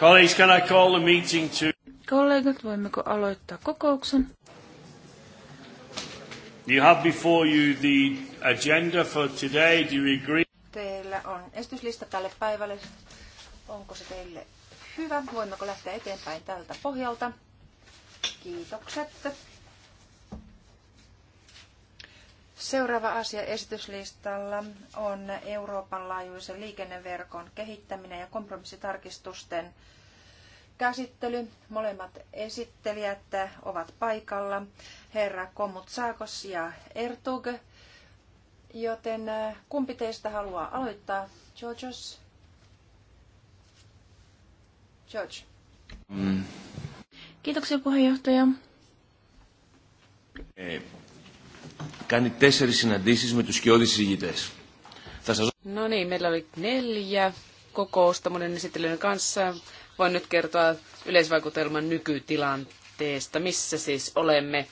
Colleagues, can I call the meeting to... Kollegat, voimmeko aloittaa kokouksen? You have before you the agenda for today. Do you agree? Teillä on esityslista tälle päivälle. Onko se teille hyvä? Voimmeko lähteä eteenpäin tältä pohjalta? Kiitokset. Seuraava asia esityslistalla on Euroopan laajuisen liikenneverkon kehittäminen ja kompromissitarkistusten käsittely. Molemmat esittelijät ovat paikalla, herra Kommutsaakos ja Ertug. Joten äh, kumpi teistä haluaa aloittaa? Georgios? George. Mm. Kiitoksia puheenjohtaja. Ε, κάνει τέσσερις συναντήσεις με τους σκιώδεις Θα σας... No niin, meillä oli neljä kokousta monen esittelijän kanssa. Voin nyt kertoa yleisvaikutelman nykytilanteesta, missä siis olemme.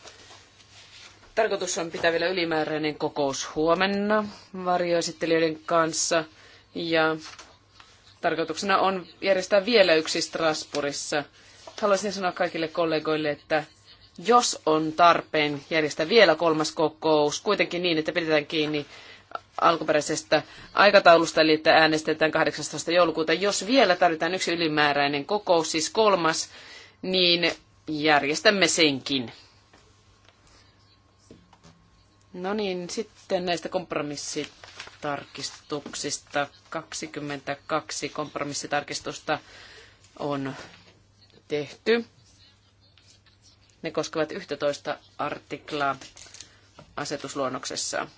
Tarkoitus on pitää vielä ylimääräinen kokous huomenna varjoesittelijöiden kanssa ja tarkoituksena on järjestää vielä yksi Strasbourgissa. Haluaisin sanoa kaikille kollegoille, että jos on tarpeen järjestää vielä kolmas kokous, kuitenkin niin, että pidetään kiinni alkuperäisestä aikataulusta, eli että äänestetään 18. joulukuuta. Jos vielä tarvitaan yksi ylimääräinen kokous, siis kolmas, niin järjestämme senkin. No niin, sitten näistä kompromissitarkistuksista. 22 kompromissitarkistusta on tehty. Ne koskevat 11 artiklaa asetusluonnoksessa.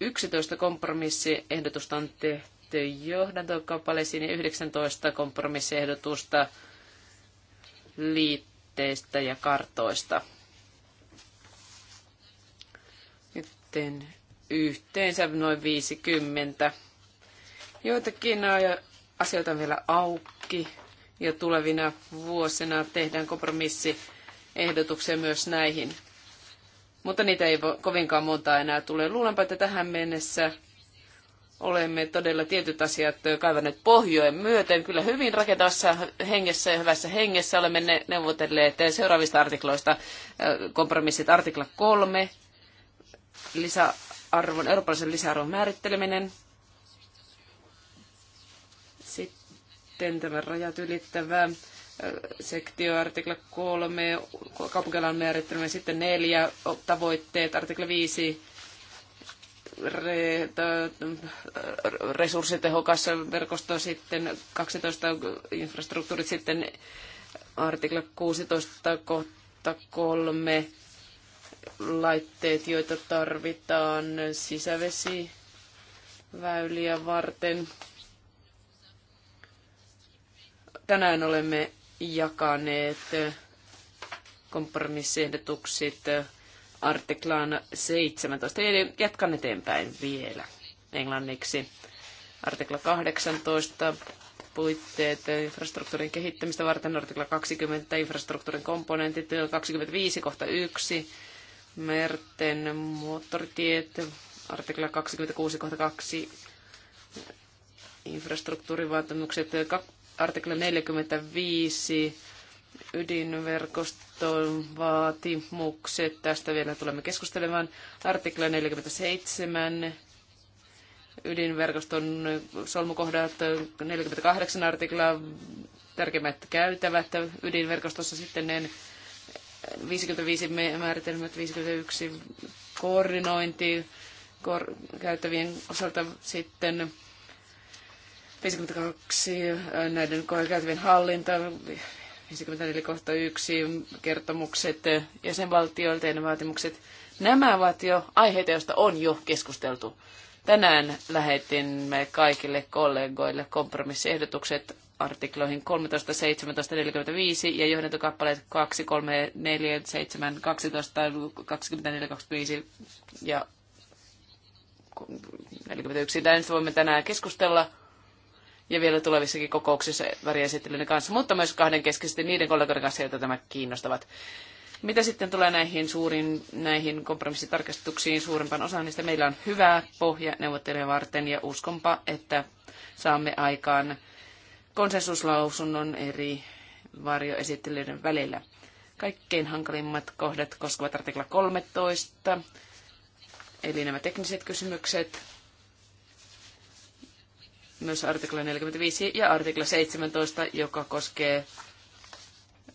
11 kompromissiehdotusta on tehty johdantokappaleisiin ja 19 kompromissiehdotusta liitteistä ja kartoista. Yhteen, yhteensä noin 50. Joitakin asioita on vielä auki ja tulevina vuosina tehdään kompromissi ehdotuksia myös näihin mutta niitä ei kovinkaan monta enää tule. Luulenpa, että tähän mennessä olemme todella tietyt asiat kaivaneet pohjoen myöten. Kyllä hyvin rakentavassa hengessä ja hyvässä hengessä olemme ne, neuvotelleet seuraavista artikloista. Kompromissit artikla 3, lisäarvon, eurooppalaisen lisäarvon määritteleminen. Sitten tämä rajat ylittävä sektio, artikla 3, kaupunkialan määritteleminen, sitten neljä tavoitteet, artikla 5, re, resurssitehokas verkosto, sitten 12 infrastruktuurit, sitten artikla 16 kohta 3 laitteet, joita tarvitaan sisävesiväyliä varten. Tänään olemme jakaneet kompromissiehdotukset artiklaan 17. Eli jatkan eteenpäin vielä englanniksi. Artikla 18 puitteet infrastruktuurin kehittämistä varten, artikla 20 infrastruktuurin komponentit, 25 kohta 1 merten moottoritiet, artikla 26 kohta 2 infrastruktuurivaatimukset, artikla 45 ydinverkoston vaatimukset. Tästä vielä tulemme keskustelemaan. Artikla 47 ydinverkoston solmukohdat, 48 artiklaa, tärkeimmät käytävät ydinverkostossa sitten ne 55 määritelmät, 51 koordinointi kor- käytävien osalta sitten 52 äh, näiden käytävien hallinta, 54 kohta 1 kertomukset äh, jäsenvaltioilta ja ne vaatimukset. Nämä ovat jo aiheita, joista on jo keskusteltu. Tänään lähetimme kaikille kollegoille kompromissiehdotukset artikloihin 13, 17, 45 ja johdantokappaleet 2, 3, 4, 7, 12, 24, 25 ja 41. Näistä voimme tänään keskustella ja vielä tulevissakin kokouksissa väriesittelyiden kanssa, mutta myös kahdenkeskisesti niiden kollegoiden kanssa, joita tämä kiinnostavat. Mitä sitten tulee näihin suuriin, näihin kompromissitarkastuksiin, suurimpaan osaan niistä meillä on hyvä pohja neuvottelujen varten ja uskonpa, että saamme aikaan konsensuslausunnon eri varjoesittelyiden välillä. Kaikkein hankalimmat kohdat koskevat artikla 13, eli nämä tekniset kysymykset, myös artikla 45 ja artikla 17, joka koskee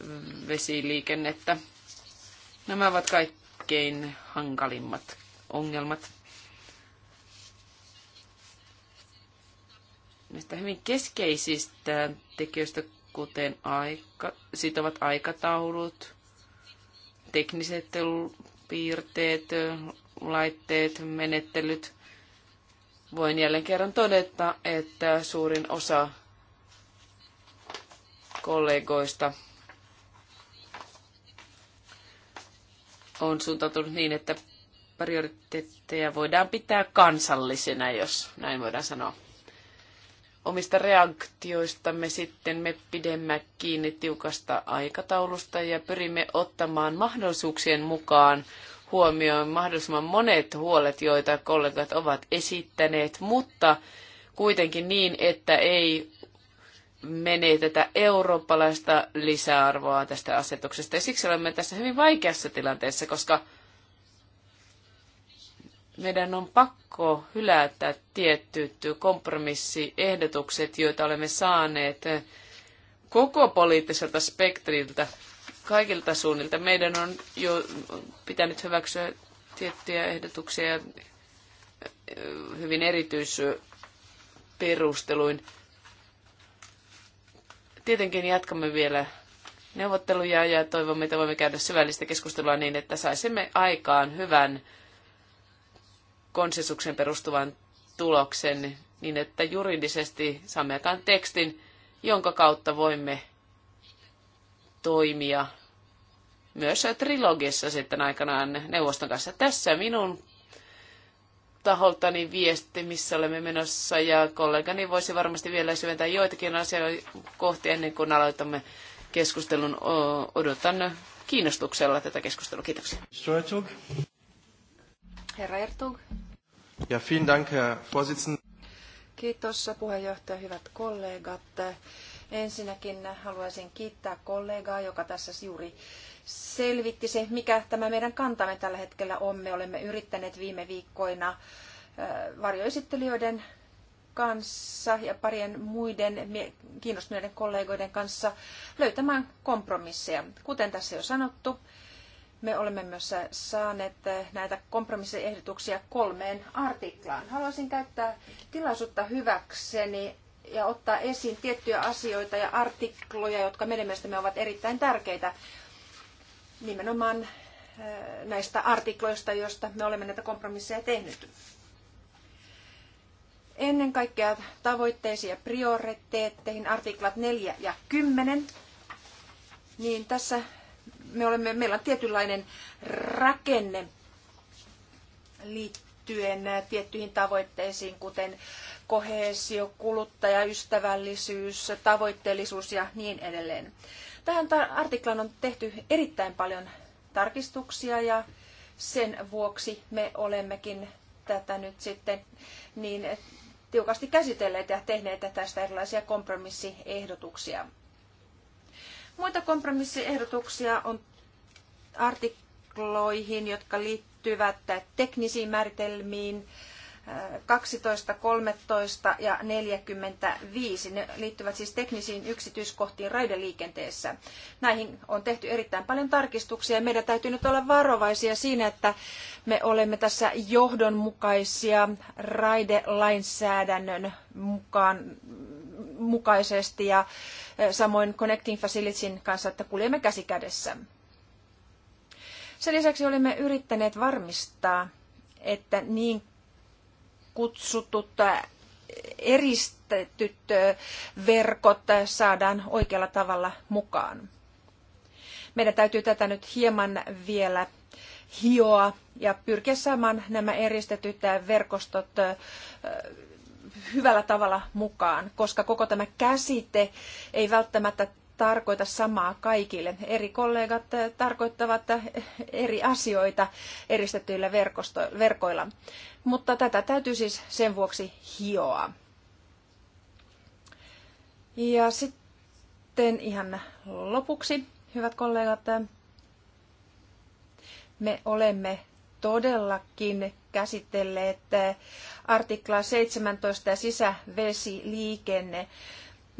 mm, vesiliikennettä. Nämä ovat kaikkein hankalimmat ongelmat. Näistä hyvin keskeisistä tekijöistä, kuten aika, sitovat aikataulut, tekniset piirteet, laitteet, menettelyt – voin jälleen kerran todeta, että suurin osa kollegoista on suuntautunut niin, että prioriteetteja voidaan pitää kansallisena, jos näin voidaan sanoa. Omista reaktioistamme sitten me pidemme kiinni tiukasta aikataulusta ja pyrimme ottamaan mahdollisuuksien mukaan huomioon mahdollisimman monet huolet, joita kollegat ovat esittäneet, mutta kuitenkin niin, että ei menetetä eurooppalaista lisäarvoa tästä asetuksesta. Ja siksi olemme tässä hyvin vaikeassa tilanteessa, koska meidän on pakko hylätä tietyt kompromissiehdotukset, joita olemme saaneet koko poliittiselta spektriltä kaikilta suunnilta. Meidän on jo pitänyt hyväksyä tiettyjä ehdotuksia hyvin erityisperusteluin. Tietenkin jatkamme vielä neuvotteluja ja toivomme, että voimme käydä syvällistä keskustelua niin, että saisimme aikaan hyvän konsensuksen perustuvan tuloksen niin, että juridisesti saamme aikaan tekstin, jonka kautta voimme toimia myös trilogissa sitten aikanaan neuvoston kanssa. Tässä minun taholtani viesti, missä olemme menossa, ja kollegani voisi varmasti vielä syventää joitakin asioita kohti ennen kuin aloitamme keskustelun. Odotan kiinnostuksella tätä keskustelua. Kiitoksia. Herra Ertug. Ja vielen Dank, Herr Vorsitzender. Kiitos puheenjohtaja, hyvät kollegat. Ensinnäkin haluaisin kiittää kollegaa, joka tässä juuri selvitti se, mikä tämä meidän kantamme tällä hetkellä on. Me olemme yrittäneet viime viikkoina varjoesittelijöiden kanssa ja parien muiden kiinnostuneiden kollegoiden kanssa löytämään kompromisseja. Kuten tässä jo sanottu, me olemme myös saaneet näitä kompromissiehdotuksia kolmeen artiklaan. Haluaisin käyttää tilaisuutta hyväkseni ja ottaa esiin tiettyjä asioita ja artikloja, jotka meidän mielestämme ovat erittäin tärkeitä nimenomaan äh, näistä artikloista, joista me olemme näitä kompromisseja tehnyt. Ennen kaikkea tavoitteisiin ja prioriteetteihin artiklat 4 ja 10, niin tässä me olemme, meillä on tietynlainen rakenne liittyen tiettyihin tavoitteisiin, kuten kohesio, kuluttajaystävällisyys, tavoitteellisuus ja niin edelleen. Tähän artiklaan on tehty erittäin paljon tarkistuksia ja sen vuoksi me olemmekin tätä nyt sitten niin tiukasti käsitelleet ja tehneet tästä erilaisia kompromissiehdotuksia. Muita kompromissiehdotuksia on artikloihin, jotka liittyvät teknisiin määritelmiin, 12, 13 ja 45. Ne liittyvät siis teknisiin yksityiskohtiin raideliikenteessä. Näihin on tehty erittäin paljon tarkistuksia ja meidän täytyy nyt olla varovaisia siinä, että me olemme tässä johdonmukaisia raidelainsäädännön mukaan mukaisesti ja samoin Connecting Facilityn kanssa, että kuljemme käsi kädessä. Sen lisäksi olemme yrittäneet varmistaa, että niin kutsutut äh, eristetyt äh, verkot äh, saadaan oikealla tavalla mukaan. Meidän täytyy tätä nyt hieman vielä hioa ja pyrkiä saamaan nämä eristetyt verkostot hyvällä tavalla mukaan, koska koko tämä käsite ei välttämättä tarkoita samaa kaikille. Eri kollegat eh, tarkoittavat eh, eri asioita eristettyillä verkosto, verkoilla. Mutta tätä täytyy siis sen vuoksi hioa. Ja sitten ihan lopuksi, hyvät kollegat, eh, me olemme todellakin käsitelleet artiklaa 17 sisävesiliikenne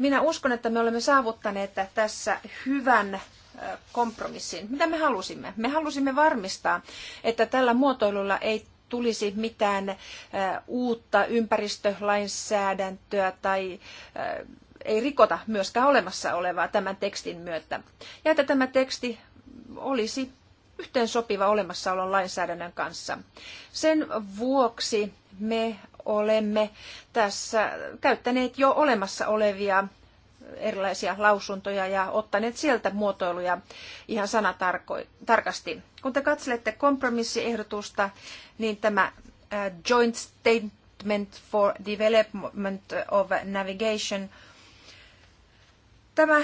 minä uskon, että me olemme saavuttaneet tässä hyvän kompromissin. Mitä me halusimme? Me halusimme varmistaa, että tällä muotoilulla ei tulisi mitään uutta ympäristölainsäädäntöä tai ei rikota myöskään olemassa olevaa tämän tekstin myötä. Ja että tämä teksti olisi yhteensopiva olemassaolon lainsäädännön kanssa. Sen vuoksi me olemme tässä käyttäneet jo olemassa olevia erilaisia lausuntoja ja ottaneet sieltä muotoiluja ihan sanatarkasti. Kun te katselette kompromissiehdotusta, niin tämä äh, Joint Statement for Development of Navigation, tämä,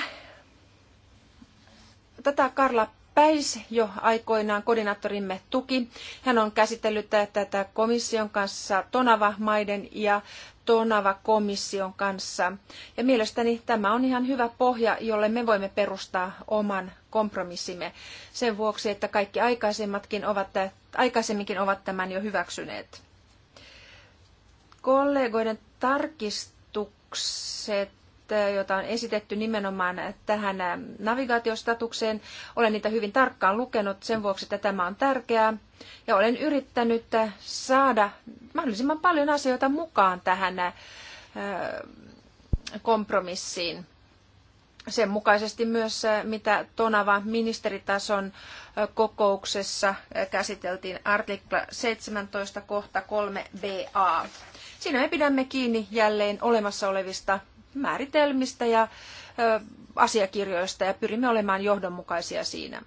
tätä Karla Päis jo aikoinaan koordinaattorimme tuki. Hän on käsitellyt tätä komission kanssa Tonava-maiden ja Tonava-komission kanssa. Ja mielestäni tämä on ihan hyvä pohja, jolle me voimme perustaa oman kompromissimme sen vuoksi, että kaikki aikaisemmatkin ovat, aikaisemminkin ovat tämän jo hyväksyneet. Kollegoiden tarkistukset Eh, joita on esitetty nimenomaan tähän eh, navigaatiostatukseen. Olen niitä hyvin tarkkaan lukenut sen vuoksi, että tämä on tärkeää. Ja olen yrittänyt eh, saada mahdollisimman paljon asioita mukaan tähän kompromissiin. Sen mukaisesti myös, mitä Tonava ministeritason kokouksessa käsiteltiin artikla 17 kohta 3 BA. Siinä me pidämme kiinni jälleen olemassa olevista määritelmistä ja asiakirjoista ja pyrimme olemaan johdonmukaisia siinä.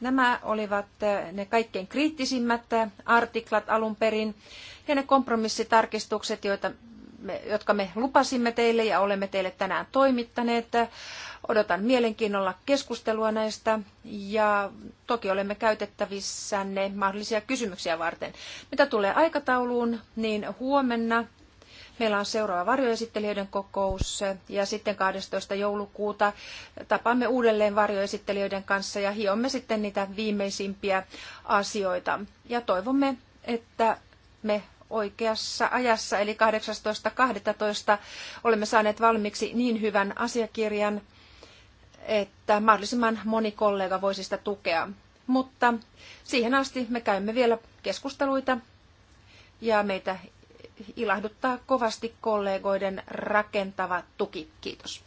Nämä olivat ne kaikkein kriittisimmät artiklat alun perin ja ne kompromissitarkistukset, joita me, jotka me lupasimme teille ja olemme teille tänään toimittaneet. Odotan mielenkiinnolla keskustelua näistä ja toki olemme ne mahdollisia kysymyksiä varten. Mitä tulee aikatauluun, niin huomenna Meillä on seuraava varjoesittelijöiden kokous ja sitten 12. joulukuuta tapaamme uudelleen varjoesittelijöiden kanssa ja hiomme sitten niitä viimeisimpiä asioita. Ja toivomme, että me oikeassa ajassa, eli 18.12. olemme saaneet valmiiksi niin hyvän asiakirjan, että mahdollisimman moni kollega voisi sitä tukea. Mutta siihen asti me käymme vielä keskusteluita ja meitä ilahduttaa kovasti kollegoiden rakentava tuki. Kiitos.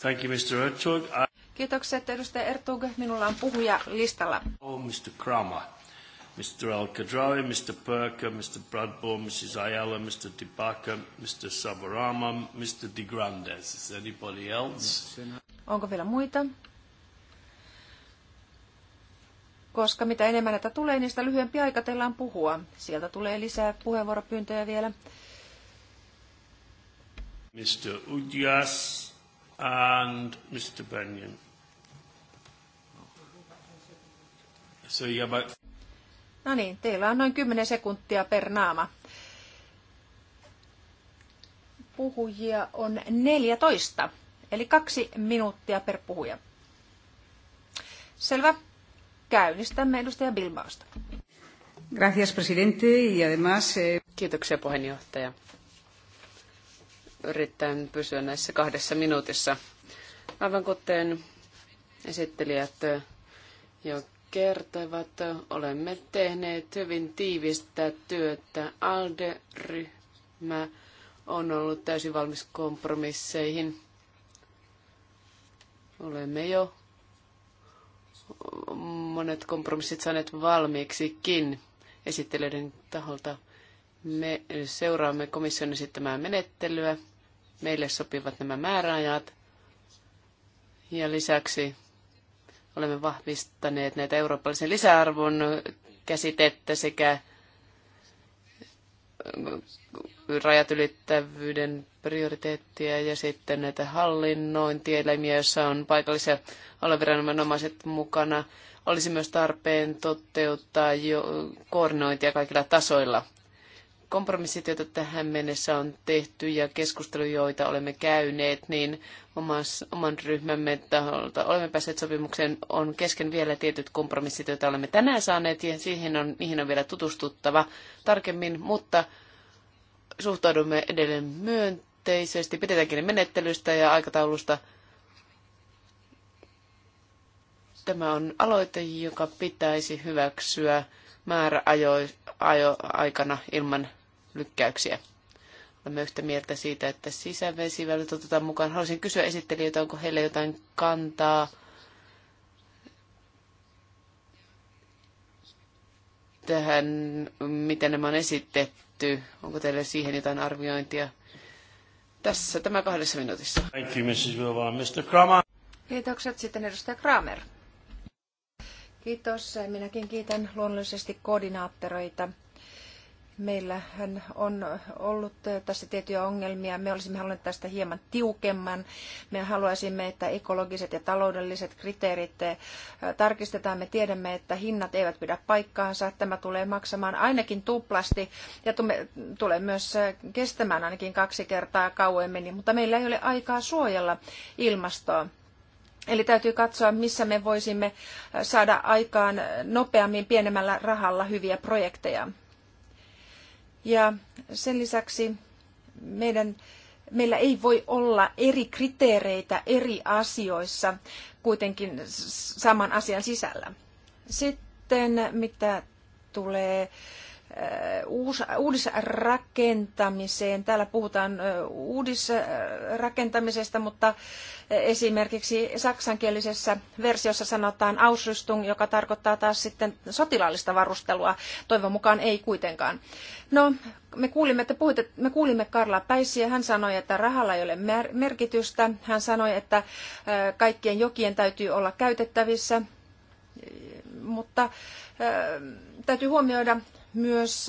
Thank you, Mr. Ertug. Kiitokset, edustaja Ertug. Minulla on puhuja listalla. Oh, Mr. Kramer. Mr. Al-Kadrawi, Mr. Perker, Mr. Bradbourne, Mrs. Ayala, Mr. Dibaka, Mr. Savarama, Mr. De Grandes. Is anybody else? Onko vielä muita? koska mitä enemmän näitä tulee, niin sitä lyhyempi aika teillä on puhua. Sieltä tulee lisää puheenvuoropyyntöjä vielä. Mr. Udias and Mr. Benyon. So you have about... No niin, teillä on noin 10 sekuntia per naama. Puhujia on 14, eli kaksi minuuttia per puhuja. Selvä käynnistämme edustaja Gracias, presidente, y además... Eh, Kiitoksia, puheenjohtaja. Yritän pysyä näissä kahdessa minuutissa. Aivan kuten esittelijät jo kertoivat, olemme tehneet hyvin tiivistä työtä. ALDE-ryhmä on ollut täysin valmis kompromisseihin. Olemme jo monet kompromissit saaneet valmiiksikin esittelyiden taholta. Me seuraamme komission esittämää menettelyä. Meille sopivat nämä määräajat. Ja lisäksi olemme vahvistaneet näitä eurooppalaisen lisäarvon käsitettä sekä rajat ylittävyyden prioriteettia ja sitten näitä hallinnointielimiä, joissa on paikallisia alueviranomaiset mukana. Olisi myös tarpeen toteuttaa jo koordinointia kaikilla tasoilla kompromissit, joita tähän mennessä on tehty ja keskustelu, joita olemme käyneet, niin omas, oman ryhmämme taholta olemme päässeet sopimukseen. On kesken vielä tietyt kompromissit, joita olemme tänään saaneet ja siihen on, niihin on vielä tutustuttava tarkemmin, mutta suhtaudumme edelleen myönteisesti. Pidetään kiinni menettelystä ja aikataulusta. Tämä on aloite, joka pitäisi hyväksyä määräajo, aikana ilman lykkäyksiä. Olemme yhtä mieltä siitä, että sisävesiväylät otetaan mukaan. Haluaisin kysyä esittelijöitä, onko heillä jotain kantaa tähän, miten nämä on esitetty. Onko teillä siihen jotain arviointia? Tässä tämä kahdessa minuutissa. Thank you, Mrs. Mr. Kramer. Kiitokset sitten edustaja Kramer. Kiitos. Minäkin kiitän luonnollisesti koordinaattoreita meillähän on ollut tässä tiettyjä ongelmia. Me olisimme halunneet tästä hieman tiukemman. Me haluaisimme, että ekologiset ja taloudelliset kriteerit eh, tarkistetaan. Me tiedämme, että hinnat eivät pidä paikkaansa. Tämä tulee maksamaan ainakin tuplasti ja tulee myös eh, kestämään ainakin kaksi kertaa kauemmin, mutta meillä ei ole aikaa suojella ilmastoa. Eli täytyy katsoa, missä me voisimme eh, saada aikaan nopeammin pienemmällä rahalla hyviä projekteja. Ja sen lisäksi meidän, meillä ei voi olla eri kriteereitä eri asioissa kuitenkin saman asian sisällä. Sitten mitä tulee uudisrakentamiseen. Täällä puhutaan uudisrakentamisesta, mutta esimerkiksi saksankielisessä versiossa sanotaan Ausrüstung, joka tarkoittaa taas sitten sotilaallista varustelua. Toivon mukaan ei kuitenkaan. No, me kuulimme, että puhutte, me kuulimme Karla Päissiä. Hän sanoi, että rahalla ei ole merkitystä. Hän sanoi, että kaikkien jokien täytyy olla käytettävissä. Mutta täytyy huomioida myös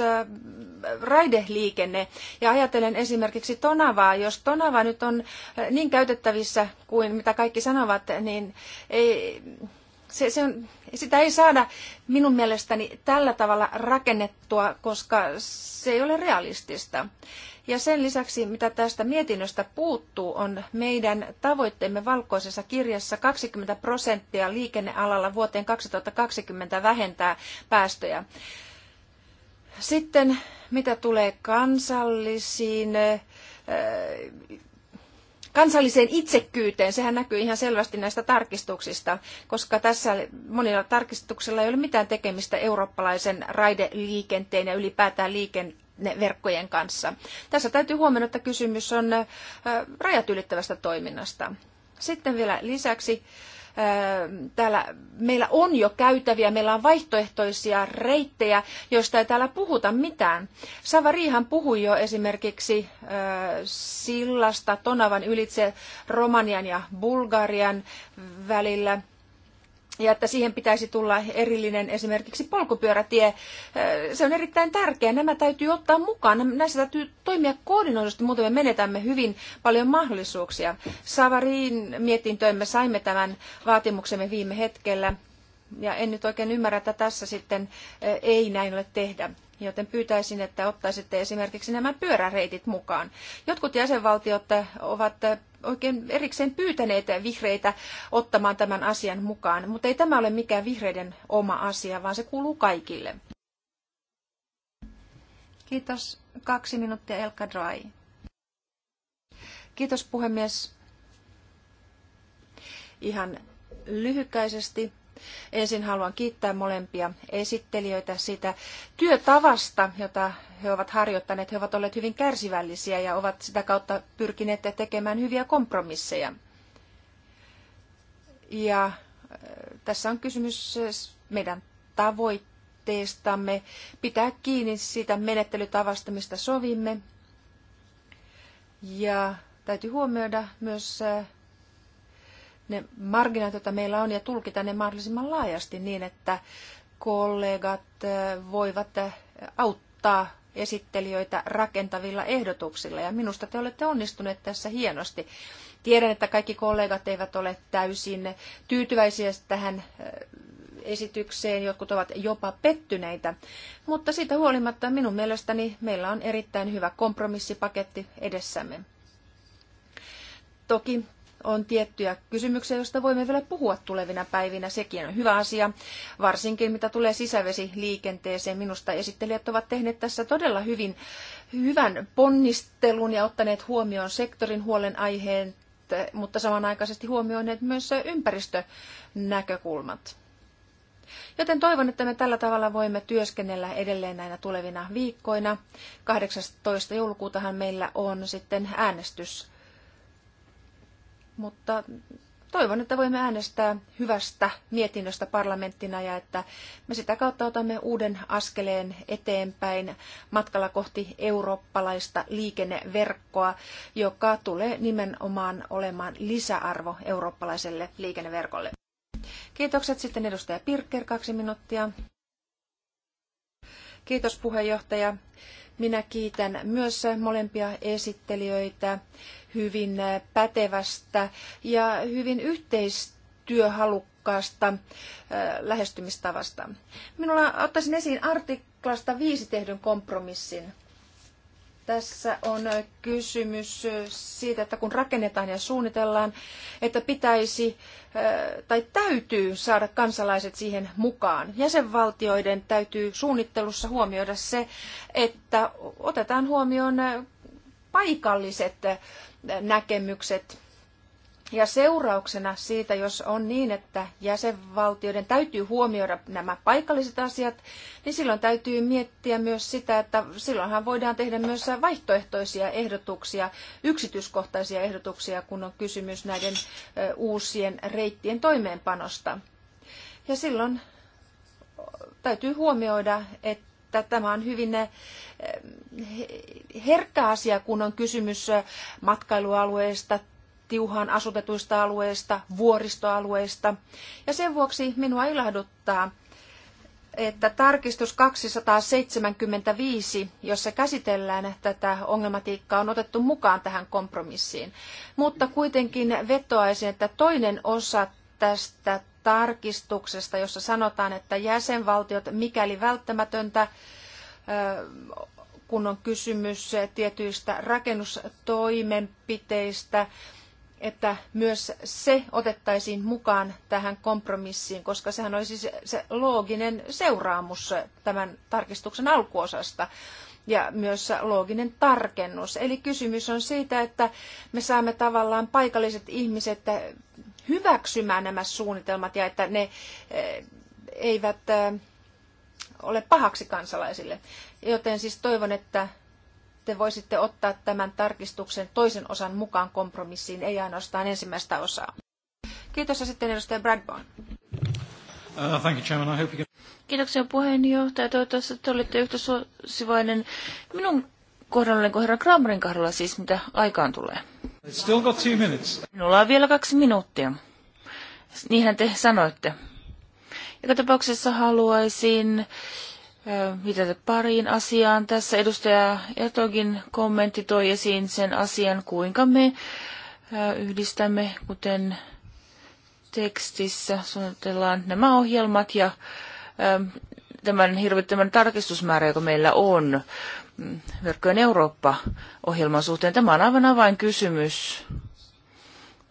raideliikenne. Ja ajatellen esimerkiksi Tonavaa, jos Tonava nyt on niin käytettävissä kuin mitä kaikki sanovat, niin ei, se, se on, sitä ei saada minun mielestäni tällä tavalla rakennettua, koska se ei ole realistista. Ja sen lisäksi, mitä tästä mietinnöstä puuttuu, on meidän tavoitteemme valkoisessa kirjassa 20 prosenttia liikennealalla vuoteen 2020 vähentää päästöjä. Sitten mitä tulee kansallisiin, äh, kansalliseen itsekkyyteen, sehän näkyy ihan selvästi näistä tarkistuksista, koska tässä monilla tarkistuksilla ei ole mitään tekemistä eurooppalaisen raideliikenteen ja ylipäätään liikenneverkkojen kanssa. Tässä täytyy huomioida, että kysymys on äh, rajat ylittävästä toiminnasta. Sitten vielä lisäksi täällä meillä on jo käytäviä, meillä on vaihtoehtoisia reittejä, joista ei täällä puhuta mitään. Savarihan puhui jo esimerkiksi sillasta Tonavan ylitse Romanian ja Bulgarian välillä – ja että siihen pitäisi tulla erillinen esimerkiksi polkupyörätie. Äh, se on erittäin tärkeää. Nämä täytyy ottaa mukaan. Näissä täytyy toimia koordinoidusti, muuten me menetämme hyvin paljon mahdollisuuksia. Savariin mietintöön me saimme tämän vaatimuksemme viime hetkellä. Ja en nyt oikein ymmärrä, että tässä sitten äh, ei näin ole tehdä joten pyytäisin, että ottaisitte esimerkiksi nämä pyöräreitit mukaan. Jotkut jäsenvaltiot ovat oikein erikseen pyytäneet vihreitä ottamaan tämän asian mukaan, mutta ei tämä ole mikään vihreiden oma asia, vaan se kuuluu kaikille. Kiitos. Kaksi minuuttia Elka Dry. Kiitos puhemies. Ihan lyhykäisesti Ensin haluan kiittää molempia esittelijöitä siitä työtavasta, jota he ovat harjoittaneet. He ovat olleet hyvin kärsivällisiä ja ovat sitä kautta pyrkineet tekemään hyviä kompromisseja. Ja äh, tässä on kysymys äh, meidän tavoitteestamme pitää kiinni siitä menettelytavasta, mistä sovimme. Ja täytyy huomioida myös äh, ne marginaat, joita meillä on, ja tulkita ne mahdollisimman laajasti niin, että kollegat eh, voivat eh, auttaa esittelijöitä rakentavilla ehdotuksilla. Ja minusta te olette onnistuneet tässä hienosti. Tiedän, että kaikki kollegat eivät ole täysin tyytyväisiä tähän eh, esitykseen, jotkut ovat jopa pettyneitä, mutta siitä huolimatta minun mielestäni meillä on erittäin hyvä kompromissipaketti edessämme. Toki on tiettyjä kysymyksiä, joista voimme vielä puhua tulevina päivinä. Sekin on hyvä asia, varsinkin mitä tulee sisävesiliikenteeseen. Minusta esittelijät ovat tehneet tässä todella hyvin, hyvän ponnistelun ja ottaneet huomioon sektorin aiheen, mutta samanaikaisesti huomioineet myös ympäristönäkökulmat. Joten toivon, että me tällä tavalla voimme työskennellä edelleen näinä tulevina viikkoina. 18. joulukuutahan meillä on sitten äänestys mutta toivon, että voimme äänestää hyvästä mietinnöstä parlamenttina ja että me sitä kautta otamme uuden askeleen eteenpäin matkalla kohti eurooppalaista liikenneverkkoa, joka tulee nimenomaan olemaan lisäarvo eurooppalaiselle liikenneverkolle. Kiitokset sitten edustaja Pirkker, kaksi minuuttia. Kiitos puheenjohtaja. Minä kiitän myös molempia esittelijöitä hyvin pätevästä ja hyvin yhteistyöhalukkaasta äh, lähestymistavasta. Minulla ottaisin esiin artiklasta viisi tehdyn kompromissin. Tässä on kysymys siitä, että kun rakennetaan ja suunnitellaan, että pitäisi eh, tai täytyy saada kansalaiset siihen mukaan. Jäsenvaltioiden täytyy suunnittelussa huomioida se, että otetaan huomioon paikalliset näkemykset ja seurauksena siitä, jos on niin, että jäsenvaltioiden täytyy huomioida nämä paikalliset asiat, niin silloin täytyy miettiä myös sitä, että silloinhan voidaan tehdä myös vaihtoehtoisia ehdotuksia, yksityiskohtaisia ehdotuksia, kun on kysymys näiden uusien reittien toimeenpanosta. Ja silloin täytyy huomioida, että että tämä on hyvin herkkä asia, kun on kysymys matkailualueista, tiuhaan asutetuista alueista, vuoristoalueista. Ja sen vuoksi minua ilahduttaa, että tarkistus 275, jossa käsitellään tätä ongelmatiikkaa, on otettu mukaan tähän kompromissiin. Mutta kuitenkin vetoaisin, että toinen osa tästä tarkistuksesta, jossa sanotaan, että jäsenvaltiot, mikäli välttämätöntä, kun on kysymys tietyistä rakennustoimenpiteistä, että myös se otettaisiin mukaan tähän kompromissiin, koska sehän olisi se, se looginen seuraamus tämän tarkistuksen alkuosasta ja myös looginen tarkennus. Eli kysymys on siitä, että me saamme tavallaan paikalliset ihmiset hyväksymään nämä suunnitelmat ja että ne eh, eivät eh, ole pahaksi kansalaisille. Joten siis toivon, että te voisitte ottaa tämän tarkistuksen toisen osan mukaan kompromissiin, ei ainoastaan ensimmäistä osaa. Kiitos ja sitten edustaja Bradbourne. Uh, thank you, Chairman. I hope you can... Kiitoksia puheenjohtaja. Toivottavasti te olitte yhtä suosivainen minun kohdallani kuin herra Kramerin kohdalla siis, mitä aikaan tulee. still got two minutes. Minulla on vielä kaksi minuuttia. Niinhän te sanoitte. Joka tapauksessa haluaisin mitä pariin asiaan. Tässä edustaja Ertogin kommentti toi esiin sen asian, kuinka me yhdistämme, kuten tekstissä suunnitellaan nämä ohjelmat ja tämän hirvittävän tarkistusmäärä, joka meillä on mm, verkkojen Eurooppa-ohjelman suhteen. Tämä on aivan avainkysymys.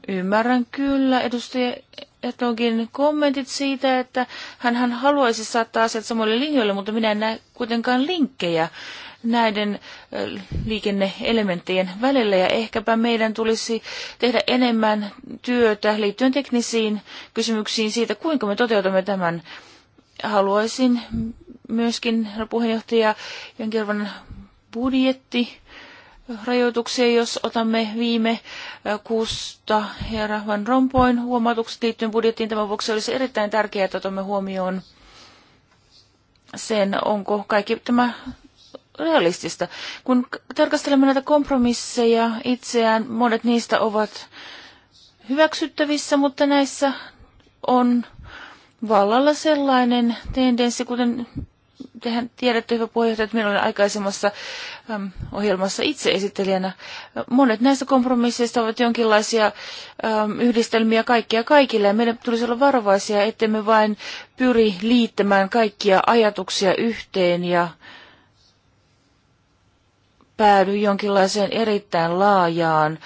Ymmärrän kyllä edustaja Etnogin kommentit siitä, että hän, hän haluaisi saattaa asiat samoille linjoille, mutta minä en näe kuitenkaan linkkejä näiden liikenneelementtien välillä ja ehkäpä meidän tulisi tehdä enemmän työtä liittyen teknisiin kysymyksiin siitä, kuinka me toteutamme tämän. Haluaisin myöskin, herra puheenjohtaja, jonkin budjetti rajoituksia, jos otamme viime kuusta herra Van Rompoin huomautukset liittyen budjettiin. Tämän vuoksi olisi erittäin tärkeää, että otamme huomioon sen, onko kaikki tämä realistista. Kun tarkastelemme näitä kompromisseja itseään, monet niistä ovat hyväksyttävissä, mutta näissä on vallalla sellainen tendenssi, kuten tehän tiedätte, hyvä puheenjohtaja, että minä olen aikaisemmassa äm, ohjelmassa itse esittelijänä. Monet näistä kompromisseista ovat jonkinlaisia äm, yhdistelmiä kaikkia kaikille. Ja meidän tulisi olla varovaisia, ettemme vain pyri liittämään kaikkia ajatuksia yhteen ja päädy jonkinlaiseen erittäin laajaan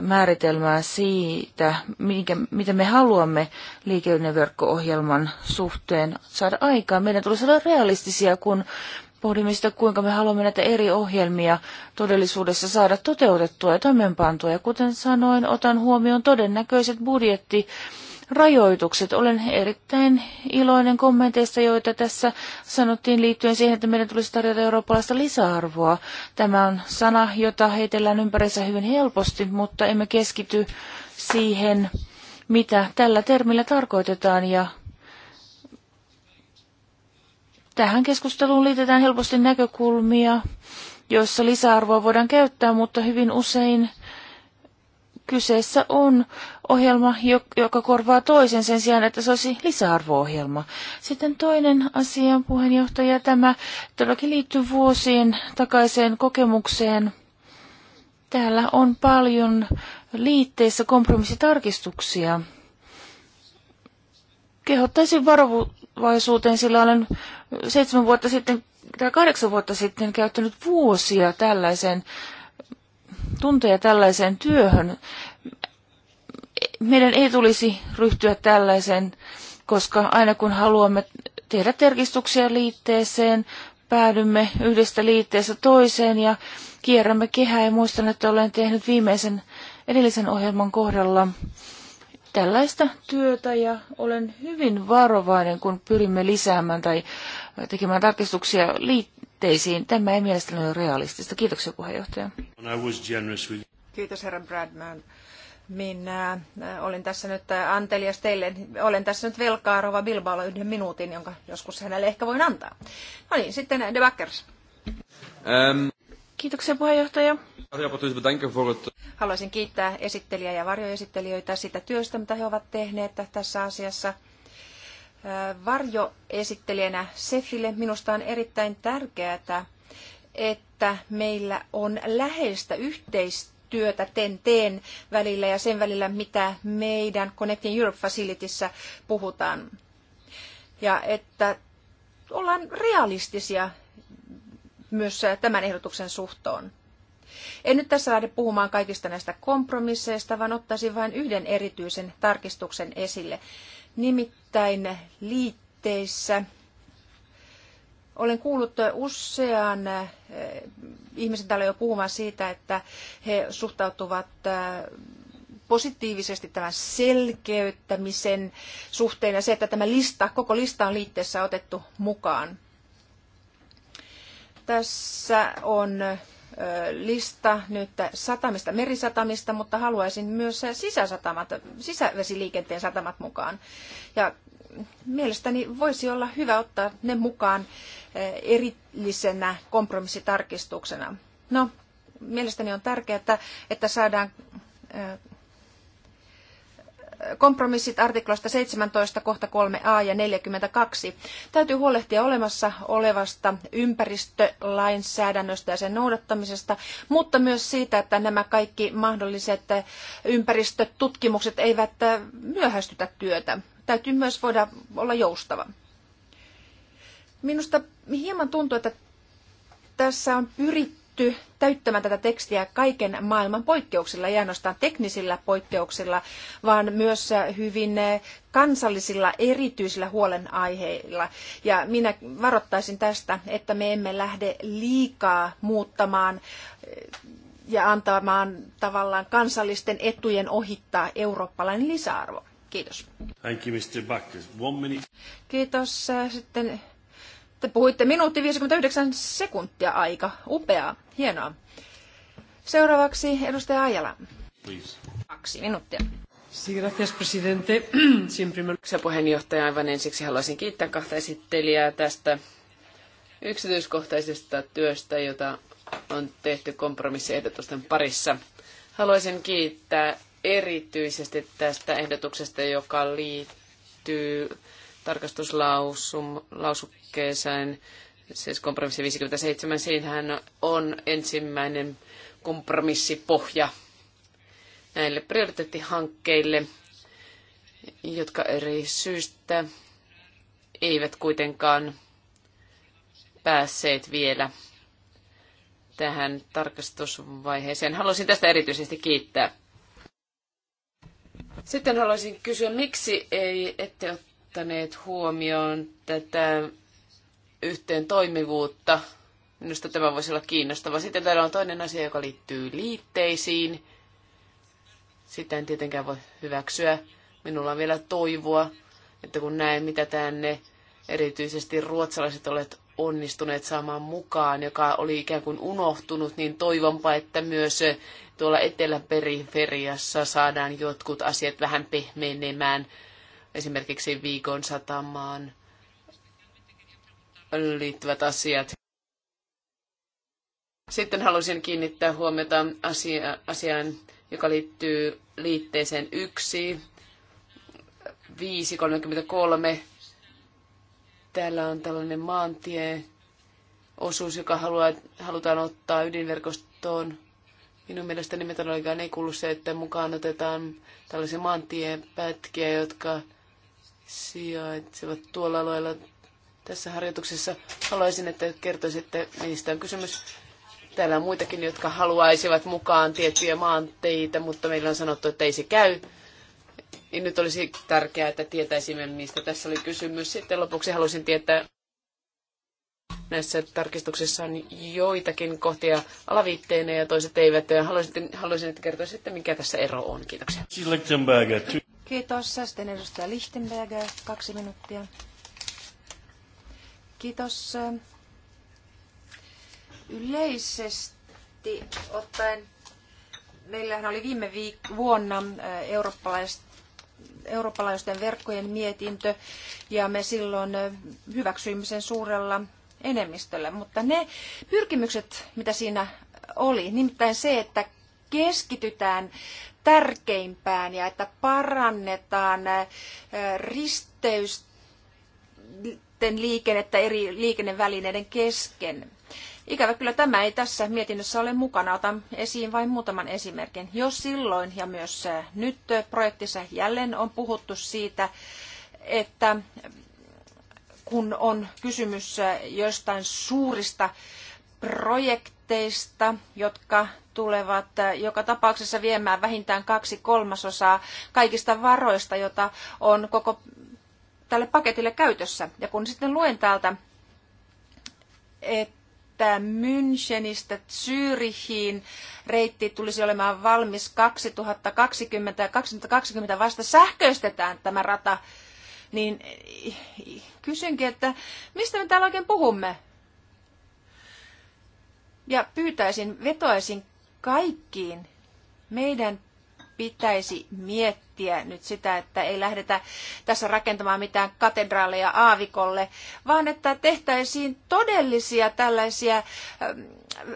määritelmään siitä, minkä, mitä me haluamme liikenneverkko-ohjelman suhteen saada aikaan. Meidän tulisi olla realistisia, kun pohdimme sitä, kuinka me haluamme näitä eri ohjelmia todellisuudessa saada toteutettua ja toimeenpantua. Ja kuten sanoin, otan huomioon todennäköiset budjetti rajoitukset. Olen erittäin iloinen kommenteista, joita tässä sanottiin liittyen siihen, että meidän tulisi tarjota eurooppalaista lisäarvoa. Tämä on sana, jota heitellään ympärissä hyvin helposti, mutta emme keskity siihen, mitä tällä termillä tarkoitetaan ja tähän keskusteluun liitetään helposti näkökulmia, joissa lisäarvoa voidaan käyttää, mutta hyvin usein kyseessä on ohjelma, joka korvaa toisen sen sijaan, että se olisi lisäarvo-ohjelma. Sitten toinen asia, puheenjohtaja, tämä todellakin liittyy vuosien takaiseen kokemukseen. Täällä on paljon liitteissä kompromissitarkistuksia. Kehottaisin varovaisuuteen, sillä olen seitsemän vuotta sitten tai kahdeksan vuotta sitten käyttänyt vuosia tällaisen tunteja tällaiseen työhön meidän ei tulisi ryhtyä tällaiseen, koska aina kun haluamme tehdä tarkistuksia liitteeseen, päädymme yhdestä liitteestä toiseen ja kierrämme kehää ja muistan, että olen tehnyt viimeisen edellisen ohjelman kohdalla tällaista työtä ja olen hyvin varovainen, kun pyrimme lisäämään tai tekemään tarkistuksia liitteisiin. Tämä ei mielestäni ole realistista. Kiitoksia puheenjohtaja. Kiitos herra Bradman. Minä äh, olen tässä nyt äh, antelias teille. Olen tässä nyt velkaa Rova Bilbaalla yhden minuutin, jonka joskus hänelle ehkä voin antaa. No niin, sitten De Backers. Um, Kiitoksia puheenjohtaja. Haluaisin kiittää esittelijä ja varjoesittelijöitä sitä työstä, mitä he ovat tehneet tässä asiassa. Äh, varjoesittelijänä Sefille minusta on erittäin tärkeää, että meillä on läheistä yhteistyötä työtä TEN-TEen välillä ja sen välillä, mitä meidän Connecting Europe Facilityssä puhutaan. Ja että ollaan realistisia myös tämän ehdotuksen suhtoon. En nyt tässä lähde puhumaan kaikista näistä kompromisseista, vaan ottaisin vain yhden erityisen tarkistuksen esille. Nimittäin liitteissä olen kuullut usean eh, ihmisen täällä jo puhumaan siitä, että he suhtautuvat eh, positiivisesti tämän selkeyttämisen suhteen ja se, että tämä lista, koko lista on liitteessä otettu mukaan. Tässä on eh, lista nyt satamista, merisatamista, mutta haluaisin myös sisäsatamat, sisävesiliikenteen satamat mukaan. Ja mielestäni voisi olla hyvä ottaa ne mukaan eh, erillisenä kompromissitarkistuksena. No, mielestäni on tärkeää, että, että saadaan eh, kompromissit artiklasta 17 kohta 3a ja 42. Täytyy huolehtia olemassa olevasta ympäristölainsäädännöstä ja sen noudattamisesta, mutta myös siitä, että nämä kaikki mahdolliset eh, ympäristötutkimukset eivät myöhästytä työtä täytyy myös voida olla joustava. Minusta hieman tuntuu, että tässä on pyritty täyttämään tätä tekstiä kaiken maailman poikkeuksilla, ei ainoastaan teknisillä poikkeuksilla, vaan myös hyvin kansallisilla erityisillä huolenaiheilla. Ja minä varoittaisin tästä, että me emme lähde liikaa muuttamaan ja antamaan tavallaan kansallisten etujen ohittaa eurooppalainen lisäarvo. Kiitos. Thank you, Mr. Backes. One minute. Kiitos. Äh, sitten te puhuitte minuutti 59 sekuntia aika. Upeaa. Hienoa. Seuraavaksi edustaja Ajala. Please. Kaksi minuuttia. Sí, gracias, presidente. Kiitoksia puheenjohtaja. Aivan ensiksi haluaisin kiittää kahta esittelijää tästä yksityiskohtaisesta työstä, jota on tehty kompromissiehdotusten parissa. Haluaisin kiittää erityisesti tästä ehdotuksesta, joka liittyy tarkastuslausukkeeseen, siis kompromissi 57. Siinähän on ensimmäinen kompromissipohja näille prioriteettihankkeille, jotka eri syistä eivät kuitenkaan päässeet vielä tähän tarkastusvaiheeseen. Haluaisin tästä erityisesti kiittää sitten haluaisin kysyä, miksi ei ette ottaneet huomioon tätä yhteen toimivuutta? Minusta tämä voisi olla kiinnostava. Sitten täällä on toinen asia, joka liittyy liitteisiin. Sitä en tietenkään voi hyväksyä. Minulla on vielä toivoa, että kun näen, mitä tänne erityisesti ruotsalaiset olet, onnistuneet saamaan mukaan, joka oli ikään kuin unohtunut, niin toivonpa, että myös eh, tuolla eteläperiferiassa saadaan jotkut asiat vähän pehmenemään, esimerkiksi viikon satamaan liittyvät asiat. Sitten haluaisin kiinnittää huomiota asia, asiaan, joka liittyy liitteeseen 1, 533 Täällä on tällainen maantie osuus, joka haluaa, halutaan ottaa ydinverkostoon. Minun mielestäni metodologiaan ei kuulu se, että mukaan otetaan tällaisia maantiepätkiä, jotka sijaitsevat tuolla alueella tässä harjoituksessa. Haluaisin, että kertoisitte, mistä on kysymys. Täällä on muitakin, jotka haluaisivat mukaan tiettyjä maanteita, mutta meillä on sanottu, että ei se käy niin nyt olisi tärkeää, että tietäisimme, mistä tässä oli kysymys. Sitten lopuksi haluaisin tietää, näissä tarkistuksissa on joitakin kohtia alaviitteineen ja toiset eivät. Ja haluaisin, haluaisin että kertoa sitten, mikä tässä ero on. Kiitoksia. Kiitos. Sitten edustaja Lichtenberger, kaksi minuuttia. Kiitos. Yleisesti ottaen, meillähän oli viime viik- vuonna eurooppalaista eurooppalaisten verkkojen mietintö ja me silloin hyväksyimme sen suurella enemmistöllä. Mutta ne pyrkimykset, mitä siinä oli, nimittäin se, että keskitytään tärkeimpään ja että parannetaan äh, risteysten liikennettä eri liikennevälineiden kesken. Ikävä kyllä tämä ei tässä mietinnössä ole mukana. Otan esiin vain muutaman esimerkin. Jos silloin ja myös nyt projektissa jälleen on puhuttu siitä, että kun on kysymys jostain suurista projekteista, jotka tulevat joka tapauksessa viemään vähintään kaksi kolmasosaa kaikista varoista, jota on koko tälle paketille käytössä. Ja kun sitten luen täältä, että että Münchenistä Zürichiin reitti tulisi olemaan valmis 2020 ja 2020 vasta sähköistetään tämä rata, niin kysynkin, että mistä me täällä oikein puhumme? Ja pyytäisin, vetoaisin kaikkiin. Meidän pitäisi miettiä nyt sitä, että ei lähdetä tässä rakentamaan mitään katedraaleja aavikolle, vaan että tehtäisiin todellisia tällaisia ähm,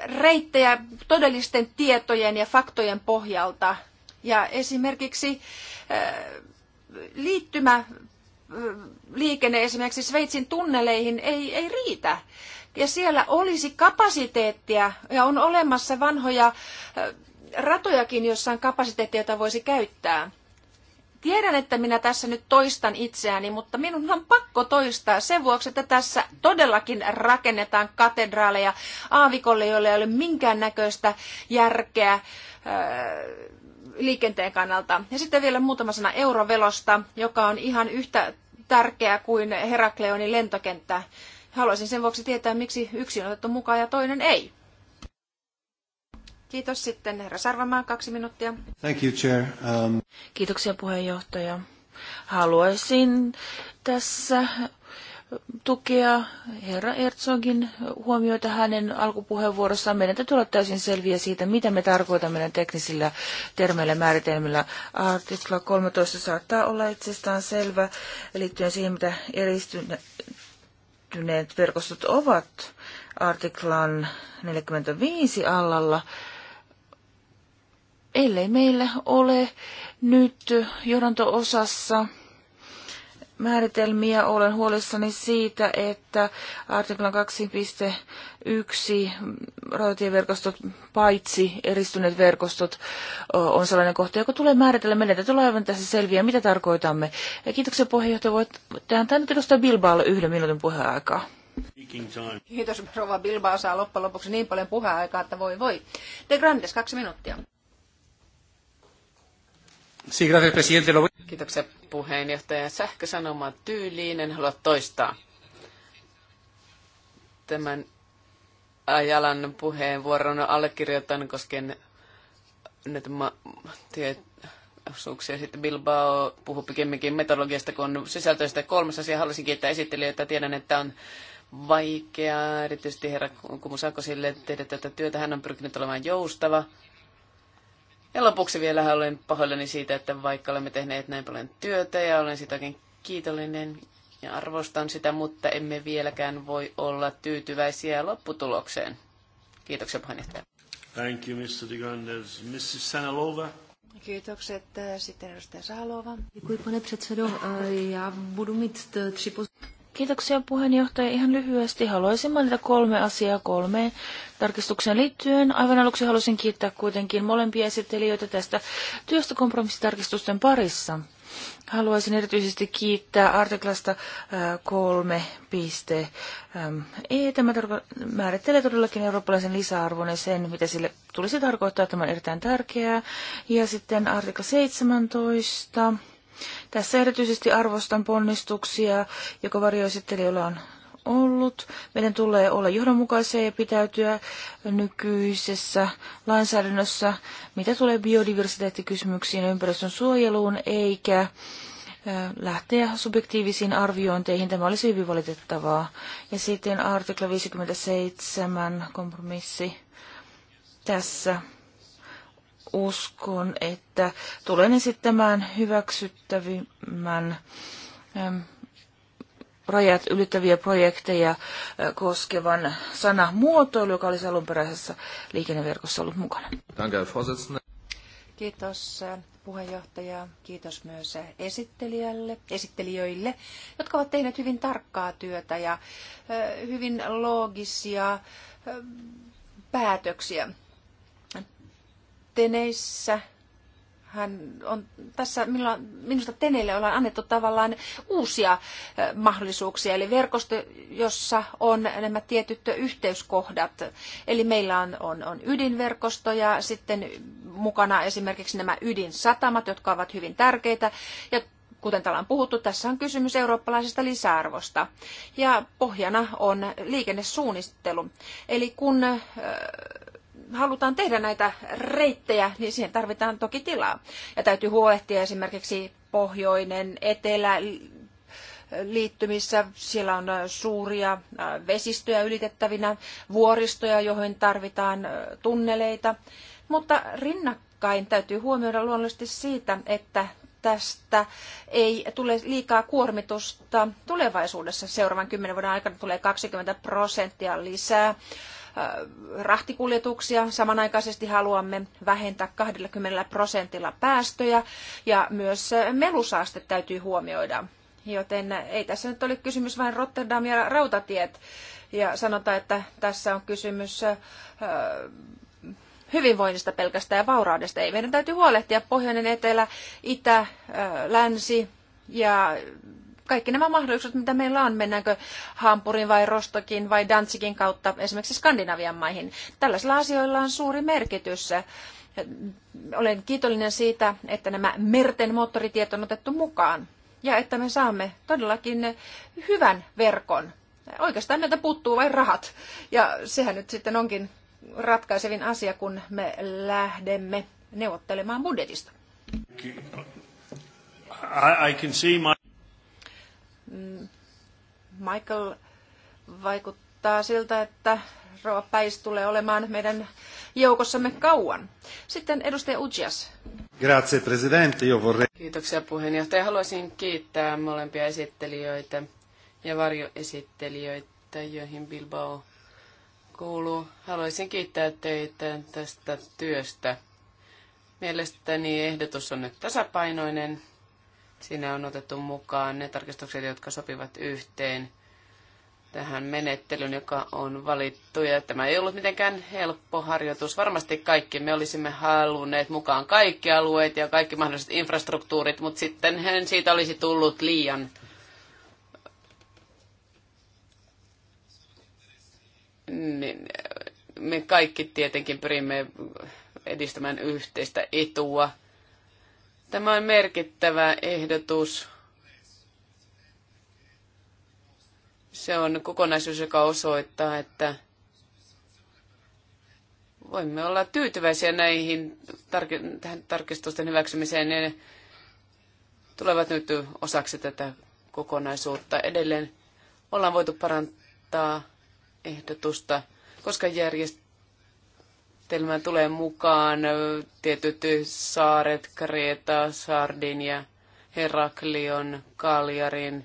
reittejä todellisten tietojen ja faktojen pohjalta. Ja esimerkiksi äh, liittymä äh, liikenne esimerkiksi Sveitsin tunneleihin ei, ei riitä. Ja siellä olisi kapasiteettia ja on olemassa vanhoja äh, ratojakin, joissa on kapasiteettia, jota voisi käyttää. Tiedän, että minä tässä nyt toistan itseäni, mutta minun on pakko toistaa sen vuoksi, että tässä todellakin rakennetaan katedraaleja aavikolle, joilla ei ole minkäännäköistä järkeä liikenteen kannalta. Ja sitten vielä muutama sana eurovelosta, joka on ihan yhtä tärkeä kuin Herakleonin lentokenttä. Haluaisin sen vuoksi tietää, miksi yksi on otettu mukaan ja toinen ei. Kiitos sitten herra Sarvamaa, kaksi minuuttia. Thank you, Chair. Um... Kiitoksia puheenjohtaja. Haluaisin tässä tukea herra Erzogin huomioita hänen alkupuheenvuorossaan. Meidän täytyy olla täysin selviä siitä, mitä me tarkoitamme meidän teknisillä termeillä määritelmillä. Artikla 13 saattaa olla itsestään selvä liittyen siihen, mitä eristyneet verkostot ovat artiklan 45 allalla ellei meillä ole nyt johdanto-osassa määritelmiä, olen huolissani siitä, että artiklan 2.1 rautatieverkostot, paitsi eristyneet verkostot, on sellainen kohta, joka tulee määritellä. Meidän täytyy olla aivan tässä selviä, mitä tarkoitamme. Ja kiitoksia puheenjohtaja. Voit tähän tänne edustaa Bilbaalle yhden minuutin puheaikaa. Kiitos, Rova Bilbao saa loppujen lopuksi niin paljon puheaikaa, että voi voi. De Grandes, kaksi minuuttia. Kiitoksia puheenjohtaja. Sähkösanoma tyyliin, en halua toistaa tämän Ajalan puheenvuoron allekirjoitan koskien näitä ma- Sitten Bilbao puhuu pikemminkin metodologiasta kuin sisältöistä. Kolmas asia haluaisin kiittää esittelijöitä. Tiedän, että on vaikeaa, erityisesti herra Kumusakosille tehdä tätä työtä. Hän on pyrkinyt olemaan joustava ja lopuksi vielä olen pahoillani siitä, että vaikka olemme tehneet näin paljon työtä ja olen sitäkin kiitollinen ja arvostan sitä, mutta emme vieläkään voi olla tyytyväisiä lopputulokseen. Kiitoksia puheenjohtaja. Thank you, Mr. Digandes. Mrs. Sanalova. Kiitokset. Äh, sitten edustaja Saalova. Děkuji, pane předsedo. Äh, já budu mít äh, tři Kiitoksia puheenjohtaja. Ihan lyhyesti haluaisin mainita kolme asiaa kolmeen tarkistukseen liittyen. Aivan aluksi haluaisin kiittää kuitenkin molempia esittelijöitä tästä työstä kompromissitarkistusten parissa. Haluaisin erityisesti kiittää artiklasta 3.e. Äh, ähm, e. Tämä määrittelee todellakin eurooppalaisen lisäarvon ja sen, mitä sille tulisi tarkoittaa. Tämä on erittäin tärkeää. Ja sitten artikla 17 tässä erityisesti arvostan ponnistuksia, joka varjoesittelijöillä on ollut. Meidän tulee olla johdonmukaisia ja pitäytyä nykyisessä lainsäädännössä, mitä tulee biodiversiteettikysymyksiin ja ympäristön suojeluun, eikä lähteä subjektiivisiin arviointeihin. Tämä olisi hyvin valitettavaa. Ja sitten artikla 57 kompromissi tässä uskon, että tulen esittämään hyväksyttävimmän ähm, rajat ylittäviä projekteja äh, koskevan muotoilu, joka olisi alunperäisessä liikenneverkossa ollut mukana. Kiitos äh, puheenjohtaja, kiitos myös äh, esittelijälle, esittelijöille, jotka ovat tehneet hyvin tarkkaa työtä ja hyvin loogisia päätöksiä. Teneissä hän on tässä, minusta Teneille ollaan annettu tavallaan uusia mahdollisuuksia, eli verkosto, jossa on nämä tietyt yhteyskohdat. Eli meillä on, on, on ydinverkosto ja sitten mukana esimerkiksi nämä ydinsatamat, jotka ovat hyvin tärkeitä. Ja kuten täällä on puhuttu, tässä on kysymys eurooppalaisesta lisäarvosta. Ja pohjana on liikennesuunnittelu. Eli kun halutaan tehdä näitä reittejä, niin siihen tarvitaan toki tilaa. Ja täytyy huolehtia esimerkiksi pohjoinen, etelä, liittymissä. Siellä on äh, suuria äh, vesistöjä ylitettävinä, vuoristoja, joihin tarvitaan äh, tunneleita. Mutta rinnakkain täytyy huomioida luonnollisesti siitä, että tästä ei tule liikaa kuormitusta tulevaisuudessa. Seuraavan kymmenen vuoden aikana tulee 20 prosenttia lisää rahtikuljetuksia. Samanaikaisesti haluamme vähentää 20 prosentilla päästöjä ja myös melusaaste täytyy huomioida. Joten ei tässä nyt ole kysymys vain Rotterdam ja rautatiet. Ja sanotaan, että tässä on kysymys hyvinvoinnista pelkästään ja vauraudesta. Ei meidän täytyy huolehtia pohjoinen, etelä, itä, länsi ja kaikki nämä mahdollisuudet, mitä meillä on, mennäänkö Hampurin vai Rostokin vai Dantsikin kautta esimerkiksi Skandinavian maihin. Tällaisilla asioilla on suuri merkitys. Olen kiitollinen siitä, että nämä merten moottoritiet on otettu mukaan ja että me saamme todellakin hyvän verkon. Oikeastaan meiltä puuttuu vain rahat ja sehän nyt sitten onkin ratkaisevin asia, kun me lähdemme neuvottelemaan budjetista. I, I can see my... Mm, Michael, vaikuttaa siltä, että Rova Päis tulee olemaan meidän joukossamme kauan. Sitten edustaja Ujias. Grazie, presidente. Io vorrei... Kiitoksia puheenjohtaja. Haluaisin kiittää molempia esittelijöitä ja varjoesittelijöitä, joihin Bilbao kuuluu. Haluaisin kiittää teitä tästä työstä. Mielestäni ehdotus on nyt tasapainoinen Siinä on otettu mukaan ne tarkistukset, jotka sopivat yhteen tähän menettelyyn, joka on valittu. Ja tämä ei ollut mitenkään helppo harjoitus. Varmasti kaikki me olisimme halunneet mukaan kaikki alueet ja kaikki mahdolliset infrastruktuurit, mutta sitten siitä olisi tullut liian niin me kaikki tietenkin pyrimme edistämään yhteistä etua – Tämä on merkittävä ehdotus. Se on kokonaisuus, joka osoittaa, että voimme olla tyytyväisiä näihin tarke- tähän tarkistusten hyväksymiseen. Ne tulevat nyt osaksi tätä kokonaisuutta. Edelleen ollaan voitu parantaa ehdotusta, koska järjest- järjestelmään tulee mukaan tietyt saaret, Kreta, Sardinia, Heraklion, Kaljarin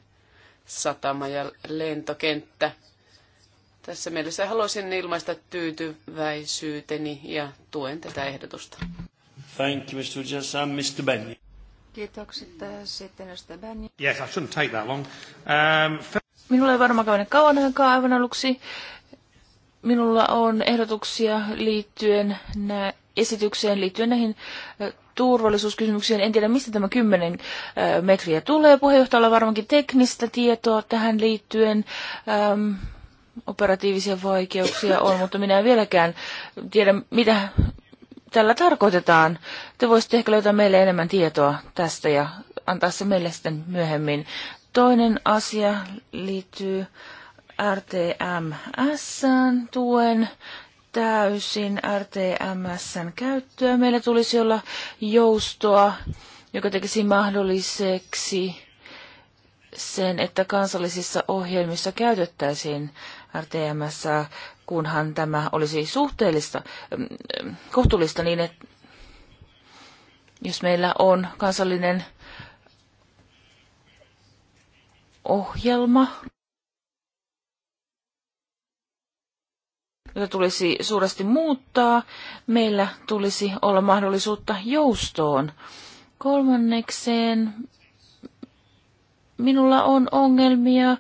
satama ja lentokenttä. Tässä mielessä haluaisin ilmaista tyytyväisyyteni ja tuen tätä ehdotusta. Thank you, Mr. Jassan. Mr. Benny. Kiitokset. Äh, sitten Mr. Benny. Yes, I shouldn't take that long. Um, Minulla ei varmaan kauan aikaa aivan aluksi. Minulla on ehdotuksia liittyen nä- esitykseen liittyen näihin turvallisuuskysymyksiin. En tiedä, mistä tämä 10 metriä tulee. Puheenjohtajalla on varmaankin teknistä tietoa tähän liittyen. Öm, operatiivisia vaikeuksia on, mutta minä en vieläkään tiedä, mitä tällä tarkoitetaan. Te voisitte ehkä löytää meille enemmän tietoa tästä ja antaa se meille sitten myöhemmin. Toinen asia liittyy RTMSn tuen täysin RTMSn käyttöä. Meillä tulisi olla joustoa, joka tekisi mahdolliseksi sen, että kansallisissa ohjelmissa käytettäisiin RTMS, kunhan tämä olisi suhteellista, mm, kohtuullista niin, että jos meillä on kansallinen ohjelma, jota tulisi suuresti muuttaa, meillä tulisi olla mahdollisuutta joustoon. Kolmannekseen minulla on ongelmia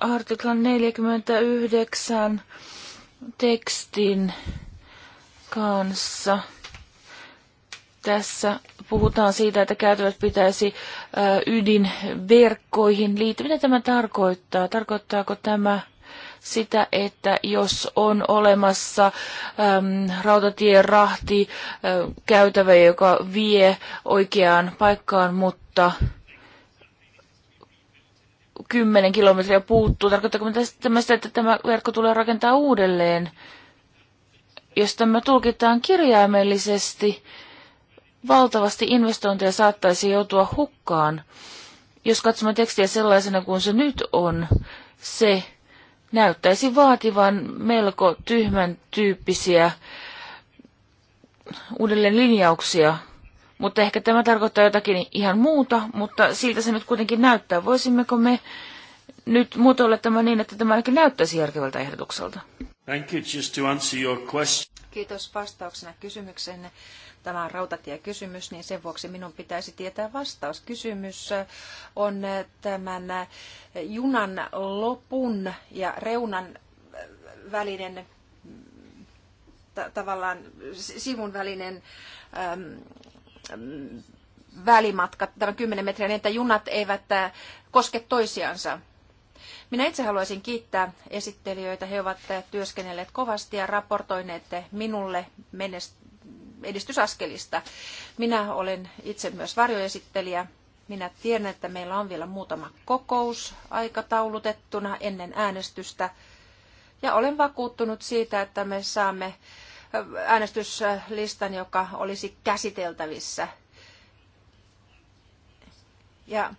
artiklan 49 tekstin kanssa. Tässä puhutaan siitä, että käytävät pitäisi ydinverkkoihin liittyä. Mitä tämä tarkoittaa? Tarkoittaako tämä sitä, että jos on olemassa äm, rautatien rahti äh, käytävä, joka vie oikeaan paikkaan, mutta kymmenen kilometriä puuttuu, tarkoittaako tämä sitä, että tämä verkko tulee rakentaa uudelleen? Jos tämä tulkitaan kirjaimellisesti, valtavasti investointeja saattaisi joutua hukkaan. Jos katsomme tekstiä sellaisena kuin se nyt on, se näyttäisi vaativan melko tyhmän tyyppisiä uudelleen linjauksia, mutta ehkä tämä tarkoittaa jotakin ihan muuta, mutta siltä se nyt kuitenkin näyttää. Voisimmeko me nyt muotoilla tämä niin, että tämä ainakin näyttäisi järkevältä ehdotukselta? Thank you. Just to answer your question. Kiitos vastauksena kysymykseenne tämä on rautatiekysymys, niin sen vuoksi minun pitäisi tietää vastaus. Kysymys äh, on äh, tämän äh, junan lopun ja reunan välinen mm, tavallaan sivun välinen äm, mm, välimatka, tämä 10 metriä, niin että junat eivät koske toisiansa. Minä itse haluaisin kiittää esittelijöitä. He ovat työskennelleet kovasti ja raportoineet minulle edistysaskelista. Minä olen itse myös varjoesittelijä. Minä tiedän, että meillä on vielä muutama kokous aikataulutettuna ennen äänestystä. Ja olen vakuuttunut siitä, että me saamme äänestyslistan, joka olisi käsiteltävissä. Ja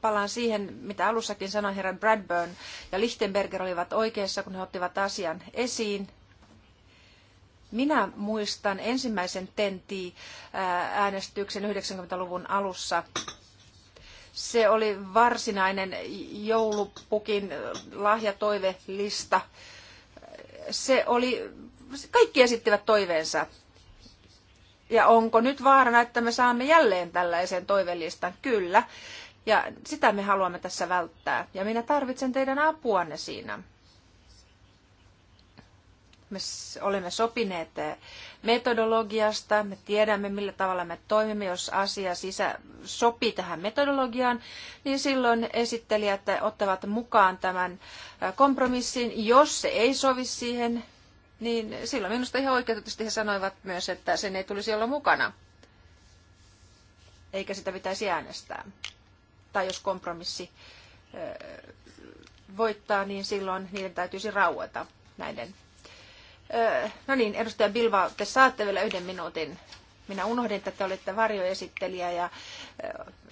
palaan siihen, mitä alussakin sanoin, herra Bradburn ja Lichtenberger olivat oikeassa, kun he ottivat asian esiin. Minä muistan ensimmäisen TENTI-äänestyksen 90-luvun alussa. Se oli varsinainen joulupukin lahjatoivelista. Se oli, kaikki esittivät toiveensa. Ja onko nyt vaarana, että me saamme jälleen tällaisen toivelistan? Kyllä. Ja sitä me haluamme tässä välttää. Ja minä tarvitsen teidän apuanne siinä. Me olemme sopineet eh, metodologiasta, me tiedämme millä tavalla me toimimme, jos asia sisä sopii tähän metodologiaan, niin silloin esittelijät ottavat mukaan tämän eh, kompromissin. Jos se ei sovi siihen, niin silloin minusta ihan oikeutetusti he sanoivat myös, että sen ei tulisi olla mukana, eikä sitä pitäisi äänestää. Tai jos kompromissi eh, voittaa, niin silloin niiden täytyisi raueta näiden No niin, edustaja Bilva, te saatte vielä yhden minuutin. Minä unohdin, että te olette varjoesittelijä ja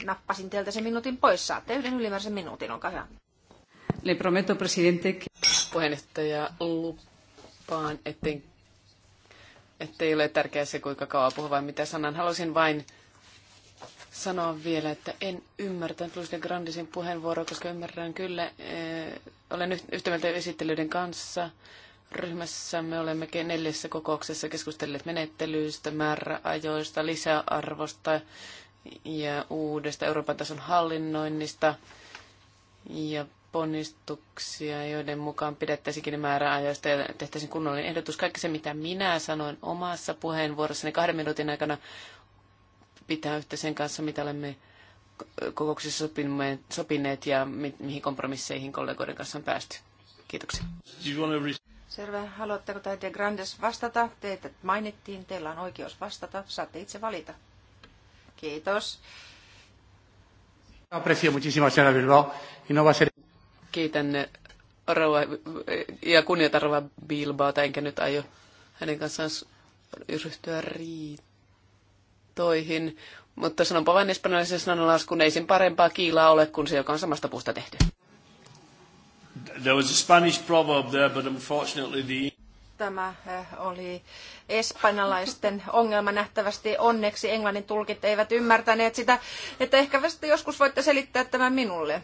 nappasin teiltä sen minuutin pois. Saatte yhden ylimääräisen minuutin, olkaa hyvä. Le prometo, presidente. Puheenjohtaja lupaan, etten, ettei ole tärkeää se, kuinka kauan puhua, vai mitä sanan. Halusin vain sanoa vielä, että en ymmärtänyt Luis de Grandisin puheenvuoroa, koska ymmärrän kyllä, eh, olen yhtä mieltä esittelyiden kanssa. Ryhmässä me olemme neljässä kokouksessa keskustelleet menettelyistä, määräajoista, lisäarvosta ja uudesta Euroopan tason hallinnoinnista ja ponnistuksia, joiden mukaan pidettäisikin määräajoista ja tehtäisiin kunnollinen ehdotus. Kaikki se, mitä minä sanoin omassa puheenvuorossani kahden minuutin aikana, pitää yhtä sen kanssa, mitä olemme kokouksissa sopineet ja mihin kompromisseihin kollegoiden kanssa on päästy. Kiitoksia. Selvä. Haluatteko tai De Grandes vastata? Teitä mainittiin, teillä on oikeus vastata. Saatte itse valita. Kiitos. No Kiitän eh, Rauha eh, ja kunnioitan rouva Bilbaota, enkä nyt aio hänen kanssaan ryhtyä riitoihin. Mutta sanonpa vain espanjalaisen sananlaskun, ei sen parempaa kiilaa ole kuin se, joka on samasta puusta tehty. There was a Spanish proverb there, but unfortunately the... Tämä eh, oli espanjalaisten ongelma nähtävästi. Onneksi englannin tulkit eivät ymmärtäneet sitä, että ehkä vasta joskus voitte selittää tämän minulle.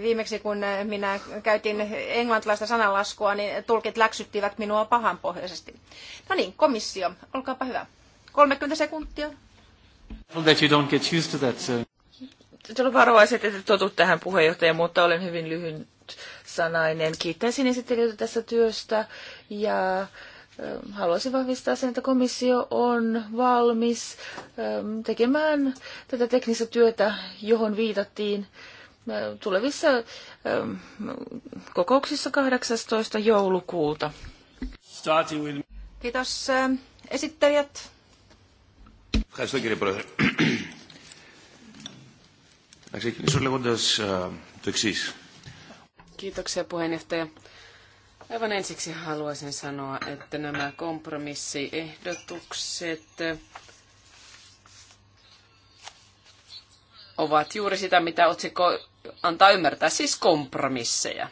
Viimeksi kun eh, minä käytin englantilaista sananlaskua, niin tulkit läksyttivät minua pahanpohjaisesti. No niin, komissio, olkaapa hyvä. 30 sekuntia. That you don't get used to that, olla varovaiset, että totu tähän puheenjohtajan, mutta olen hyvin lyhyt sanainen. Kiittäisin esittelijöitä tässä työstä ja ähm, haluaisin vahvistaa sen, että komissio on valmis ähm, tekemään tätä teknistä työtä, johon viitattiin äh, tulevissa ähm, kokouksissa 18. joulukuuta. Kiitos äh, esittelijät. Να ξεκινήσω λέγοντας το Kiitoksia puheenjohtaja. Aivan ensiksi haluaisin sanoa, että nämä kompromissiehdotukset ovat juuri sitä, mitä otsikko antaa ymmärtää, siis kompromisseja.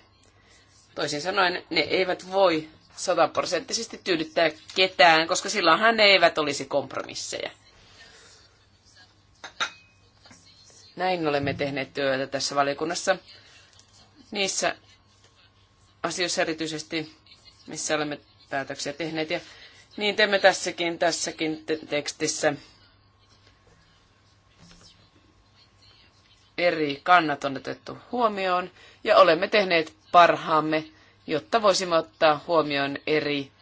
Toisin sanoen, ne eivät voi sataprosenttisesti tyydyttää ketään, koska silloinhan ne eivät olisi kompromisseja. Näin olemme tehneet työtä tässä valiokunnassa niissä asioissa erityisesti, missä olemme päätöksiä tehneet. Ja niin teemme tässäkin, tässäkin te- tekstissä. Eri kannat on otettu huomioon ja olemme tehneet parhaamme, jotta voisimme ottaa huomioon eri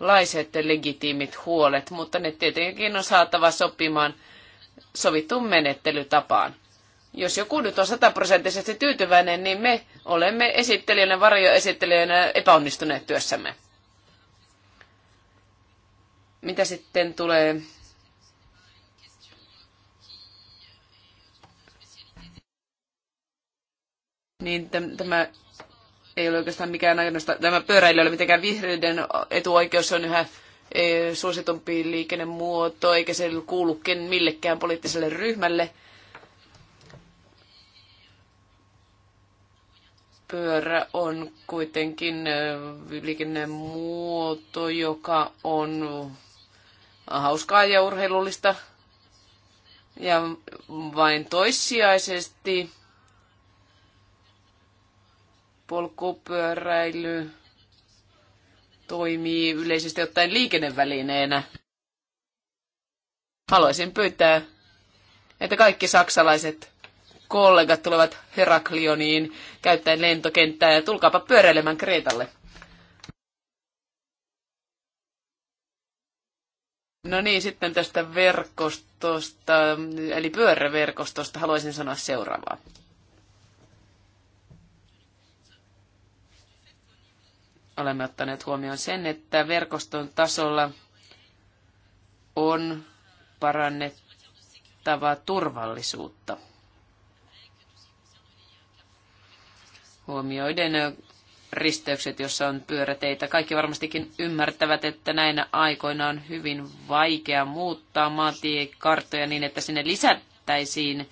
laiset legitiimit huolet, mutta ne tietenkin on saatava sopimaan sovittuun menettelytapaan. Jos joku nyt on sataprosenttisesti tyytyväinen, niin me olemme esittelijöinä, varjoesittelijöinä epäonnistuneet työssämme. Mitä sitten tulee niin tämä ei ole oikeastaan mikään ainoastaan, tämä pyöräily ei ole mitenkään vihreiden etuoikeus, se on yhä e, suositumpi liikennemuoto, eikä se kuulu millekään poliittiselle ryhmälle. pyörä on kuitenkin liikennemuoto, joka on hauskaa ja urheilullista ja vain toissijaisesti polkupyöräily toimii yleisesti ottaen liikennevälineenä. Haluaisin pyytää, että kaikki saksalaiset kollegat tulevat Heraklioniin käyttäen lentokenttää ja tulkaapa pyöräilemään Kreetalle. No niin, sitten tästä verkostosta, eli pyöräverkostosta haluaisin sanoa seuraavaa. Olemme ottaneet huomioon sen, että verkoston tasolla on parannettava turvallisuutta – huomioiden risteykset, jossa on pyöräteitä. Kaikki varmastikin ymmärtävät, että näinä aikoina on hyvin vaikea muuttaa maantiekarttoja niin, että sinne lisättäisiin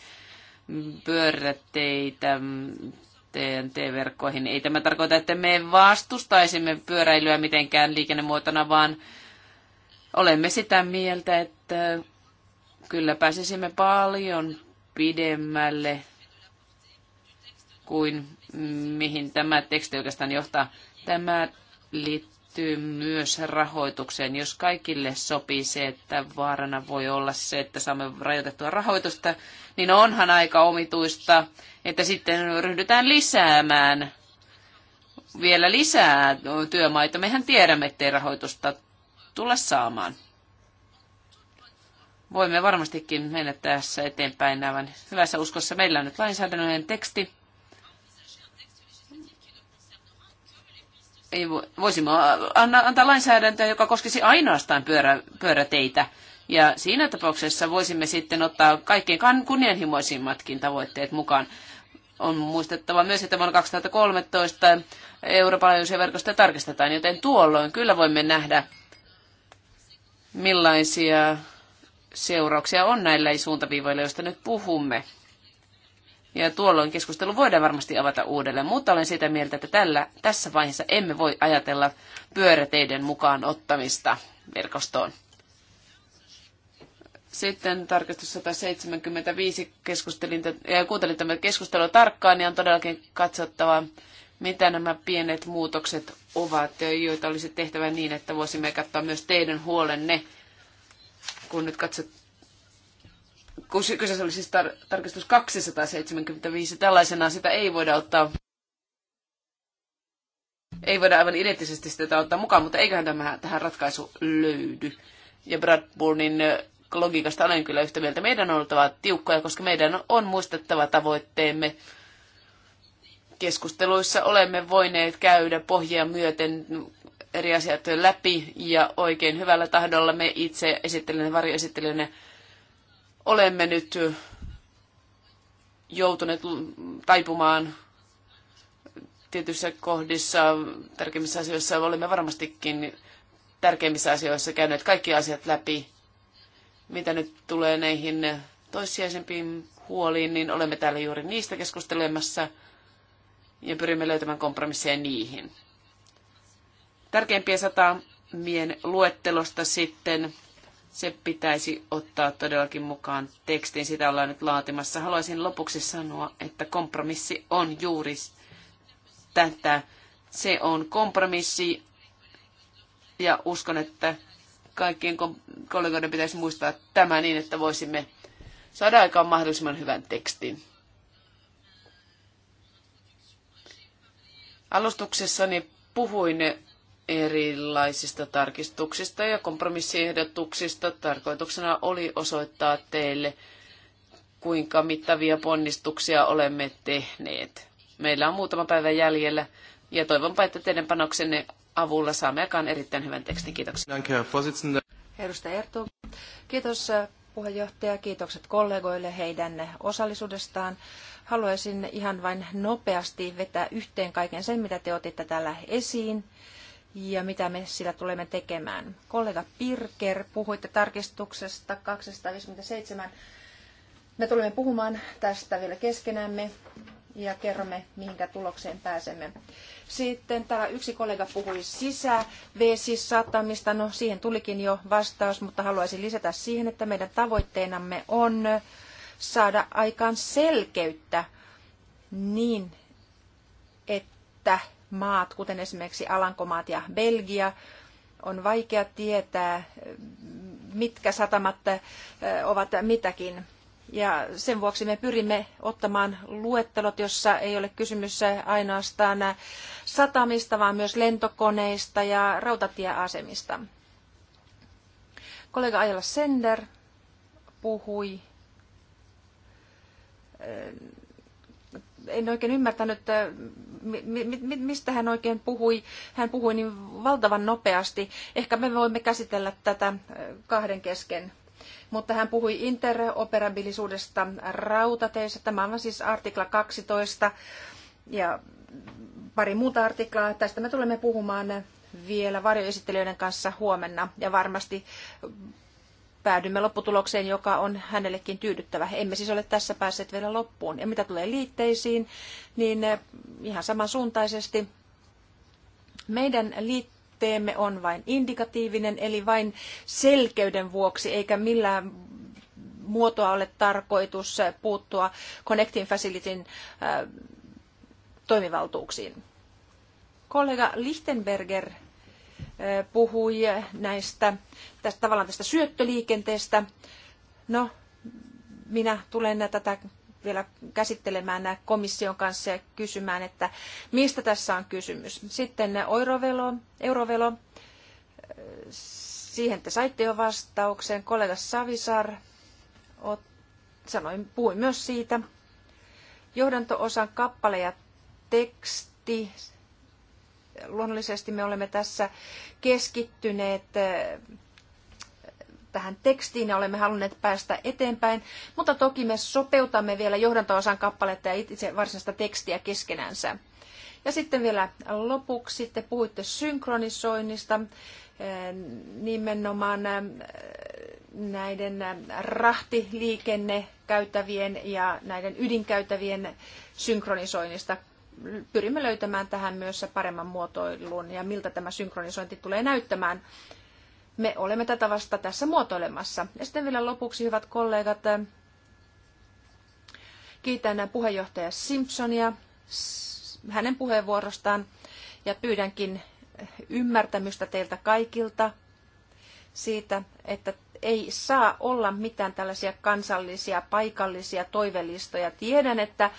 pyöräteitä TNT-verkkoihin. Ei tämä tarkoita, että me vastustaisimme pyöräilyä mitenkään liikennemuotona, vaan olemme sitä mieltä, että kyllä pääsisimme paljon pidemmälle kuin mihin tämä teksti oikeastaan johtaa. Tämä liittyy myös rahoitukseen. Jos kaikille sopii se, että vaarana voi olla se, että saamme rajoitettua rahoitusta, niin onhan aika omituista, että sitten ryhdytään lisäämään vielä lisää työmaita. Mehän tiedämme, ettei rahoitusta tulla saamaan. Voimme varmastikin mennä tässä eteenpäin aivan hyvässä uskossa. Meillä on nyt lainsäädännöllinen teksti, ei vo, voisimme äh, antaa lainsäädäntöä, joka koskisi ainoastaan pyörä, pyöräteitä. Ja siinä tapauksessa voisimme sitten ottaa kaikkein kunnianhimoisimmatkin tavoitteet mukaan. On muistettava myös, että vuonna 2013 Euroopan laajuisia verkostoja tarkistetaan, joten tuolloin kyllä voimme nähdä, millaisia seurauksia on näillä suuntaviivoilla, joista nyt puhumme. Ja tuolloin keskustelu voidaan varmasti avata uudelleen, mutta olen sitä mieltä, että tällä, tässä vaiheessa emme voi ajatella pyöräteiden mukaan ottamista verkostoon. Sitten tarkastus 175 keskustelin, ja kuuntelin tämä keskustelu tarkkaan, niin on todellakin katsottava, mitä nämä pienet muutokset ovat, joita olisi tehtävä niin, että voisimme katsoa myös teidän huolenne, kun nyt katsot, kyseessä oli siis tar- tarkistus 275, tällaisena sitä ei voida ottaa ei voida aivan identtisesti sitä ottaa mukaan, mutta eiköhän tämä, tähän ratkaisu löydy. Ja Bradburnin logiikasta olen kyllä yhtä mieltä. Meidän on oltava tiukkoja, koska meidän on muistettava tavoitteemme. Keskusteluissa olemme voineet käydä pohjia myöten eri asiat läpi ja oikein hyvällä tahdolla me itse esittelijänä, varjoesittelijänä olemme nyt joutuneet taipumaan tietyissä kohdissa, tärkeimmissä asioissa olemme varmastikin tärkeimmissä asioissa käyneet kaikki asiat läpi. Mitä nyt tulee näihin toissijaisempiin huoliin, niin olemme täällä juuri niistä keskustelemassa ja pyrimme löytämään kompromisseja niihin. Tärkeimpien satamien luettelosta sitten se pitäisi ottaa todellakin mukaan tekstiin. Sitä ollaan nyt laatimassa. Haluaisin lopuksi sanoa, että kompromissi on juuri tätä. Se on kompromissi ja uskon, että kaikkien kollegoiden pitäisi muistaa tämä niin, että voisimme saada aikaan mahdollisimman hyvän tekstin. Alustuksessani puhuin erilaisista tarkistuksista ja kompromissiehdotuksista. Tarkoituksena oli osoittaa teille, kuinka mittavia ponnistuksia olemme tehneet. Meillä on muutama päivä jäljellä ja toivonpa, että teidän panoksenne avulla saamme aikaan erittäin hyvän tekstin. Kiitoksia. Edustaja Ertu. Kiitos äh, puheenjohtaja. Kiitokset kollegoille heidän osallisuudestaan. Haluaisin ihan vain nopeasti vetää yhteen kaiken sen, mitä te otitte täällä esiin ja mitä me sillä tulemme tekemään. Kollega Pirker, puhuitte tarkistuksesta 257. Me tulemme puhumaan tästä vielä keskenämme ja kerromme, mihinkä tulokseen pääsemme. Sitten täällä yksi kollega puhui satamista No siihen tulikin jo vastaus, mutta haluaisin lisätä siihen, että meidän tavoitteenamme on saada aikaan selkeyttä niin, että maat, kuten esimerkiksi Alankomaat ja Belgia, on vaikea tietää, mitkä satamat ovat mitäkin. Ja sen vuoksi me pyrimme ottamaan luettelot, jossa ei ole kysymys ainoastaan satamista, vaan myös lentokoneista ja rautatieasemista. Kollega Ajala Sender puhui en oikein ymmärtänyt, mistä hän oikein puhui. Hän puhui niin valtavan nopeasti. Ehkä me voimme käsitellä tätä kahden kesken. Mutta hän puhui interoperabilisuudesta rautateissa. Tämä on siis artikla 12 ja pari muuta artiklaa. Tästä me tulemme puhumaan vielä varjoesittelijöiden kanssa huomenna ja varmasti päädymme lopputulokseen, joka on hänellekin tyydyttävä. Emme siis ole tässä päässeet vielä loppuun. Ja mitä tulee liitteisiin, niin eh, ihan samansuuntaisesti meidän liitteemme on vain indikatiivinen, eli vain selkeyden vuoksi, eikä millään muotoa ole tarkoitus eh, puuttua Connecting Facilityn eh, toimivaltuuksiin. Kollega Lichtenberger puhui näistä, tästä, tavallaan tästä syöttöliikenteestä. No, minä tulen tätä vielä käsittelemään komission kanssa ja kysymään, että mistä tässä on kysymys. Sitten eurovelo, eurovelo siihen te saitte jo vastauksen. Kollega Savisar ot, sanoin, puhui myös siitä. Johdanto-osan kappale ja teksti luonnollisesti me olemme tässä keskittyneet eh, tähän tekstiin ja olemme halunneet päästä eteenpäin, mutta toki me sopeutamme vielä johdanto-osan kappaletta ja itse varsinaista tekstiä keskenänsä. Ja sitten vielä lopuksi te puhuitte synkronisoinnista eh, nimenomaan eh, näiden käytävien ja näiden ydinkäytävien synkronisoinnista pyrimme löytämään tähän myös paremman muotoilun ja miltä tämä synkronisointi tulee näyttämään. Me olemme tätä vasta tässä muotoilemassa. Ja sitten vielä lopuksi, hyvät kollegat, kiitän puheenjohtaja Simpsonia hänen puheenvuorostaan ja pyydänkin ymmärtämystä teiltä kaikilta siitä, että ei saa olla mitään tällaisia kansallisia, paikallisia toivelistoja. Tiedän, että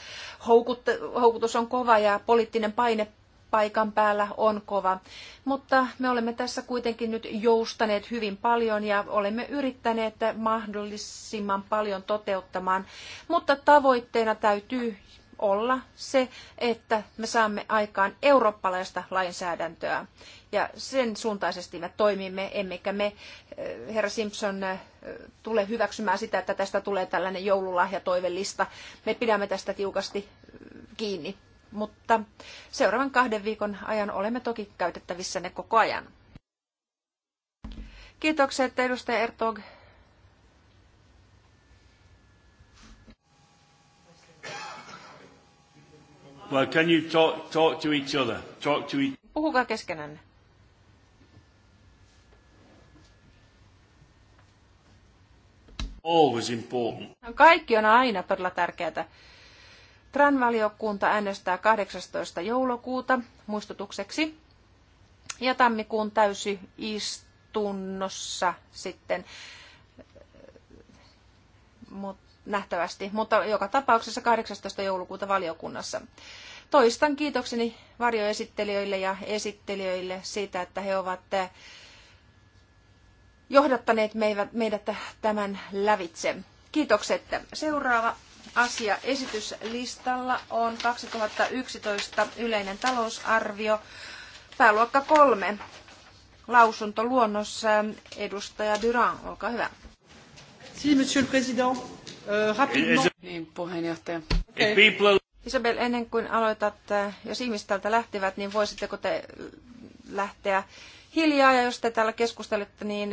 houkut, houkutus on kova ja poliittinen paine paikan päällä on kova, mutta me olemme tässä kuitenkin nyt joustaneet hyvin paljon ja olemme yrittäneet mahdollisimman paljon toteuttamaan, mutta tavoitteena täytyy olla se, että me saamme aikaan eurooppalaista lainsäädäntöä. Ja sen suuntaisesti me toimimme, emmekä me, eh, herra Simpson, eh, tule hyväksymään sitä, että tästä tulee tällainen joululahjatoivelista. Me pidämme tästä tiukasti eh, kiinni. Mutta seuraavan kahden viikon ajan olemme toki käytettävissä ne koko ajan. Kiitokset edustaja Ertog Well, can you talk, talk to each other? Talk to each... Puhukaa keskenänne. Always important. Kaikki on aina todella tärkeää. TRAN-valiokunta äänestää 18. joulukuuta muistutukseksi ja tammikuun istunnossa sitten. Mutta nähtävästi, mutta joka tapauksessa 18. joulukuuta valiokunnassa. Toistan kiitokseni varjoesittelijöille ja esittelijöille siitä, että he ovat eh, johdattaneet meidät tämän lävitse. Kiitokset. Seuraava asia esityslistalla on 2011 yleinen talousarvio, pääluokka kolme. luonnossa. Eh, edustaja Durand, olkaa hyvä. Si, monsieur le président. Eh, rapidement. Niin, puheenjohtaja. Okay. Isabel, ennen kuin aloitat, eh, jos ihmiset täältä lähtevät, niin voisitteko te eh, lähteä hiljaa, ja jos te täällä keskustelette, niin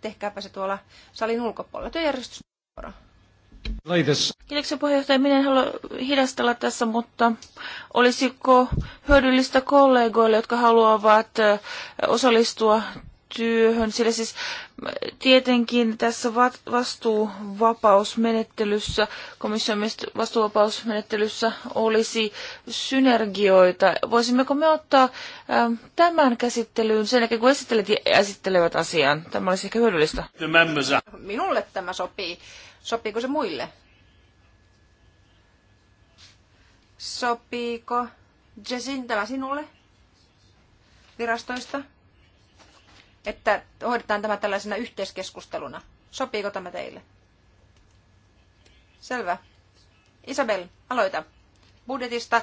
tehkääpä se tuolla salin ulkopuolella. Työjärjestys. Kiitoksia puheenjohtaja. Minä en halua hidastella tässä, mutta olisiko hyödyllistä kollegoille, jotka haluavat osallistua työhön, sillä siis äh, tietenkin tässä vastuuvapausmenettelyssä, komission vastuuvapausmenettelyssä olisi synergioita. Voisimmeko me ottaa ähm, tämän käsittelyyn sen jälkeen, kun ja esittelevät asian? Tämä olisi ehkä hyödyllistä. Minulle tämä sopii. Sopiiko se muille? Sopiiko tämä sinulle virastoista? että hoidetaan tämä tällaisena yhteiskeskusteluna. Sopiiko tämä teille? Selvä. Isabel, aloita budjetista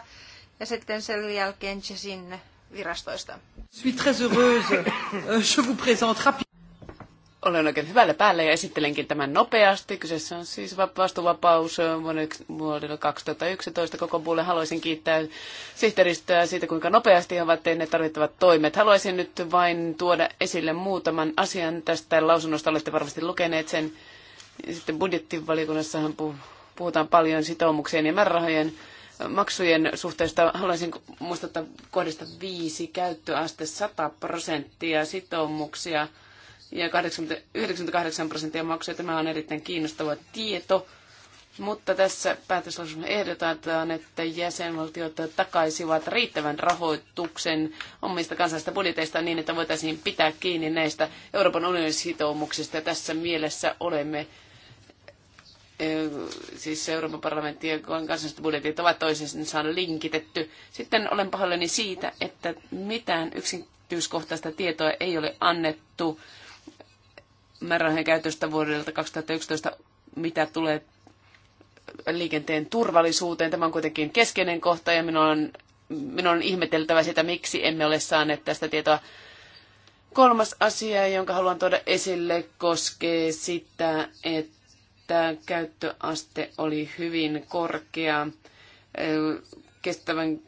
ja sitten sen jälkeen Chesin virastoista. Je suis très heureuse. Euh, je vous présente rapidement olen oikein hyvällä päällä ja esittelenkin tämän nopeasti. Kyseessä on siis vastuvapaus äh, vuodelle 2011 koko puolelle. Haluaisin kiittää sihteeristöä siitä, kuinka nopeasti he ovat tehneet tarvittavat toimet. Haluaisin nyt vain tuoda esille muutaman asian tästä lausunnosta. Olette varmasti lukeneet sen. Sitten budjettivalikunnassahan puhutaan paljon sitoumuksien ja määrärahojen äh, maksujen suhteesta haluaisin muistuttaa kohdista viisi käyttöaste 100 prosenttia sitoumuksia ja 98 prosenttia maksoi. Tämä on erittäin kiinnostava tieto. Mutta tässä päätöslausumassa ehdotetaan, että jäsenvaltiot takaisivat riittävän rahoituksen omista kansallisista budjeteista niin, että voitaisiin pitää kiinni näistä Euroopan unionin sitoumuksista. Tässä mielessä olemme siis Euroopan parlamentti ja kansalliset budjetit ovat toisensa linkitetty. Sitten olen pahoillani siitä, että mitään yksityiskohtaista tietoa ei ole annettu määrärahojen käytöstä vuodelta 2011, mitä tulee liikenteen turvallisuuteen. Tämä on kuitenkin keskeinen kohta ja minun on, minun on ihmeteltävä sitä, miksi emme ole saaneet tästä tietoa. Kolmas asia, jonka haluan tuoda esille, koskee sitä, että käyttöaste oli hyvin korkea kestävän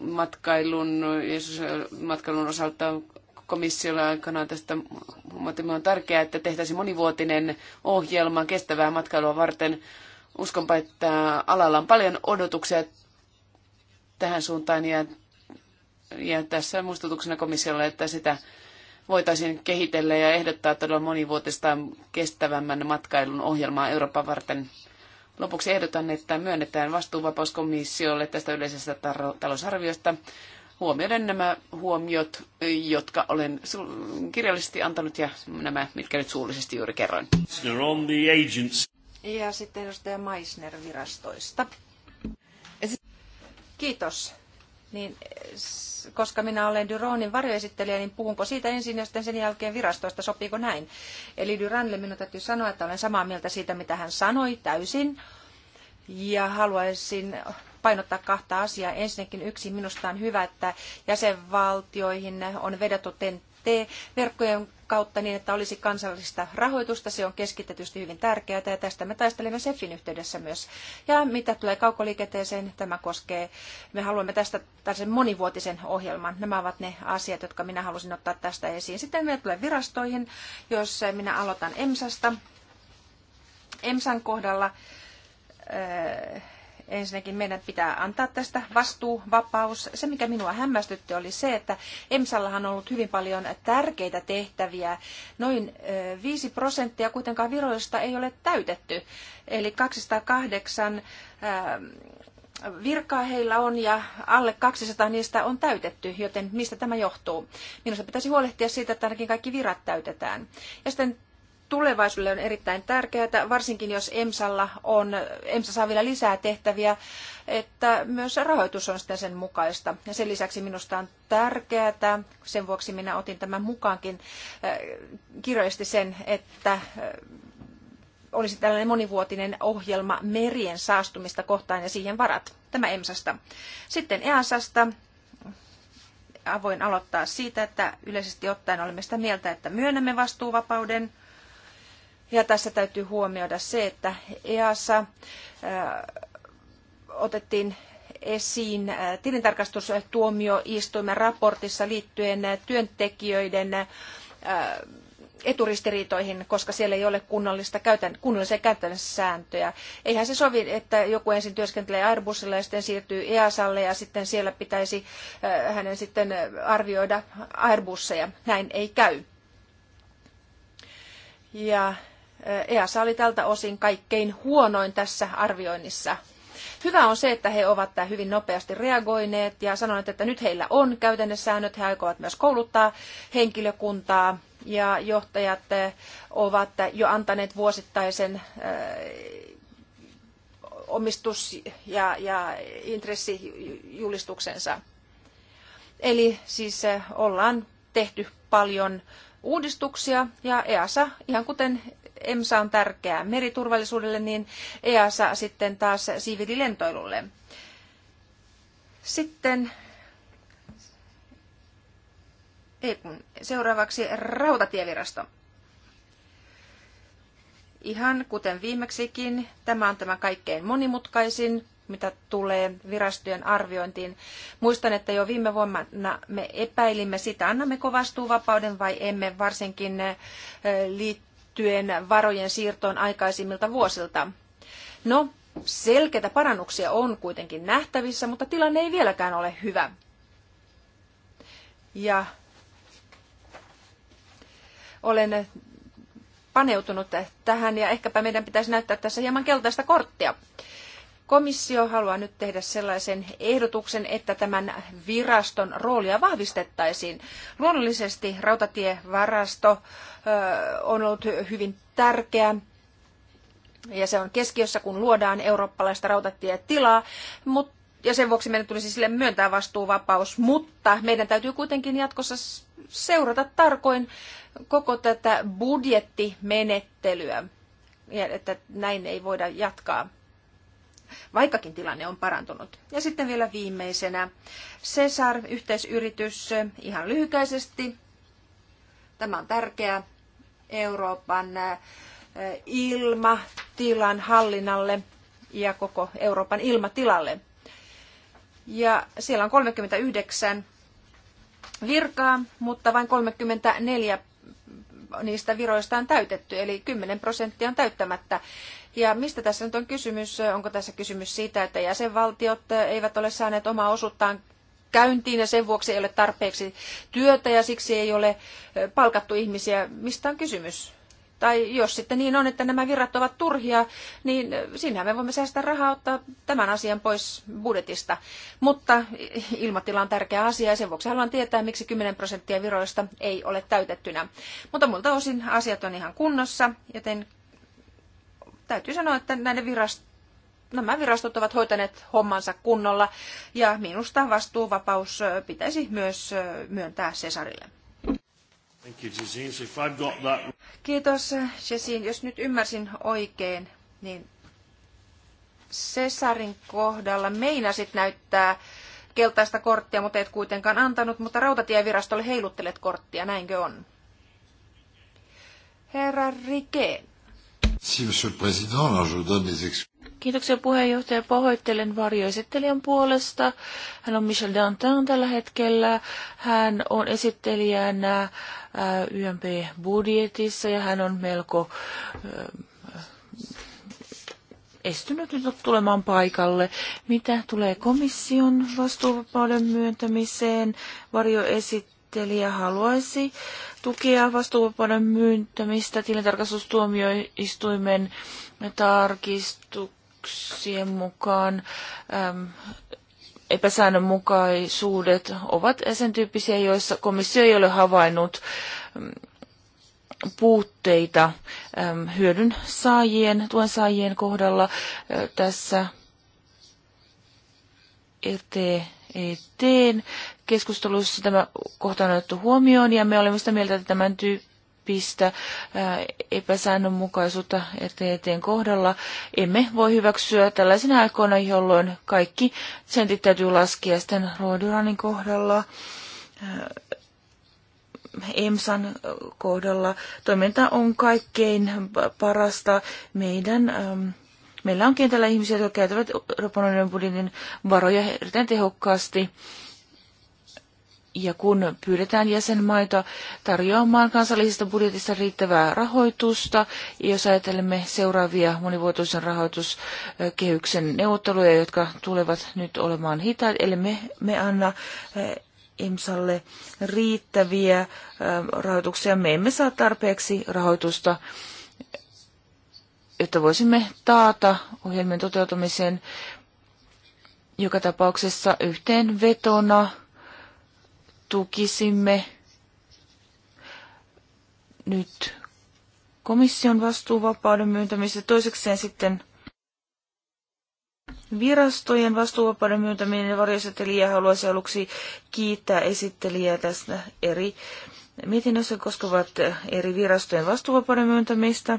matkailun, matkailun osalta komissiolla aikanaan tästä Muuten on tärkeää, että tehtäisiin monivuotinen ohjelma kestävää matkailua varten. Uskonpa, että alalla on paljon odotuksia tähän suuntaan ja, ja tässä muistutuksena komissiolle, että sitä voitaisiin kehitellä ja ehdottaa todella monivuotista kestävämmän matkailun ohjelmaa Euroopan varten. Lopuksi ehdotan, että myönnetään vastuuvapauskomissiolle tästä yleisestä talousarviosta huomioida nämä huomiot, jotka olen kirjallisesti antanut ja nämä, mitkä nyt suullisesti juuri kerroin. Ja sitten edustaja Meissner virastoista. Kiitos. Niin, koska minä olen Duronin varjoesittelijä, niin puhunko siitä ensin ja sitten sen jälkeen virastoista, sopiiko näin? Eli Duranille minun täytyy sanoa, että olen samaa mieltä siitä, mitä hän sanoi täysin. Ja haluaisin painottaa kahta asiaa. Ensinnäkin yksi minusta on hyvä, että jäsenvaltioihin on vedottu TEN-T-verkkojen kautta niin, että olisi kansallista rahoitusta. Se on keskitetysti hyvin tärkeää ja tästä me taistelemme SEFin yhteydessä myös. Ja mitä tulee kaukoliikenteeseen, tämä koskee, me haluamme tästä tällaisen monivuotisen ohjelman. Nämä ovat ne asiat, jotka minä halusin ottaa tästä esiin. Sitten me tulee virastoihin, jos minä aloitan EMSasta. EMSan kohdalla Ensinnäkin meidän pitää antaa tästä vapaus. Se, mikä minua hämmästytti, oli se, että EMSallahan on ollut hyvin paljon tärkeitä tehtäviä. Noin 5 prosenttia kuitenkaan viroista ei ole täytetty. Eli 208 virkaa heillä on ja alle 200 niistä on täytetty, joten mistä tämä johtuu? Minusta pitäisi huolehtia siitä, että ainakin kaikki virat täytetään. Ja sitten tulevaisuudelle on erittäin tärkeää, varsinkin jos EMSalla on, EMSA saa vielä lisää tehtäviä, että myös rahoitus on sitten sen mukaista. Ja sen lisäksi minusta on tärkeää, sen vuoksi minä otin tämän mukaankin eh, kirjallisesti sen, että eh, olisi tällainen monivuotinen ohjelma merien saastumista kohtaan ja siihen varat. Tämä EMSasta. Sitten EASasta voin aloittaa siitä, että yleisesti ottaen olemme sitä mieltä, että myönnämme vastuuvapauden ja tässä täytyy huomioida se, että EASA äh, otettiin esiin äh, tilintarkastustuomioistuimen raportissa liittyen äh, työntekijöiden eturistiriitoihin, koska siellä ei ole kunnollista käytän, kunnollisia käytännössääntöjä. Eihän se sovi, että joku ensin työskentelee Airbusilla ja sitten siirtyy EASalle ja sitten siellä pitäisi hänen sitten arvioida Airbusseja. Näin ei käy. Ja EASA oli tältä osin kaikkein huonoin tässä arvioinnissa. Hyvä on se, että he ovat hyvin nopeasti reagoineet ja sanoneet, että nyt heillä on käytännössäännöt. He aikovat myös kouluttaa henkilökuntaa ja johtajat ovat jo antaneet vuosittaisen omistus- ja, ja intressijulistuksensa. Eli siis ollaan tehty paljon uudistuksia ja EASA, ihan kuten EMSA on tärkeää meriturvallisuudelle, niin EASA sitten taas siivililentoilulle. Sitten seuraavaksi rautatievirasto. Ihan kuten viimeksikin, tämä on tämä kaikkein monimutkaisin, mitä tulee virastojen arviointiin. Muistan, että jo viime vuonna me epäilimme sitä, annammeko vastuuvapauden vai emme, varsinkin eh, liittyen liittyen varojen siirtoon aikaisimmilta vuosilta. No, selkeitä parannuksia on kuitenkin nähtävissä, mutta tilanne ei vieläkään ole hyvä. Ja olen paneutunut tähän ja ehkäpä meidän pitäisi näyttää tässä hieman keltaista korttia. Komissio haluaa nyt tehdä sellaisen ehdotuksen, että tämän viraston roolia vahvistettaisiin. Luonnollisesti rautatievarasto on ollut hyvin tärkeä ja se on keskiössä, kun luodaan eurooppalaista rautatietilaa, mutta ja sen vuoksi meidän tulisi sille myöntää vastuuvapaus, mutta meidän täytyy kuitenkin jatkossa seurata tarkoin koko tätä budjettimenettelyä, että näin ei voida jatkaa vaikkakin tilanne on parantunut. Ja sitten vielä viimeisenä Cesar, yhteisyritys, ihan lyhykäisesti. Tämä on tärkeä Euroopan ilmatilan hallinnalle ja koko Euroopan ilmatilalle. Ja siellä on 39 virkaa, mutta vain 34 niistä viroista on täytetty, eli 10 prosenttia on täyttämättä ja mistä tässä nyt on kysymys? Onko tässä kysymys siitä, että jäsenvaltiot eivät ole saaneet omaa osuuttaan käyntiin ja sen vuoksi ei ole tarpeeksi työtä ja siksi ei ole palkattu ihmisiä? Mistä on kysymys? Tai jos sitten niin on, että nämä virrat ovat turhia, niin sinähän me voimme säästää rahaa ottaa tämän asian pois budjetista. Mutta ilmatila on tärkeä asia ja sen vuoksi haluan tietää, miksi 10 prosenttia viroista ei ole täytettynä. Mutta muilta osin asiat on ihan kunnossa, joten täytyy sanoa, että näiden virast, nämä virastot ovat hoitaneet hommansa kunnolla ja minusta vastuuvapaus pitäisi myös myöntää Cesarille. Kiitos Jesin. Jos nyt ymmärsin oikein, niin Cesarin kohdalla meinasit näyttää keltaista korttia, mutta et kuitenkaan antanut, mutta rautatievirastolle heiluttelet korttia, näinkö on? Herra Rikeen. Kiitoksia puheenjohtaja. Pahoittelen varjoesittelijän puolesta. Hän on Michel Dantin tällä hetkellä. Hän on esittelijänä äh, YMP-budjetissa ja hän on melko äh, estynyt nyt tulemaan paikalle. Mitä tulee komission vastuuvapauden myöntämiseen, varjoesittelijä esittelijä haluaisi tukea vastuuvapauden myyntämistä tilintarkastustuomioistuimen tarkistuksien mukaan. Äm, epäsäännönmukaisuudet ovat sen tyyppisiä, joissa komissio ei ole havainnut puutteita hyödyn saajien, tuen saajien kohdalla. Tässä RTETn e keskustelussa tämä kohta on otettu huomioon ja me olemme sitä mieltä, että tämän tyyppistä epäsäännönmukaisuutta RTTn kohdalla emme voi hyväksyä tällaisina aikoina, jolloin kaikki sentit täytyy laskea sitten Roaduranin kohdalla. EMSAn kohdalla toiminta on kaikkein parasta meidän Meillä on kentällä ihmisiä, jotka käytävät raponoiden budjetin varoja erittäin tehokkaasti. Ja kun pyydetään jäsenmaita tarjoamaan kansallisesta budjetista riittävää rahoitusta, ja jos ajattelemme seuraavia monivuotoisen rahoituskehyksen neuvotteluja, jotka tulevat nyt olemaan hitaat, eli me, me anna eh, IMSalle riittäviä eh, rahoituksia, me emme saa tarpeeksi rahoitusta, jotta voisimme taata ohjelmien toteutumisen joka tapauksessa yhteenvetona vetona tukisimme nyt komission vastuuvapauden myöntämistä. Toisekseen sitten virastojen vastuuvapauden myöntäminen varjoseteliä haluaisi aluksi kiittää esittelijää tästä eri mietinnössä koskevat eri virastojen vastuuvapauden myöntämistä.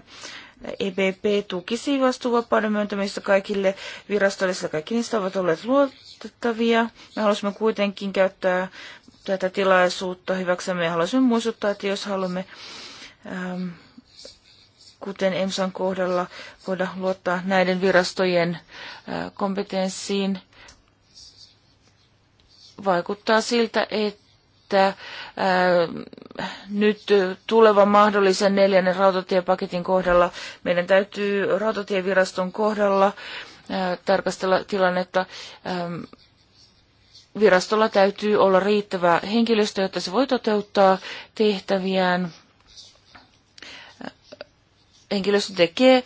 EBP tukisi vastuuvapauden myöntämistä kaikille virastoille, sillä kaikki niistä ovat olleet luotettavia. Me halusimme kuitenkin käyttää tätä tilaisuutta hyväksemme. Ja haluaisin muistuttaa, että jos haluamme, ähm, kuten EMSAn kohdalla, voida luottaa näiden virastojen äh, kompetenssiin, vaikuttaa siltä, että äh, nyt tulevan mahdollisen neljännen rautatiepaketin kohdalla meidän täytyy rautatieviraston kohdalla äh, tarkastella tilannetta äh, virastolla täytyy olla riittävä henkilöstö, jotta se voi toteuttaa tehtäviään. Henkilöstö tekee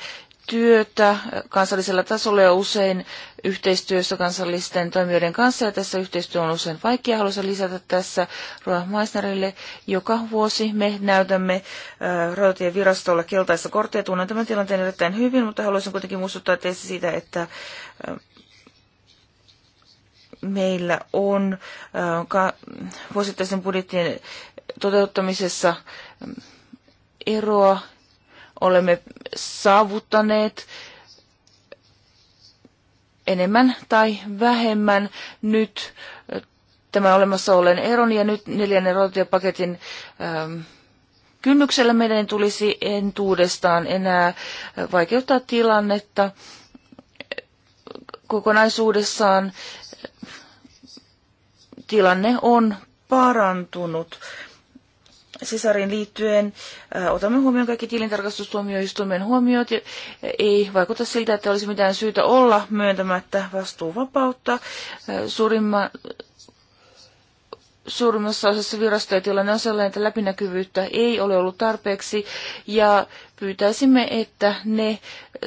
työtä kansallisella tasolla ja usein yhteistyössä kansallisten toimijoiden kanssa. Ja tässä yhteistyö on usein vaikea. Haluaisin lisätä tässä Roa Meissnerille. Joka vuosi me näytämme äh, virastolla keltaista korttia. Tunnen tämän tilanteen erittäin hyvin, mutta haluaisin kuitenkin muistuttaa teistä siitä, että äh, meillä on vuosittaisen budjettien toteuttamisessa mm, eroa. Olemme saavuttaneet enemmän tai vähemmän nyt tämä olemassa olen eron ja nyt neljännen rautatiepaketin kynnyksellä meidän tulisi entuudestaan enää vaikeuttaa tilannetta kokonaisuudessaan tilanne on parantunut. Sisarin liittyen äh, otamme huomioon kaikki tilintarkastustuomioistuimen huomiot. Äh, ei vaikuta siltä, että olisi mitään syytä olla myöntämättä vastuuvapautta. Äh, suurimma, suurimmassa osassa virastoja tilanne on sellainen, että läpinäkyvyyttä ei ole ollut tarpeeksi ja pyytäisimme, että ne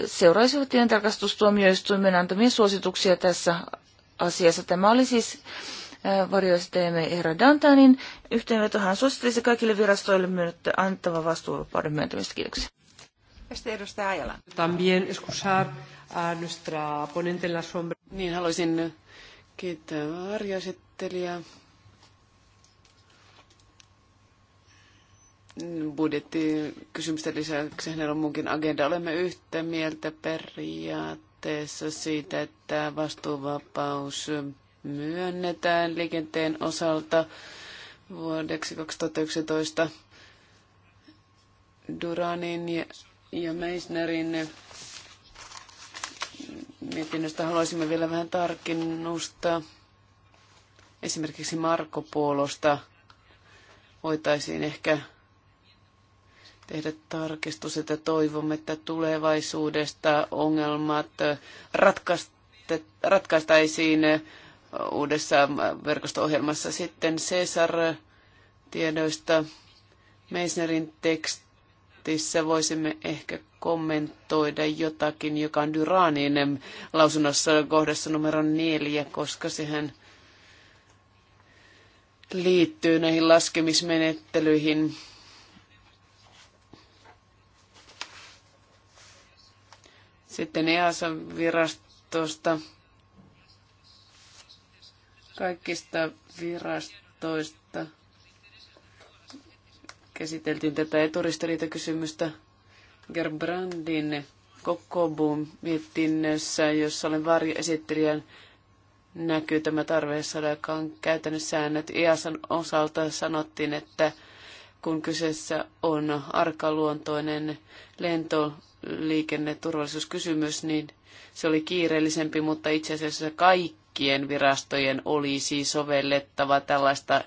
seuraisivat tilintarkastustuomioistuimen antamia suosituksia tässä asiassa. Tämä oli siis varjoisteemme herra Dantanin yhteenveto. Hän suosittelisi kaikille virastoille myönnettä antava vastuuvapauden myöntämistä. Kiitoksia. Sitten edustaja Ajala. También excusar a nuestra ponente en la sombra. Niin, haluaisin kiittää varjoesittelijää. budjettikysymysten lisäksi hänellä on munkin agenda. Olemme yhtä mieltä periaatteessa aloitteessa siitä, että vastuuvapaus myönnetään liikenteen osalta vuodeksi 2011 Duranin ja, ja Meisnerin mietinnöstä haluaisimme vielä vähän tarkennusta. Esimerkiksi Marko Puolosta voitaisiin ehkä tehdä tarkistus, että toivomme, että tulevaisuudesta ongelmat äh, ratkaistaisiin äh, uudessa äh, verkosto-ohjelmassa. Sitten Cesar-tiedoista Meisnerin tekstissä voisimme ehkä kommentoida jotakin, joka on Duranin ähm, lausunnossa kohdassa numero neljä, koska sehän liittyy näihin laskemismenettelyihin Sitten EASan virastosta Kaikista virastoista käsiteltiin tätä eturistiriitakysymystä Gerbrandin kokoomuun mietinnössä, jossa olen varjoesittelijän näkyy tämä tarve saada käytännön säännöt. EASan osalta sanottiin, että kun kyseessä on arkaluontoinen lento, liikenneturvallisuuskysymys, niin se oli kiireellisempi, mutta itse asiassa kaikkien virastojen olisi siis sovellettava tällaista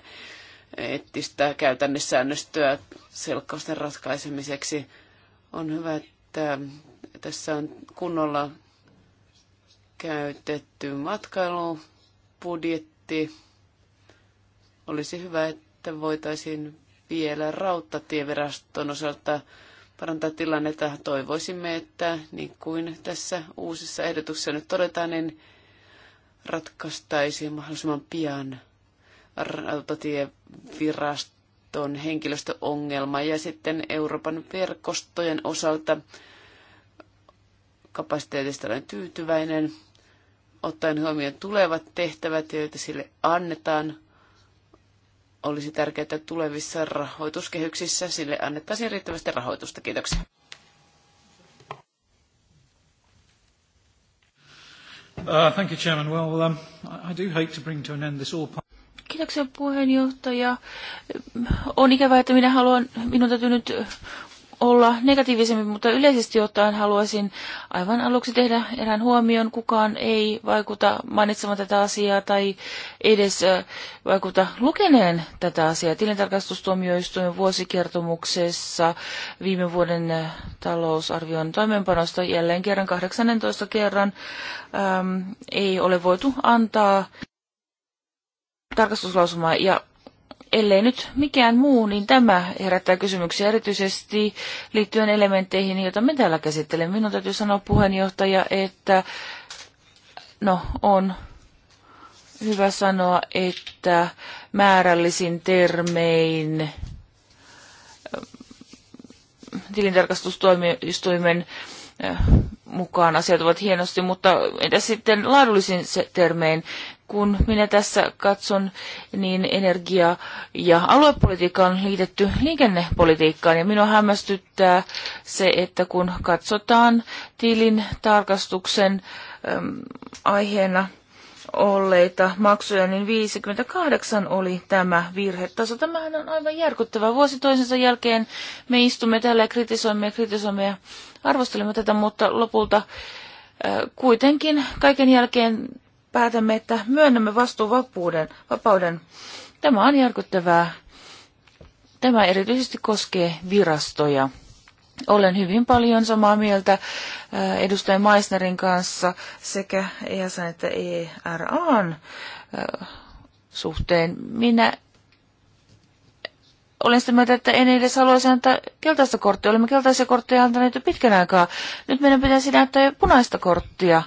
eettistä käytännössäännöstöä selkkausten ratkaisemiseksi. On hyvä, että tässä on kunnolla käytetty matkailubudjetti. Olisi hyvä, että voitaisiin vielä rautatieviraston osalta parantaa tilannetta. Toivoisimme, että niin kuin tässä uusissa ehdotuksissa nyt todetaan, niin ratkaistaisiin mahdollisimman pian rautatieviraston henkilöstöongelma ja sitten Euroopan verkostojen osalta kapasiteetista olen tyytyväinen, ottaen huomioon tulevat tehtävät, joita sille annetaan olisi tärkeää, että tulevissa rahoituskehyksissä sille annettaisiin riittävästi rahoitusta. Kiitoksia. Uh, thank you, Chairman. Well, um, I do hate to bring to an end this all Kiitoksia puheenjohtaja. On ikävää, että minä haluan, minun täytyy nyt olla negatiivisempi, mutta yleisesti ottaen haluaisin aivan aluksi tehdä erään huomion. Kukaan ei vaikuta mainitsemaan tätä asiaa tai edes vaikuta lukeneen tätä asiaa. Tilintarkastustuomioistuimen vuosikertomuksessa viime vuoden talousarvion toimeenpanosta jälleen kerran 18 kerran äm, ei ole voitu antaa tarkastuslausumaa ja ellei nyt mikään muu, niin tämä herättää kysymyksiä erityisesti liittyen elementteihin, joita me täällä käsittelemme. Minun täytyy sanoa puheenjohtaja, että no on hyvä sanoa, että määrällisin termein äh, tilintarkastustoimistoimen äh, mukaan asiat ovat hienosti, mutta entäs sitten laadullisin termein kun minä tässä katson, niin energia- ja aluepolitiikka on liitetty liikennepolitiikkaan. Ja minua hämmästyttää se, että kun katsotaan tilin tarkastuksen äm, aiheena olleita maksuja, niin 58 oli tämä virhetaso. Tämähän on aivan järkyttävä. Vuosi toisensa jälkeen me istumme täällä ja kritisoimme ja kritisoimme ja arvostelemme tätä, mutta lopulta kuitenkin kaiken jälkeen päätämme, että myönnämme vastuuvapauden. Vapauden. Tämä on järkyttävää. Tämä erityisesti koskee virastoja. Olen hyvin paljon samaa mieltä äh, edustaja Meissnerin kanssa sekä ESN että ERAn äh, suhteen. Minä olen sitä mieltä, että en edes haluaisi antaa keltaista korttia. Olemme keltaisia kortteja antaneet jo pitkän aikaa. Nyt meidän pitäisi näyttää punaista korttia.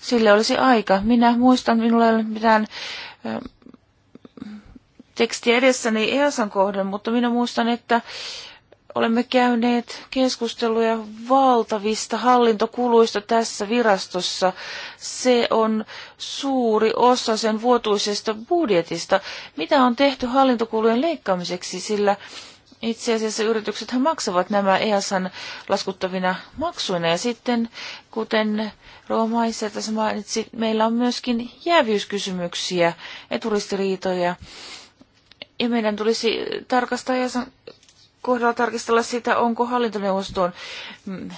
Sille olisi aika. Minä muistan, minulla ei ole mitään tekstiä edessäni EASan kohden, mutta minä muistan, että olemme käyneet keskusteluja valtavista hallintokuluista tässä virastossa. Se on suuri osa sen vuotuisesta budjetista. Mitä on tehty hallintokulujen leikkaamiseksi, sillä itse asiassa yritykset maksavat nämä EASan laskuttavina maksuina. Ja sitten, kuten roomaissa tässä mainitsi, meillä on myöskin jäävyyskysymyksiä, eturistiriitoja. Ja meidän tulisi tarkastaa EASan kohdalla tarkistella sitä, onko hallintoneuvostoon mm,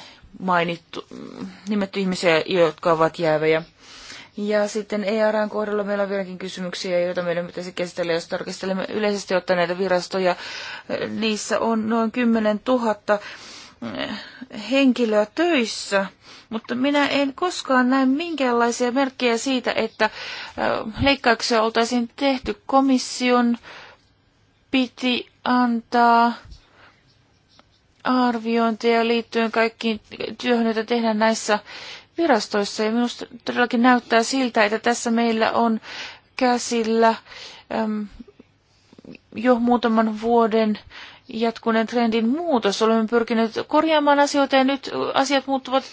mainittu, mm, nimetty ihmisiä, jotka ovat jäävejä. Ja sitten ERAn kohdalla meillä on vieläkin kysymyksiä, joita meidän pitäisi käsitellä, jos tarkistelemme yleisesti ottaen näitä virastoja. Niissä on noin 10 000 eh, henkilöä töissä, mutta minä en koskaan näe minkäänlaisia merkkejä siitä, että eh, leikkauksia oltaisiin tehty. Komission piti antaa arviointeja liittyen kaikkiin työhön, joita tehdään näissä virastoissa. Ja minusta todellakin näyttää siltä, että tässä meillä on käsillä äm, jo muutaman vuoden jatkuneen trendin muutos. Olemme pyrkineet korjaamaan asioita ja nyt asiat muuttuvat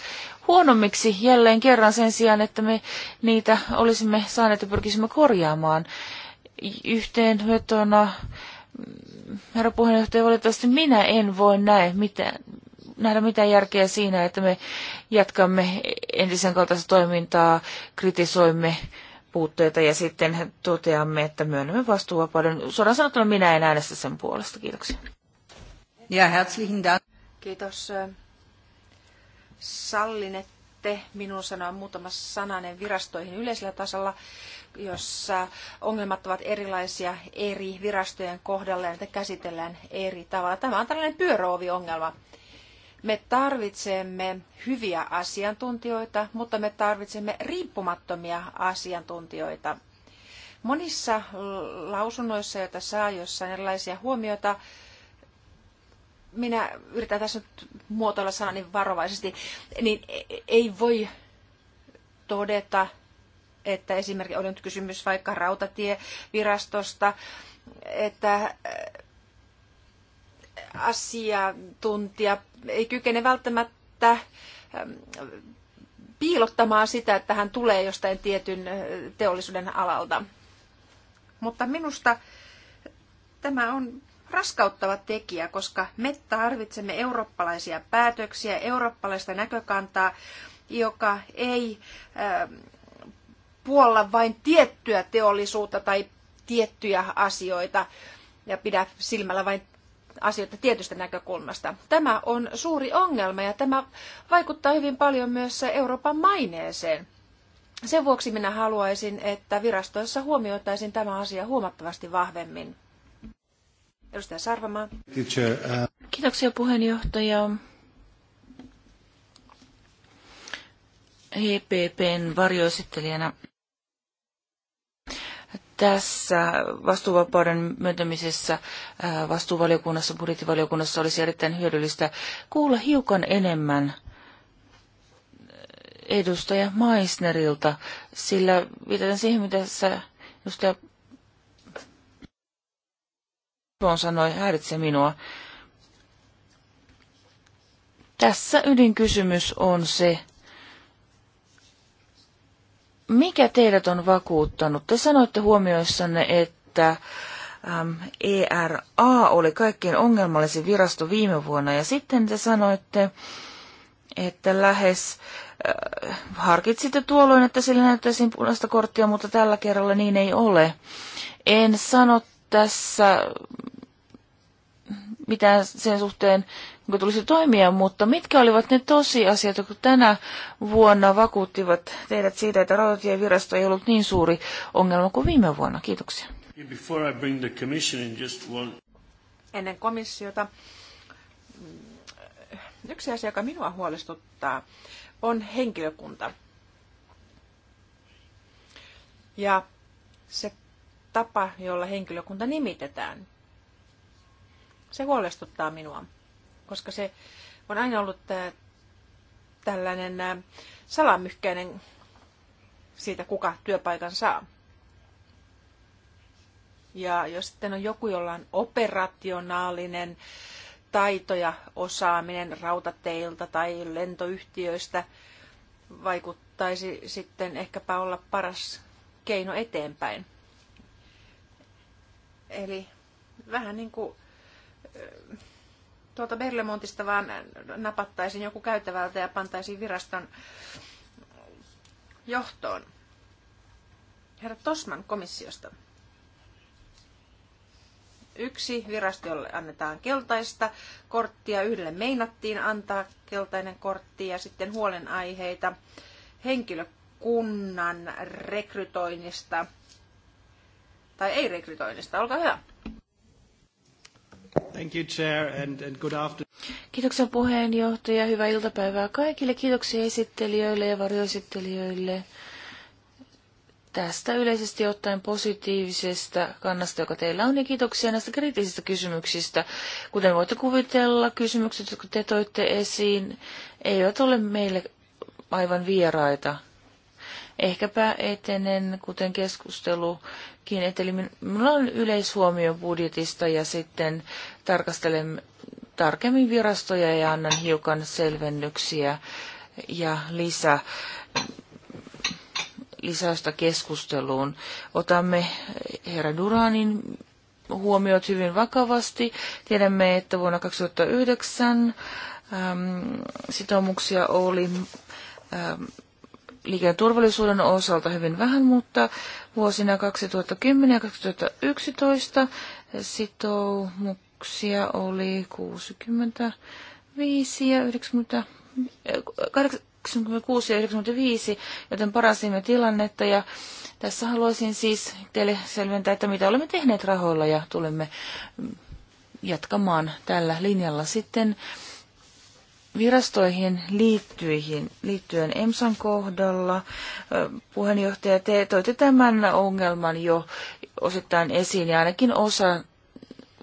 huonommiksi jälleen kerran sen sijaan, että me niitä olisimme saaneet ja pyrkisimme korjaamaan. Yhteenvetona, mm, herra puheenjohtaja, valitettavasti minä en voi näe mitään, nähdä mitään järkeä siinä, että me jatkamme entisen kaltaista toimintaa, kritisoimme puutteita ja sitten toteamme, että myönnämme vastuuvapauden. Suoraan sanottuna minä en äänestä sen puolesta. Kiitoksia. Ja herzlichen Dank. Kiitos. Sallinette minun sanoa muutama sananen virastoihin yleisellä tasolla, jossa ongelmat ovat erilaisia eri virastojen kohdalla ja niitä käsitellään eri tavalla. Tämä on tällainen pyöröoviongelma. ongelma me tarvitsemme hyviä asiantuntijoita, mutta me tarvitsemme riippumattomia asiantuntijoita. Monissa lausunnoissa, joita saa on erilaisia huomioita, minä yritän tässä nyt muotoilla sanani varovaisesti, niin ei voi todeta, että esimerkiksi oli nyt kysymys vaikka rautatievirastosta, että asiantuntija ei kykene välttämättä ähm, piilottamaan sitä, että hän tulee jostain tietyn äh, teollisuuden alalta. Mutta minusta tämä on raskauttava tekijä, koska me tarvitsemme eurooppalaisia päätöksiä, eurooppalaista näkökantaa, joka ei ähm, puolla vain tiettyä teollisuutta tai tiettyjä asioita ja pidä silmällä vain asioita tietystä näkökulmasta. Tämä on suuri ongelma ja tämä vaikuttaa hyvin paljon myös Euroopan maineeseen. Sen vuoksi minä haluaisin, että virastoissa huomioitaisiin tämä asia huomattavasti vahvemmin. Edustaja Sarvamaa. Kiitoksia puheenjohtaja. EPPn varjoesittelijänä tässä vastuuvapauden myöntämisessä vastuuvaliokunnassa, budjettivaliokunnassa olisi erittäin hyödyllistä kuulla hiukan enemmän edustaja Meissnerilta, sillä viitaten siihen, mitä tässä edustaja Bon sanoi, häiritsee minua. Tässä ydinkysymys on se, mikä teidät on vakuuttanut? Te sanoitte huomioissanne, että äm, ERA oli kaikkein ongelmallisin virasto viime vuonna ja sitten te sanoitte, että lähes äh, harkitsitte tuolloin, että sillä näyttäisi punaista korttia, mutta tällä kerralla niin ei ole. En sano tässä mitään sen suhteen, jonka tulisi toimia, mutta mitkä olivat ne tosiasiat, jotka tänä vuonna vakuuttivat teidät siitä, että rautatievirasto ei ollut niin suuri ongelma kuin viime vuonna? Kiitoksia. Ennen komissiota mm, yksi asia, joka minua huolestuttaa, on henkilökunta. Ja se tapa, jolla henkilökunta nimitetään, se huolestuttaa minua koska se on aina ollut tällainen salamyhkäinen siitä, kuka työpaikan saa. Ja jos sitten on joku, jolla on operationaalinen taito ja osaaminen rautateilta tai lentoyhtiöistä, vaikuttaisi sitten ehkäpä olla paras keino eteenpäin. Eli vähän niin kuin tuolta Berlemontista vaan napattaisiin joku käytävältä ja pantaisiin viraston johtoon. Herra Tosman komissiosta. Yksi virasto, jolle annetaan keltaista korttia, yhdelle meinattiin antaa keltainen kortti ja sitten huolenaiheita henkilökunnan rekrytoinnista tai ei rekrytoinnista. Olkaa hyvä. Thank you, Chair, and, and good Kiitoksia puheenjohtaja. Hyvää iltapäivää kaikille. Kiitoksia esittelijöille ja varjoesittelijöille tästä yleisesti ottaen positiivisesta kannasta, joka teillä on, ja kiitoksia näistä kriittisistä kysymyksistä. Kuten voitte kuvitella, kysymykset, jotka te toitte esiin, eivät ole meille aivan vieraita. Ehkäpä etenen, kuten keskustelu kiinnitti. Eli minulla on yleishuomio budjetista ja sitten tarkastelen tarkemmin virastoja ja annan hiukan selvennyksiä ja lisä, lisäystä keskusteluun. Otamme herra Duranin huomiot hyvin vakavasti. Tiedämme, että vuonna 2009 äm, sitoumuksia oli äm, liikenneturvallisuuden osalta hyvin vähän, mutta vuosina 2010 ja 2011 sitoumuksia oli 65 ja 90, 86 eh, ja 95, joten paransimme tilannetta ja tässä haluaisin siis teille selventää, että mitä olemme tehneet rahoilla ja tulemme mm, jatkamaan tällä linjalla sitten virastoihin liittyihin, liittyen EMSAn kohdalla. Puheenjohtaja, te toitte tämän ongelman jo osittain esiin ja ainakin osa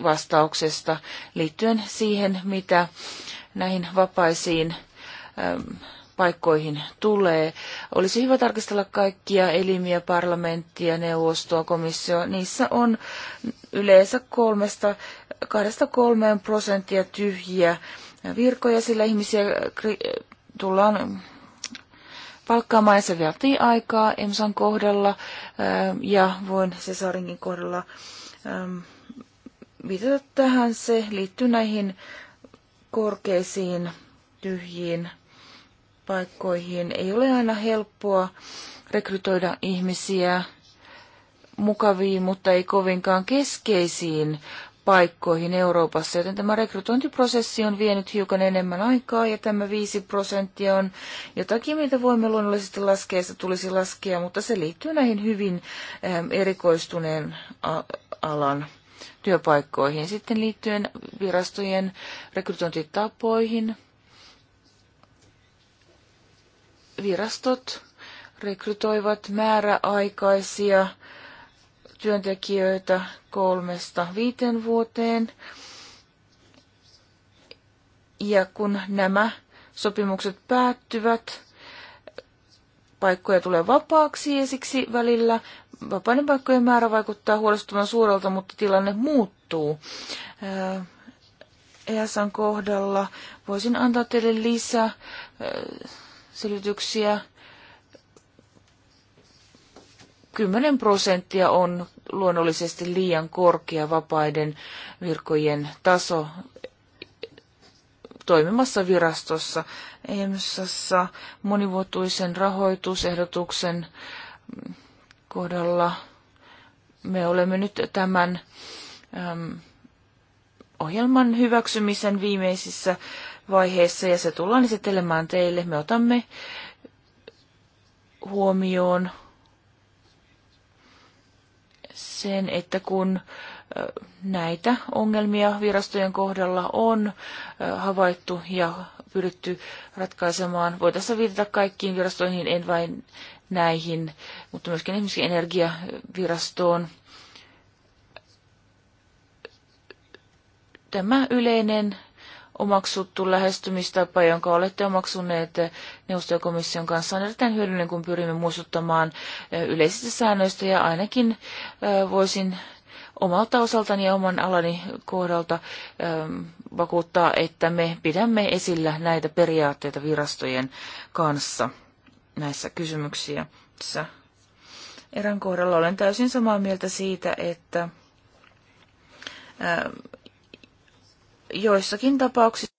vastauksesta liittyen siihen, mitä näihin vapaisiin paikkoihin tulee. Olisi hyvä tarkistella kaikkia elimiä, parlamenttia, neuvostoa, komissio. Niissä on yleensä kolmesta, kahdesta kolmeen prosenttia tyhjiä virkoja, sillä ihmisiä tullaan palkkaamaan ja se vaatii aikaa Emsan kohdalla ja voin Cesarinkin kohdalla viitata tähän. Se liittyy näihin korkeisiin tyhjiin paikkoihin. Ei ole aina helppoa rekrytoida ihmisiä mukaviin, mutta ei kovinkaan keskeisiin paikkoihin Euroopassa, joten tämä rekrytointiprosessi on vienyt hiukan enemmän aikaa ja tämä 5 prosenttia on jotakin, mitä voimme luonnollisesti laskea, se tulisi laskea, mutta se liittyy näihin hyvin ähm, erikoistuneen alan työpaikkoihin. Sitten liittyen virastojen rekrytointitapoihin, virastot rekrytoivat määräaikaisia työntekijöitä kolmesta viiteen vuoteen. Ja kun nämä sopimukset päättyvät, paikkoja tulee vapaaksi ja siksi välillä vapaiden paikkojen määrä vaikuttaa huolestuttavan suurelta, mutta tilanne muuttuu. ESAn kohdalla voisin antaa teille lisää selityksiä 10 prosenttia on luonnollisesti liian korkea vapaiden virkojen taso toimimassa virastossa. EMSassa monivuotuisen rahoitusehdotuksen kohdalla me olemme nyt tämän äm, ohjelman hyväksymisen viimeisissä vaiheissa ja se tullaan esittelemään teille. Me otamme huomioon sen, että kun näitä ongelmia virastojen kohdalla on havaittu ja pyritty ratkaisemaan, voitaisiin viitata kaikkiin virastoihin, en vain näihin, mutta myöskin esimerkiksi energiavirastoon. Tämä yleinen omaksuttu lähestymistapa, jonka olette omaksuneet neuvostokomission kanssa, on erittäin hyödyllinen, kun pyrimme muistuttamaan eh, yleisistä säännöistä ja ainakin eh, voisin omalta osaltani ja oman alani kohdalta eh, vakuuttaa, että me pidämme esillä näitä periaatteita virastojen kanssa näissä kysymyksissä. Erän kohdalla olen täysin samaa mieltä siitä, että joissakin tapauksissa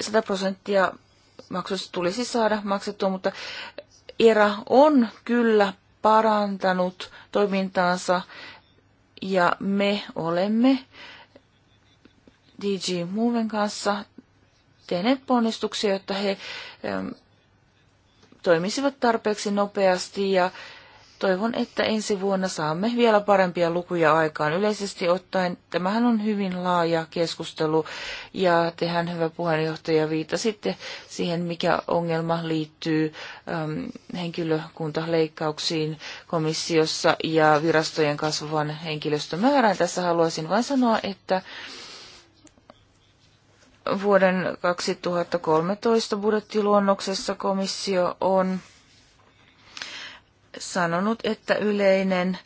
sata prosenttia maksusta tulisi saada maksettua, mutta ERA on kyllä parantanut toimintaansa ja me olemme DG Moven kanssa tehneet ponnistuksia, jotta he toimisivat tarpeeksi nopeasti ja Toivon, että ensi vuonna saamme vielä parempia lukuja aikaan. Yleisesti ottaen tämähän on hyvin laaja keskustelu ja tehän hyvä puheenjohtaja sitten siihen, mikä ongelma liittyy ähm, henkilökuntaleikkauksiin komissiossa ja virastojen kasvavan henkilöstömäärään. Tässä haluaisin vain sanoa, että vuoden 2013 budjettiluonnoksessa komissio on sanonut, että yleinen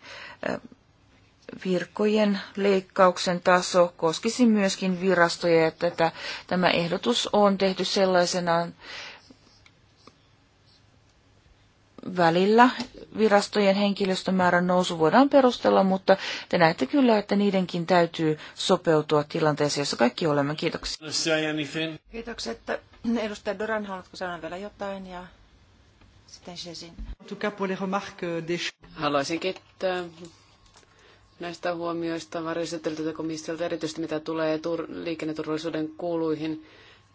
virkojen leikkauksen taso koskisi myöskin virastoja, että tätä, tämä ehdotus on tehty sellaisenaan välillä virastojen henkilöstömäärän nousu voidaan perustella, mutta te näette kyllä, että niidenkin täytyy sopeutua tilanteeseen, jossa kaikki olemme. Kiitoksia. Kiitokset. Edustaja Doran, haluatko sanoa vielä jotain? Ja Haluaisin kiittää näistä huomioista varjoiseteltä komissiolta, erityisesti mitä tulee tur- liikenneturvallisuuden kuuluihin,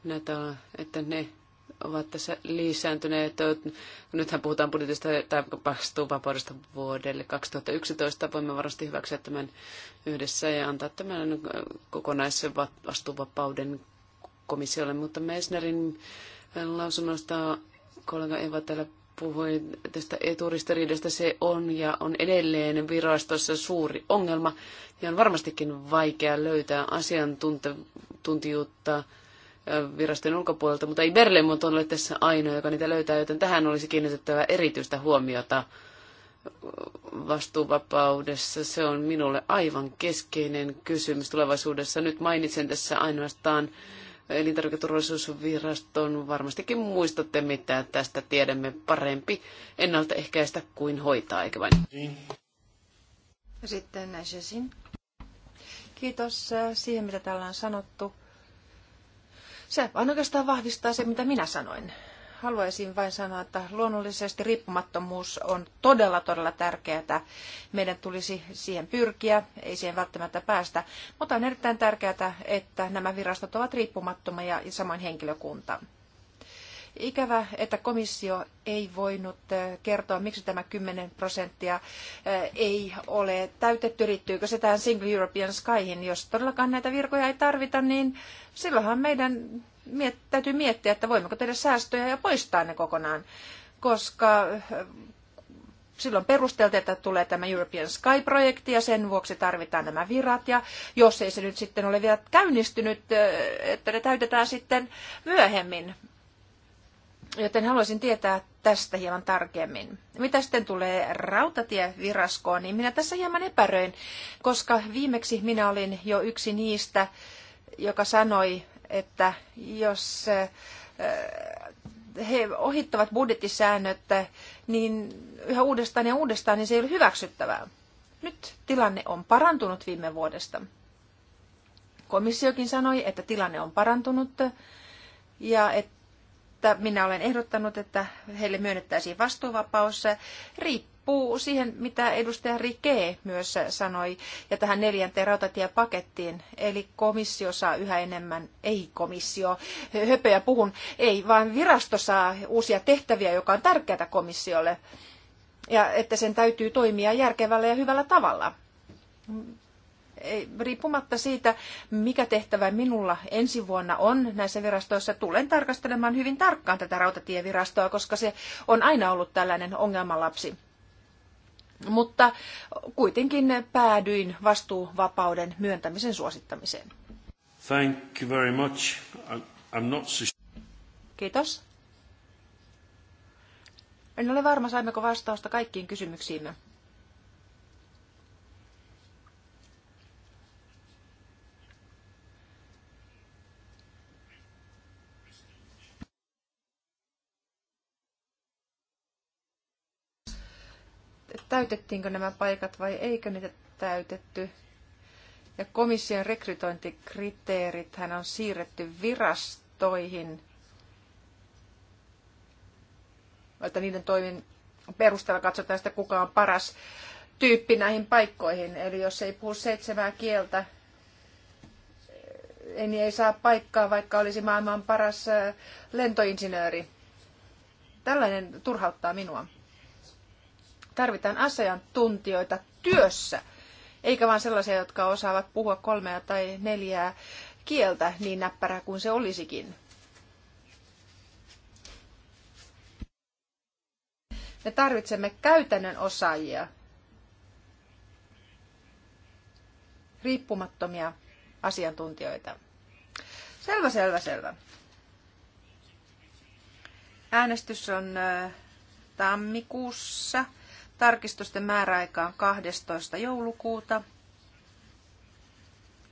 näitä, että ne ovat tässä lisääntyneet. Nythän puhutaan budjetista tai vastuuvapaudesta vuodelle 2011. Voimme varmasti hyväksyä tämän yhdessä ja antaa tämän kokonaisen vastuuvapauden komissiolle. Mutta Meisnerin lausunnosta kollega Eva täällä puhui tästä eturistiriidasta, se on ja on edelleen virastossa suuri ongelma ja on varmastikin vaikea löytää asiantuntijuutta virastojen ulkopuolelta, mutta ei Berlemont ole tässä ainoa, joka niitä löytää, joten tähän olisi kiinnitettävä erityistä huomiota vastuuvapaudessa. Se on minulle aivan keskeinen kysymys tulevaisuudessa. Nyt mainitsen tässä ainoastaan elintarviketurvallisuusviraston. Varmastikin muistatte, mitä tästä tiedämme parempi ennaltaehkäistä kuin hoitaa, eikö vain? Sitten Jasin. Kiitos äh, siihen, mitä täällä on sanottu. Se on oikeastaan vahvistaa se, mitä minä sanoin haluaisin vain sanoa, että luonnollisesti riippumattomuus on todella, todella tärkeää. Meidän tulisi siihen pyrkiä, ei siihen välttämättä päästä, mutta on erittäin tärkeää, että nämä virastot ovat riippumattomia ja samoin henkilökunta. Ikävä, että komissio ei voinut eh, kertoa, miksi tämä 10 prosenttia eh, ei ole täytetty. Riittyykö se tähän Single European Skyhin? Jos todellakaan näitä virkoja ei tarvita, niin silloinhan meidän miet, täytyy miettiä, että voimmeko tehdä säästöjä ja poistaa ne kokonaan, koska eh, silloin perusteltiin, että tulee tämä European Sky-projekti ja sen vuoksi tarvitaan nämä virat. Ja jos ei se nyt sitten ole vielä käynnistynyt, eh, että ne täytetään sitten myöhemmin. Joten haluaisin tietää tästä hieman tarkemmin. Mitä sitten tulee rautatieviraskoon, niin minä tässä hieman epäröin, koska viimeksi minä olin jo yksi niistä, joka sanoi että jos eh, he ohittavat budjettisäännöt niin yhä uudestaan ja uudestaan, niin se ei ole hyväksyttävää. Nyt tilanne on parantunut viime vuodesta. Komissiokin sanoi, että tilanne on parantunut ja että että minä olen ehdottanut, että heille myönnettäisiin vastuuvapaus riippuu siihen, mitä edustaja Rike myös sanoi, ja tähän neljänteen rautatiepakettiin. Eli komissio saa yhä enemmän, ei komissio, höpöjä puhun, ei, vaan virasto saa uusia tehtäviä, joka on tärkeää komissiolle, ja että sen täytyy toimia järkevällä ja hyvällä tavalla riippumatta siitä, mikä tehtävä minulla ensi vuonna on näissä virastoissa, tulen tarkastelemaan hyvin tarkkaan tätä rautatievirastoa, koska se on aina ollut tällainen ongelmalapsi. Mutta kuitenkin päädyin vastuuvapauden myöntämisen suosittamiseen. Thank you very much. I'm not so... Kiitos. En ole varma, saimmeko vastausta kaikkiin kysymyksiimme. täytettiinkö nämä paikat vai eikö niitä täytetty. Ja komission rekrytointikriteerit hän on siirretty virastoihin, että niiden toimin perusteella katsotaan sitä, kuka on paras tyyppi näihin paikkoihin. Eli jos ei puhu seitsemää kieltä, niin ei saa paikkaa, vaikka olisi maailman paras eh, lentoinsinööri. Tällainen turhauttaa minua. Tarvitaan asiantuntijoita työssä, eikä vain sellaisia, jotka osaavat puhua kolmea tai neljää kieltä niin näppärää kuin se olisikin. Me tarvitsemme käytännön osaajia, riippumattomia asiantuntijoita. Selvä, selvä, selvä. Äänestys on äh, tammikuussa Tarkistusten määräaika on 12. joulukuuta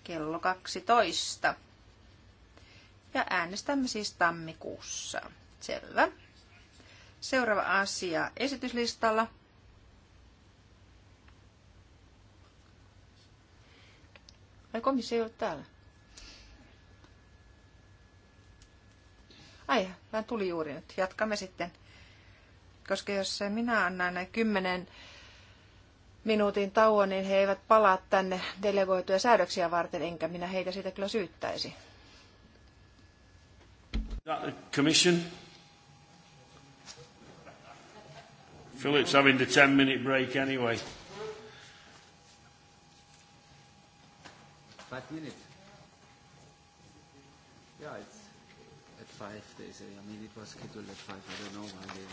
kello 12. Ja äänestämme siis tammikuussa. Selvä. Seuraava asia esityslistalla. Ai komissio ei ole täällä. Ai, hän tuli juuri nyt. Jatkamme sitten koska jos minä annan kymmenen minuutin tauon, niin he eivät palaa tänne delegoituja säädöksiä varten, enkä minä heitä siitä kyllä syyttäisi. Commission. Philip's having the 10 minute break anyway. Five minutes. five, they say. I mean, it was scheduled at five. I don't know why they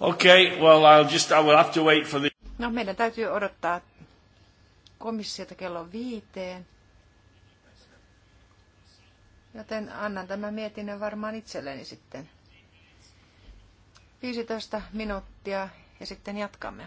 were Okay, well, I'll just, I will have to wait for the... No, meidän täytyy odottaa komissiota kello viiteen. Joten annan tämän mietinnön varmaan itselleni sitten. 15 minuuttia ja sitten jatkamme.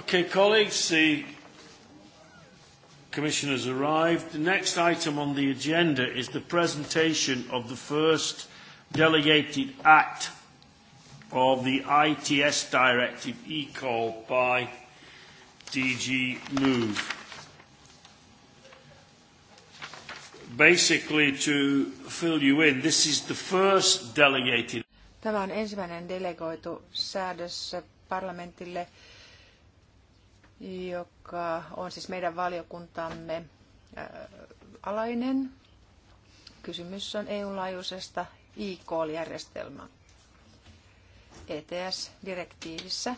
Okay, colleagues, the commission has arrived. The next item on the agenda is the presentation of the first delegated act of the ITS Directive e-call by DG Move. Basically, to fill you in, this is the first delegated Tämä on ensimmäinen delegoitu säädös parlamentille joka on siis meidän valiokuntamme alainen. Kysymys on EU-laajuisesta e-call-järjestelmä ETS-direktiivissä.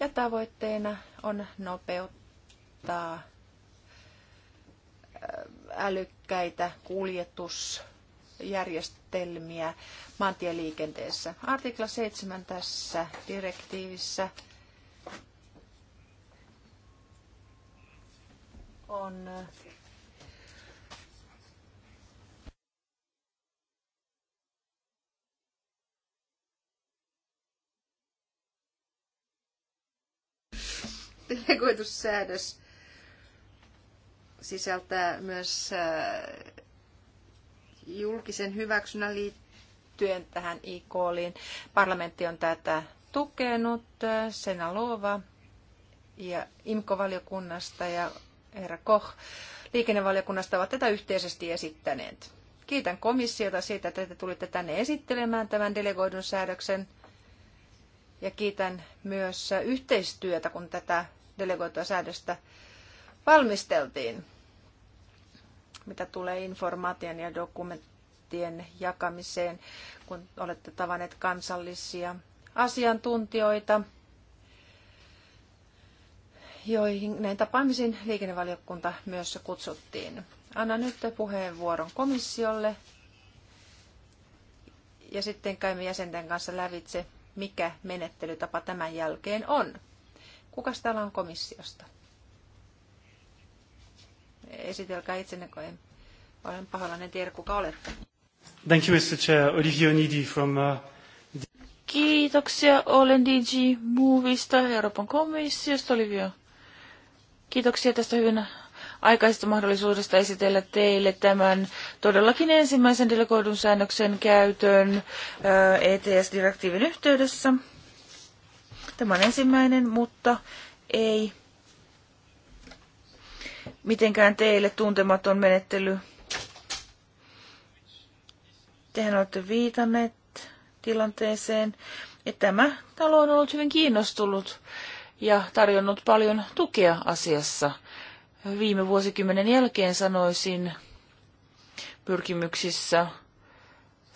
Ja tavoitteena on nopeuttaa älykkäitä kuljetusjärjestelmiä maantieliikenteessä. Artikla 7 tässä direktiivissä on delegoitussäädös äh, sisältää myös äh, julkisen hyväksynnän liittyen tähän IKLiin. Parlamentti on tätä tukenut, äh, Sena ja IMKO-valiokunnasta ja herra Koch liikennevaliokunnasta ovat tätä yhteisesti esittäneet. Kiitän komissiota siitä, että te tulitte tänne esittelemään tämän delegoidun säädöksen. Ja kiitän myös yhteistyötä, kun tätä delegoitua säädöstä valmisteltiin, mitä tulee informaation ja dokumenttien jakamiseen, kun olette tavanneet kansallisia asiantuntijoita – joihin näin tapaamisiin liikennevaliokunta myös kutsuttiin. Anna nyt puheenvuoron komissiolle ja sitten käymme jäsenten kanssa lävitse, mikä menettelytapa tämän jälkeen on. Kuka täällä on komissiosta? Esitelkää itsenne, kun olen pahoillani, en tiedä kuka olette. Thank you, Mr. Chair. Olivier Onidi from uh, Kiitoksia. Olen DG Movista, Euroopan komissiosta. Olivia. Kiitoksia tästä hyvin aikaisesta mahdollisuudesta esitellä teille tämän todellakin ensimmäisen delegoidun säännöksen käytön äh, ETS-direktiivin yhteydessä. Tämä on ensimmäinen, mutta ei mitenkään teille tuntematon menettely. Tehän olette viitanneet tilanteeseen, ja tämä talo on ollut hyvin kiinnostunut ja tarjonnut paljon tukea asiassa. Viime vuosikymmenen jälkeen sanoisin pyrkimyksissä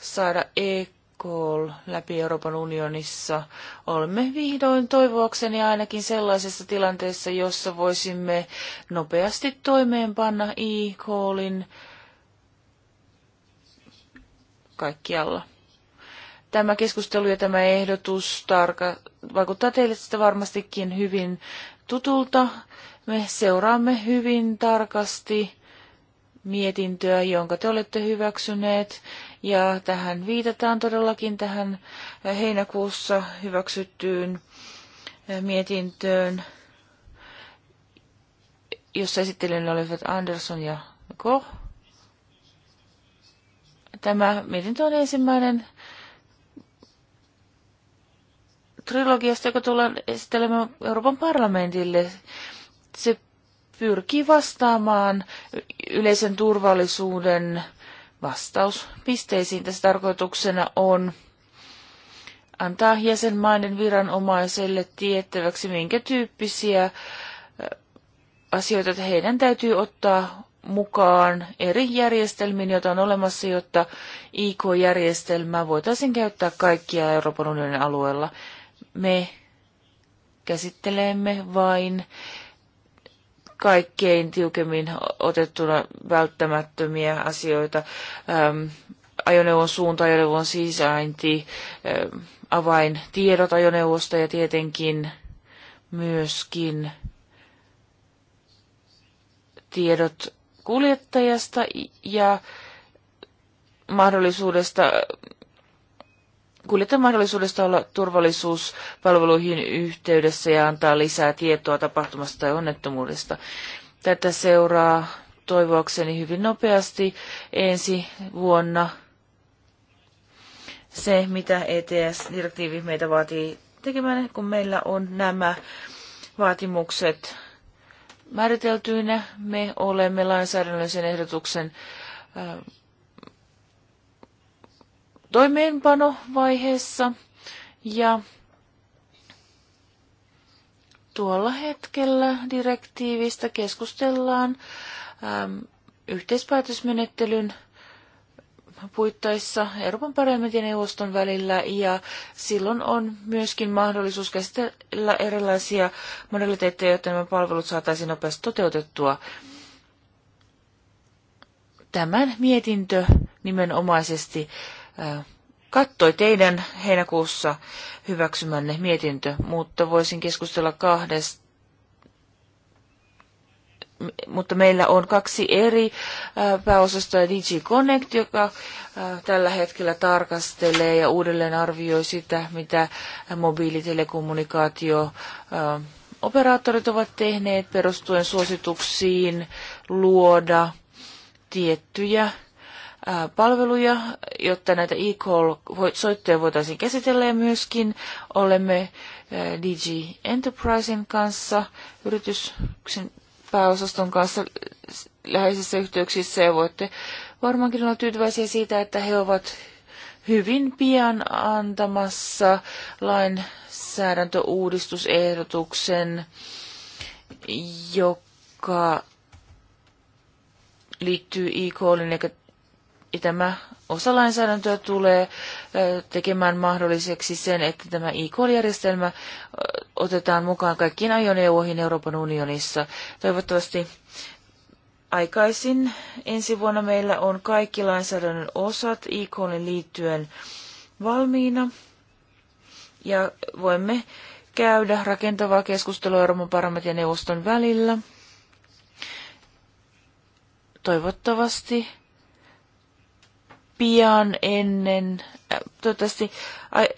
saada EKOL läpi Euroopan unionissa. Olemme vihdoin toivoakseni ainakin sellaisessa tilanteessa, jossa voisimme nopeasti toimeenpanna EKOLin kaikkialla. Tämä keskustelu ja tämä ehdotus tarka, vaikuttaa teille sitä varmastikin hyvin tutulta. Me seuraamme hyvin tarkasti mietintöä, jonka te olette hyväksyneet. Ja tähän viitataan todellakin tähän heinäkuussa hyväksyttyyn eh, mietintöön, jossa esittelyyn olivat Anderson ja Koh. Tämä mietintö on ensimmäinen trilogiasta, joka tullaan esittelemään Euroopan parlamentille. Se pyrkii vastaamaan yleisen turvallisuuden vastauspisteisiin. Tässä tarkoituksena on antaa jäsenmaiden viranomaiselle tiettäväksi, minkä tyyppisiä asioita heidän täytyy ottaa mukaan eri järjestelmiin, joita on olemassa, jotta IK-järjestelmää voitaisiin käyttää kaikkia Euroopan unionin alueella. Me käsittelemme vain kaikkein tiukemmin otettuna välttämättömiä asioita. Ähm, ajoneuvon suunta, ajoneuvon sisäinti, avain avaintiedot ajoneuvosta ja tietenkin myöskin tiedot kuljettajasta ja mahdollisuudesta kuljettajan mahdollisuudesta olla turvallisuuspalveluihin yhteydessä ja antaa lisää tietoa tapahtumasta tai onnettomuudesta. Tätä seuraa toivoakseni hyvin nopeasti ensi vuonna se, mitä ETS-direktiivi meitä vaatii tekemään, kun meillä on nämä vaatimukset määriteltyinä. Me olemme lainsäädännöllisen ehdotuksen äh, toimeenpanovaiheessa ja tuolla hetkellä direktiivistä keskustellaan äm, yhteispäätösmenettelyn puittaissa Euroopan parlamentin ja neuvoston välillä ja silloin on myöskin mahdollisuus käsitellä erilaisia modaliteetteja, jotta nämä palvelut saataisiin nopeasti toteutettua. Tämän mietintö nimenomaisesti kattoi teidän heinäkuussa hyväksymänne mietintö, mutta voisin keskustella kahdesta. Mutta meillä on kaksi eri pääosastoa, DG Connect, joka tällä hetkellä tarkastelee ja uudelleen arvioi sitä, mitä mobiilitelekommunikaatio operaattorit ovat tehneet perustuen suosituksiin luoda tiettyjä palveluja, jotta näitä e-call-soittoja voitaisiin käsitellä ja myöskin olemme DG Enterprisen kanssa, yrityksen pääosaston kanssa läheisissä yhteyksissä ja voitte varmaankin olla tyytyväisiä siitä, että he ovat hyvin pian antamassa lainsäädäntöuudistusehdotuksen, joka liittyy e-callin eikä ja tämä osa lainsäädäntöä tulee tekemään mahdolliseksi sen, että tämä e järjestelmä otetaan mukaan kaikkiin ajoneuvoihin Euroopan unionissa. Toivottavasti aikaisin ensi vuonna meillä on kaikki lainsäädännön osat e liittyen valmiina. Ja voimme käydä rakentavaa keskustelua Euroopan parlamentin ja neuvoston välillä. Toivottavasti pian ennen, äh, toivottavasti ai,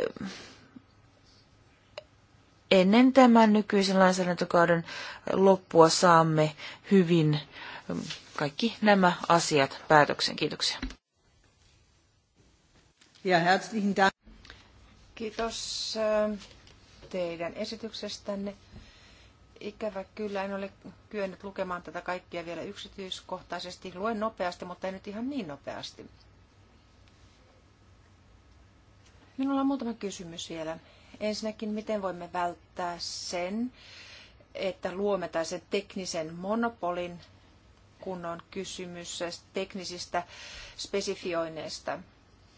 ennen tämän nykyisen lainsäädäntökauden loppua saamme hyvin ähm, kaikki nämä asiat päätöksen. Kiitoksia. Ja herzlichen Dank. Kiitos ähm, teidän esityksestänne. Ikävä kyllä, en ole kyennyt lukemaan tätä kaikkia vielä yksityiskohtaisesti. Luen nopeasti, mutta ei nyt ihan niin nopeasti. Minulla on muutama kysymys vielä. Ensinnäkin, miten voimme välttää sen, että luomme tällaisen teknisen monopolin, kun on kysymys teknisistä spesifioineista.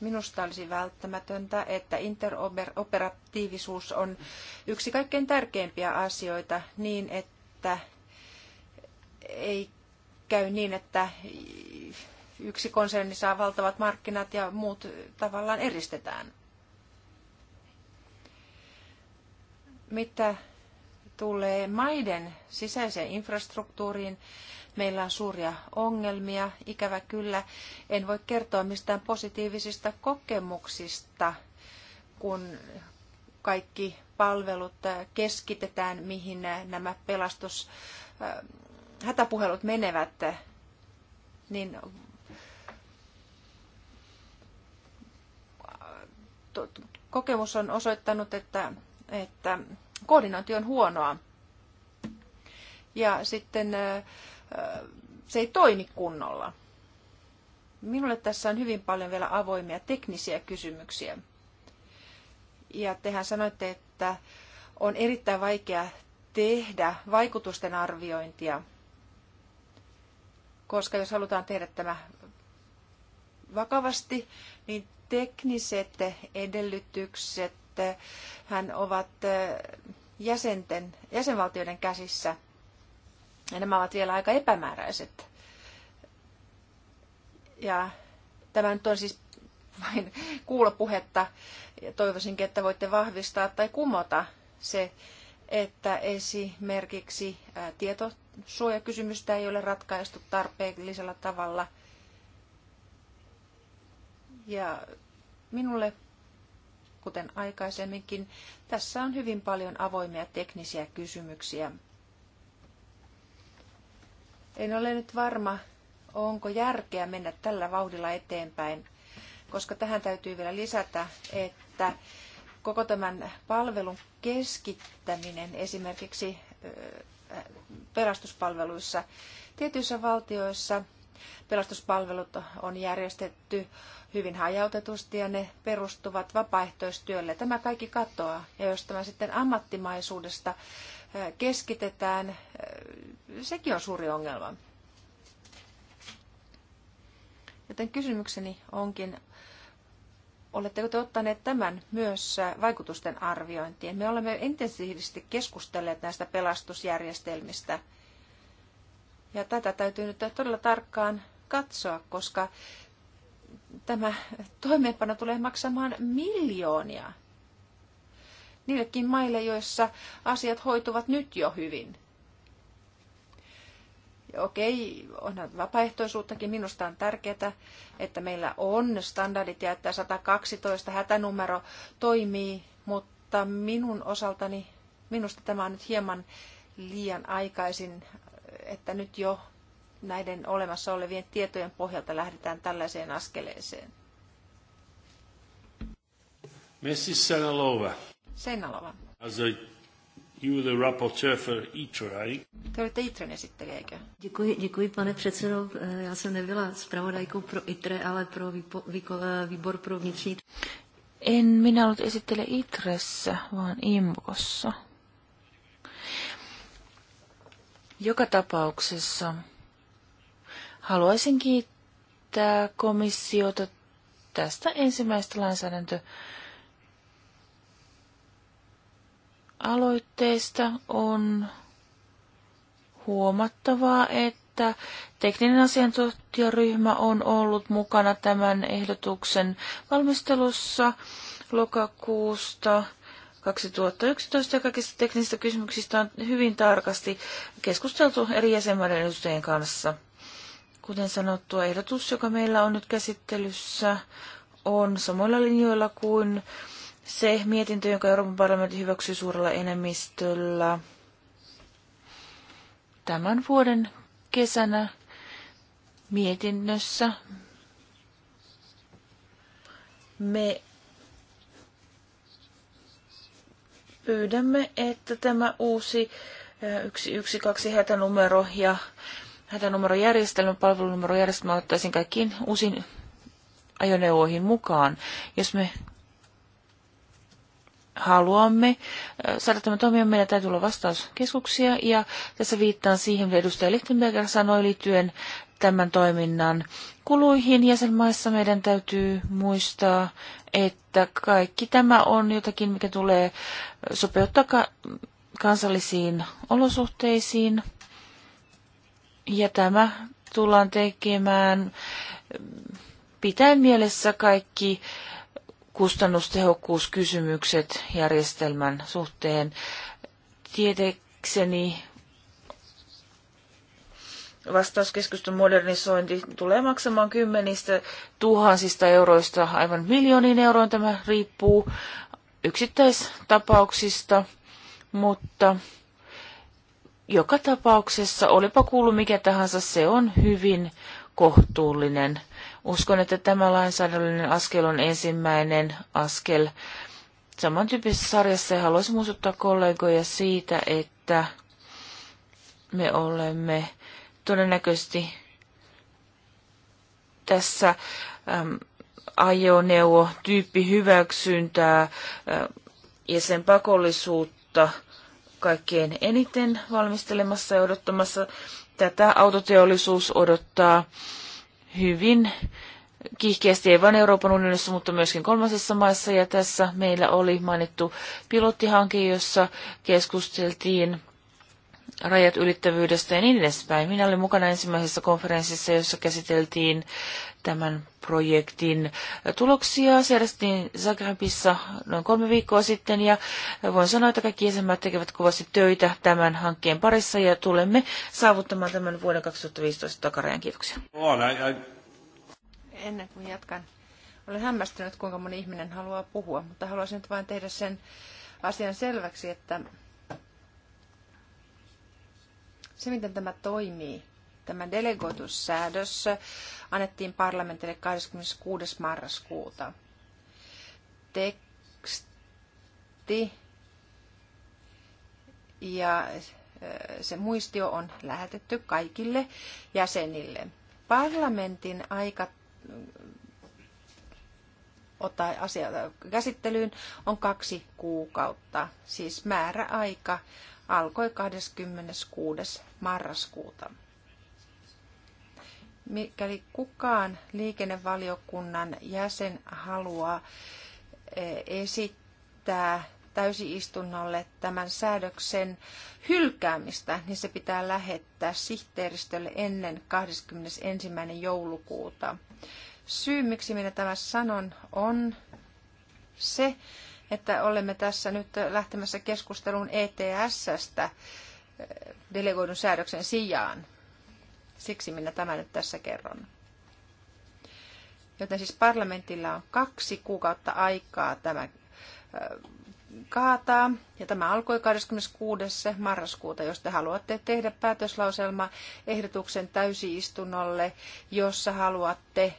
Minusta olisi välttämätöntä, että interoperatiivisuus on yksi kaikkein tärkeimpiä asioita niin, että ei käy niin, että yksi konserni saa valtavat markkinat ja muut tavallaan eristetään. Mitä tulee maiden sisäiseen infrastruktuuriin, meillä on suuria ongelmia. Ikävä kyllä, en voi kertoa mistään positiivisista kokemuksista, kun kaikki palvelut äh, keskitetään, mihin äh, nämä pelastus äh, hätäpuhelut menevät, niin kokemus on osoittanut, että että koordinointi on huonoa. Ja sitten se ei toimi kunnolla. Minulle tässä on hyvin paljon vielä avoimia teknisiä kysymyksiä. Ja tehän sanoitte, että on erittäin vaikea tehdä vaikutusten arviointia, koska jos halutaan tehdä tämä vakavasti, niin tekniset edellytykset hän ovat jäsenten, jäsenvaltioiden käsissä. Ja nämä ovat vielä aika epämääräiset. Ja tämä nyt on siis vain kuulopuhetta ja toivoisinkin, että voitte vahvistaa tai kumota se, että esimerkiksi tietosuojakysymystä ei ole ratkaistu tarpeellisella tavalla. Ja minulle kuten aikaisemminkin, tässä on hyvin paljon avoimia teknisiä kysymyksiä. En ole nyt varma, onko järkeä mennä tällä vauhdilla eteenpäin, koska tähän täytyy vielä lisätä, että koko tämän palvelun keskittäminen esimerkiksi pelastuspalveluissa tietyissä valtioissa – pelastuspalvelut on järjestetty hyvin hajautetusti ja ne perustuvat vapaaehtoistyölle. Tämä kaikki katoaa ja jos tämä sitten ammattimaisuudesta eh, keskitetään, eh, sekin on suuri ongelma. Joten kysymykseni onkin, oletteko te ottaneet tämän myös eh, vaikutusten arviointiin? Me olemme intensiivisesti keskustelleet näistä pelastusjärjestelmistä – ja tätä täytyy nyt todella tarkkaan katsoa, koska tämä toimeenpano tulee maksamaan miljoonia niillekin maille, joissa asiat hoituvat nyt jo hyvin. Okei, onhan vapaaehtoisuuttakin. Minusta on tärkeää, että meillä on standardit ja että 112 hätänumero toimii, mutta minun osaltani, minusta tämä on nyt hieman liian aikaisin että nyt jo näiden olemassa olevien tietojen pohjalta lähdetään tällaiseen askeleeseen. Messi Senalova. Senalova. As a, you the rapporteur for ITRA, right? Te olitte ITRAn esittelijä, eikö? Děkuji, děkuji, pane předsedo. Eh, já jsem nebyla zpravodajkou pro ITRE, ale pro výpo, eh, výbor pro vnitřní... En minä ollut esittele ITRessä, vaan IMKOssa. Joka tapauksessa haluaisin kiittää komissiota tästä ensimmäistä lainsäädäntö aloitteesta on huomattavaa, että tekninen asiantuntijaryhmä on ollut mukana tämän ehdotuksen valmistelussa lokakuusta 2011 ja kaikista teknisistä kysymyksistä on hyvin tarkasti keskusteltu eri jäsenmaiden edustajien kanssa. Kuten sanottu, ehdotus, joka meillä on nyt käsittelyssä, on samoilla linjoilla kuin se mietintö, jonka Euroopan parlamentti hyväksyi suurella enemmistöllä tämän vuoden kesänä mietinnössä. Me pyydämme, että tämä uusi 112 hätänumero ja hätänumerojärjestelmä, palvelunumerojärjestelmä ottaisiin kaikkiin uusiin ajoneuvoihin mukaan. Jos me haluamme saada tämän toimia, meidän täytyy olla vastauskeskuksia ja tässä viittaan siihen, mitä edustaja Lichtenberger sanoi liittyen tämän toiminnan kuluihin jäsenmaissa meidän täytyy muistaa, että kaikki tämä on jotakin, mikä tulee sopeuttaa kansallisiin olosuhteisiin. Ja tämä tullaan tekemään pitäen mielessä kaikki kustannustehokkuuskysymykset järjestelmän suhteen. Tietekseni vastauskeskusten modernisointi tulee maksamaan kymmenistä tuhansista euroista aivan miljooniin euroon. Tämä riippuu yksittäistapauksista, mutta joka tapauksessa, olipa kuulu mikä tahansa, se on hyvin kohtuullinen. Uskon, että tämä lainsäädännöllinen askel on ensimmäinen askel samantyyppisessä sarjassa ja haluaisin muistuttaa kollegoja siitä, että me olemme todennäköisesti tässä ajoneuvo tyyppi hyväksyntää ja sen pakollisuutta kaikkein eniten valmistelemassa ja odottamassa. Tätä autoteollisuus odottaa hyvin kiihkeästi, ei vain Euroopan unionissa, mutta myöskin kolmasessa maissa. Ja tässä meillä oli mainittu pilottihanke, jossa keskusteltiin rajat ylittävyydestä ja niin edespäin. Minä olin mukana ensimmäisessä konferenssissa, jossa käsiteltiin tämän projektin tuloksia. Se järjestettiin Zagrebissa noin kolme viikkoa sitten ja voin sanoa, että kaikki jäsenmaat tekevät kovasti töitä tämän hankkeen parissa ja tulemme saavuttamaan tämän vuoden 2015 takarajan. Kiitoksia. Ennen kuin jatkan, olen hämmästynyt, kuinka moni ihminen haluaa puhua, mutta haluaisin nyt vain tehdä sen asian selväksi, että se, miten tämä toimii, tämä delegoitussäädös annettiin parlamentille 26. marraskuuta. Teksti ja se muistio on lähetetty kaikille jäsenille. Parlamentin aika ottaa asia käsittelyyn on kaksi kuukautta, siis määräaika alkoi 26. marraskuuta. Mikäli kukaan liikennevaliokunnan jäsen haluaa eh, esittää täysiistunnolle tämän säädöksen hylkäämistä, niin se pitää lähettää sihteeristölle ennen 21. joulukuuta. Syy, miksi minä tämän sanon, on se, että olemme tässä nyt lähtemässä keskusteluun ETS-stä eh, delegoidun säädöksen sijaan. Siksi minä tämän nyt tässä kerron. Joten siis parlamentilla on kaksi kuukautta aikaa tämä eh, kaataa. Ja tämä alkoi 26. marraskuuta, jos te haluatte tehdä päätöslauselma ehdotuksen täysiistunnolle, jossa haluatte eh,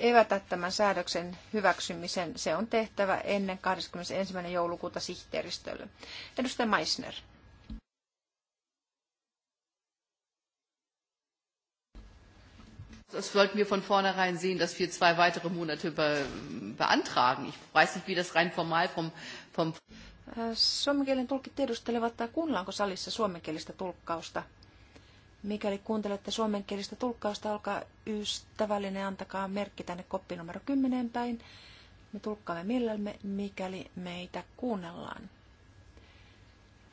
evätä tämän säädöksen hyväksymisen. Se on tehtävä ennen 21. joulukuuta sihteeristölle. Edustaja Meissner. das sollten wir von vornherein sehen, dass wir zwei weitere Monate be beantragen. Ich weiß nicht, wie das rein formal vom... vom äh, Suomenkielen tulkit tiedustelevat, kuunnellaanko salissa suomenkielistä tulkkausta. Mikäli kuuntelette suomenkielistä tulkkausta, olkaa ystävällinen, antakaa merkki tänne koppi numero 10 päin. Me tulkkaamme millämme, mikäli meitä kuunnellaan.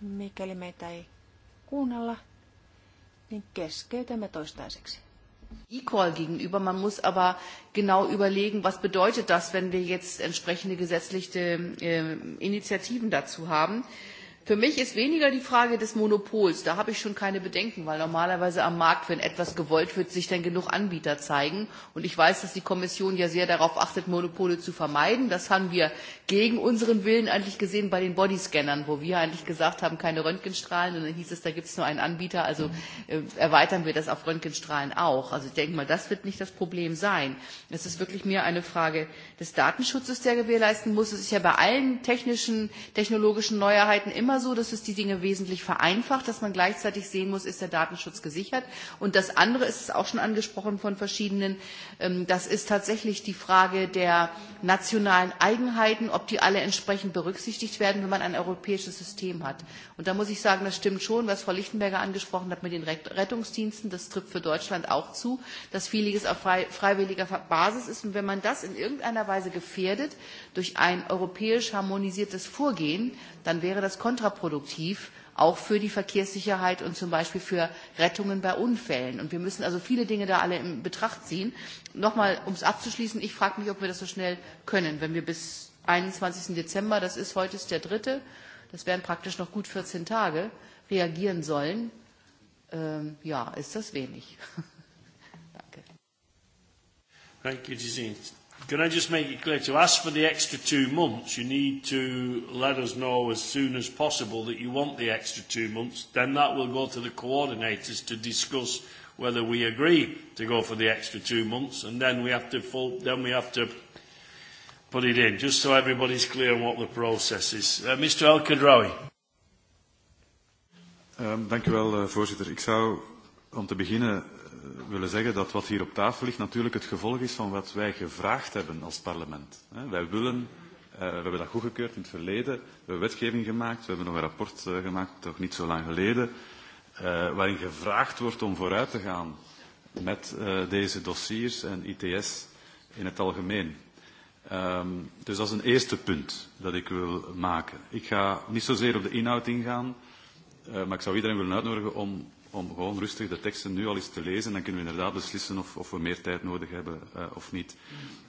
Mikäli meitä ei kuunnella, niin keskeytämme toistaiseksi. Equal call gegenüber. Man muss aber genau überlegen, was bedeutet das, wenn wir jetzt entsprechende gesetzliche äh, Initiativen dazu haben. Äh, Für mich ist weniger die Frage des Monopols. Da habe ich schon keine Bedenken, weil normalerweise am Markt, wenn etwas gewollt wird, sich dann genug Anbieter zeigen. Und ich weiß, dass die Kommission ja sehr darauf achtet, Monopole zu vermeiden. Das haben wir gegen unseren Willen eigentlich gesehen bei den Bodyscannern, wo wir eigentlich gesagt haben, keine Röntgenstrahlen. Und dann hieß es, da gibt es nur einen Anbieter. Also äh, erweitern wir das auf Röntgenstrahlen auch. Also ich denke mal, das wird nicht das Problem sein. Es ist wirklich mehr eine Frage des Datenschutzes, der gewährleisten muss. Es ist ja bei allen technischen, technologischen Neuheiten immer immer so, dass es die Dinge wesentlich vereinfacht, dass man gleichzeitig sehen muss, ist der Datenschutz gesichert. Und das andere ist auch schon angesprochen von verschiedenen, ähm, das ist tatsächlich die Frage der nationalen Eigenheiten, ob die alle entsprechend berücksichtigt werden, wenn man ein europäisches System hat. Und da muss ich sagen, das stimmt schon, was Frau Lichtenberger angesprochen hat mit den Rettungsdiensten, das trifft für Deutschland auch zu, dass vieles auf freiwilliger Basis ist. Und wenn man das in irgendeiner Weise gefährdet, durch ein europäisch harmonisiertes Vorgehen, dann wäre das kontraproduktiv, auch für die Verkehrssicherheit und zum Beispiel für Rettungen bei Unfällen. Und wir müssen also viele Dinge da alle in Betracht ziehen. Nochmal, um es abzuschließen, ich frage mich, ob wir das so schnell können, wenn wir bis 21. Dezember, das ist heute ist der dritte, das wären praktisch noch gut 14 Tage, reagieren sollen. Ähm, ja, ist das wenig. Danke. Thank you, Can I just make it clear to ask for the extra two months? You need to let us know as soon as possible that you want the extra two months. Then that will go to the coordinators to discuss whether we agree to go for the extra two months, and then we have to full, then we have to put it in, just so everybody's clear on what the process is. Uh, Mr. El Khadraoui. Um, dank u wel, uh, voorzitter. Ik zou om te beginnen Eh, willen zeggen dat wat hier op tafel ligt natuurlijk het gevolg is van wat wij gevraagd hebben als parlement. Wij willen, eh, we hebben dat goedgekeurd in het verleden, we hebben wetgeving gemaakt, we hebben nog een rapport eh, gemaakt, toch niet zo lang geleden, waarin gevraagd wordt om vooruit te gaan met deze dossiers en ITS in het algemeen. Um, dus dat is een eerste punt dat ik wil maken. Ik ga niet zozeer op de inhoud ingaan, uh, maar ik zou iedereen willen uitnodigen om om gewoon rustig de teksten nu al eens te lezen. Dan kunnen we inderdaad beslissen of, of we meer tijd nodig hebben uh, of niet.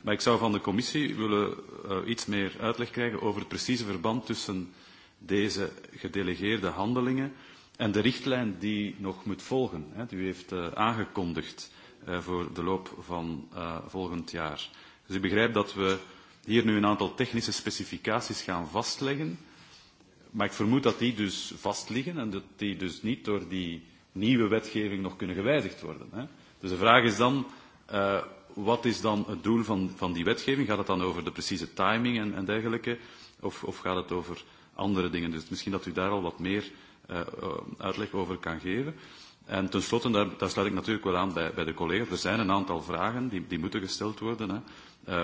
Maar ik zou van de commissie willen uh, iets meer uitleg krijgen over het precieze verband tussen deze gedelegeerde handelingen en de richtlijn die nog moet volgen. Hè, die u heeft uh, aangekondigd uh, voor de loop van uh, volgend jaar. Dus ik begrijp dat we hier nu een aantal technische specificaties gaan vastleggen. Maar ik vermoed dat die dus vastliggen en dat die dus niet door die nieuwe wetgeving nog kunnen gewijzigd worden. Hè? Dus de vraag is dan, uh, wat is dan het doel van, van die wetgeving? Gaat het dan over de precieze timing en, en dergelijke? Of, of gaat het over andere dingen? Dus misschien dat u daar al wat meer uh, uitleg over kan geven. En tenslotte, daar, daar sluit ik natuurlijk wel aan bij, bij de collega's, er zijn een aantal vragen die, die moeten gesteld worden. Hè. Uh,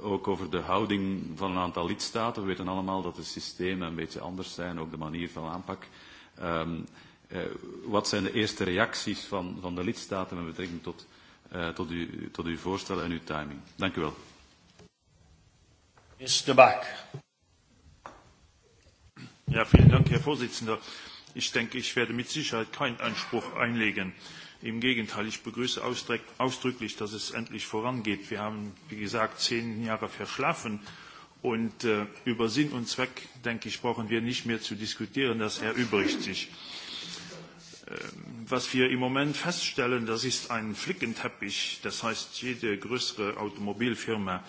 ook over de houding van een aantal lidstaten. We weten allemaal dat de systemen een beetje anders zijn, ook de manier van aanpak. Um, uh, Uh, wat zijn de eerste reacties van, van de lidstaten met betrekking tot, uh, tot, u, tot uw voorstellen en uw timing? Dank u wel. Mr. Bak. Ja, vielen Dank, Herr Vorsitzender. Ich denke, ich werde mit Sicherheit keinen Einspruch einlegen. Im Gegenteil, ich begrüße ausdrücklich, dass es endlich vorangeht. Wir haben, wie gesagt, zehn Jahre verschlafen. Und äh, über Sinn und Zweck, denke ich, brauchen wir nicht mehr zu diskutieren. Das erübrigt sich was wir im Moment feststellen, das ist ein Flickenteppich. Das heißt, jede größere Automobilfirma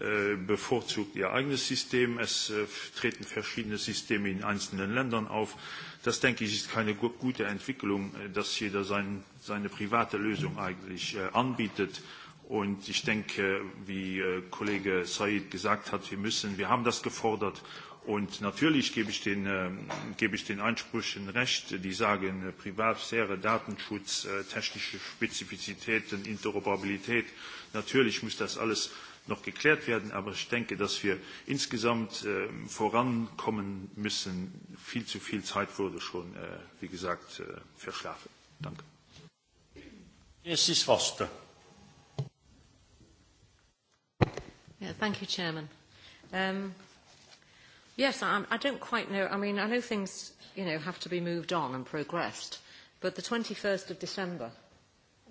äh, bevorzugt ihr eigenes System. Es äh, treten verschiedene Systeme in einzelnen Ländern auf. Das, denke ich, ist keine gute Entwicklung, äh, dass jeder sein, seine private Lösung eigentlich anbietet. Und ich denke, wie Kollege Said gesagt hat, wir müssen, wir haben das gefordert Und natürlich gebe ich den, äh, gebe ich den Ansprüchen recht, die sagen, äh, Privatsphäre, Datenschutz, äh, technische Spezifizitäten, Interoperabilität. Natürlich muss das alles noch geklärt werden, aber ich denke, dass wir insgesamt äh, vorankommen müssen. Viel zu viel Zeit wurde schon, äh, wie gesagt, äh, verschlafen. Danke. Es ist Foster. Yeah, thank you, Chairman. Um, Yes, I, I don't quite know. I mean, I know things, you know, have to be moved on and progressed, but the 21st of December,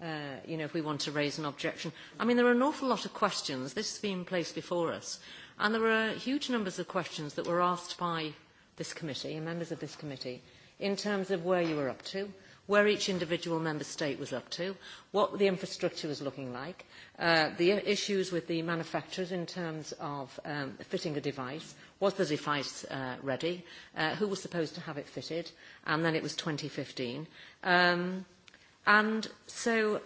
uh, you know, if we want to raise an objection. I mean, there are an awful lot of questions. This has been placed before us, and there are huge numbers of questions that were asked by this committee and members of this committee in terms of where you were up to, where each individual member state was up to, what the infrastructure was looking like, uh, the issues with the manufacturers in terms of um, fitting a device, was the device uh, ready, uh, who was supposed to have it fitted, and then it was 2015. Um, and so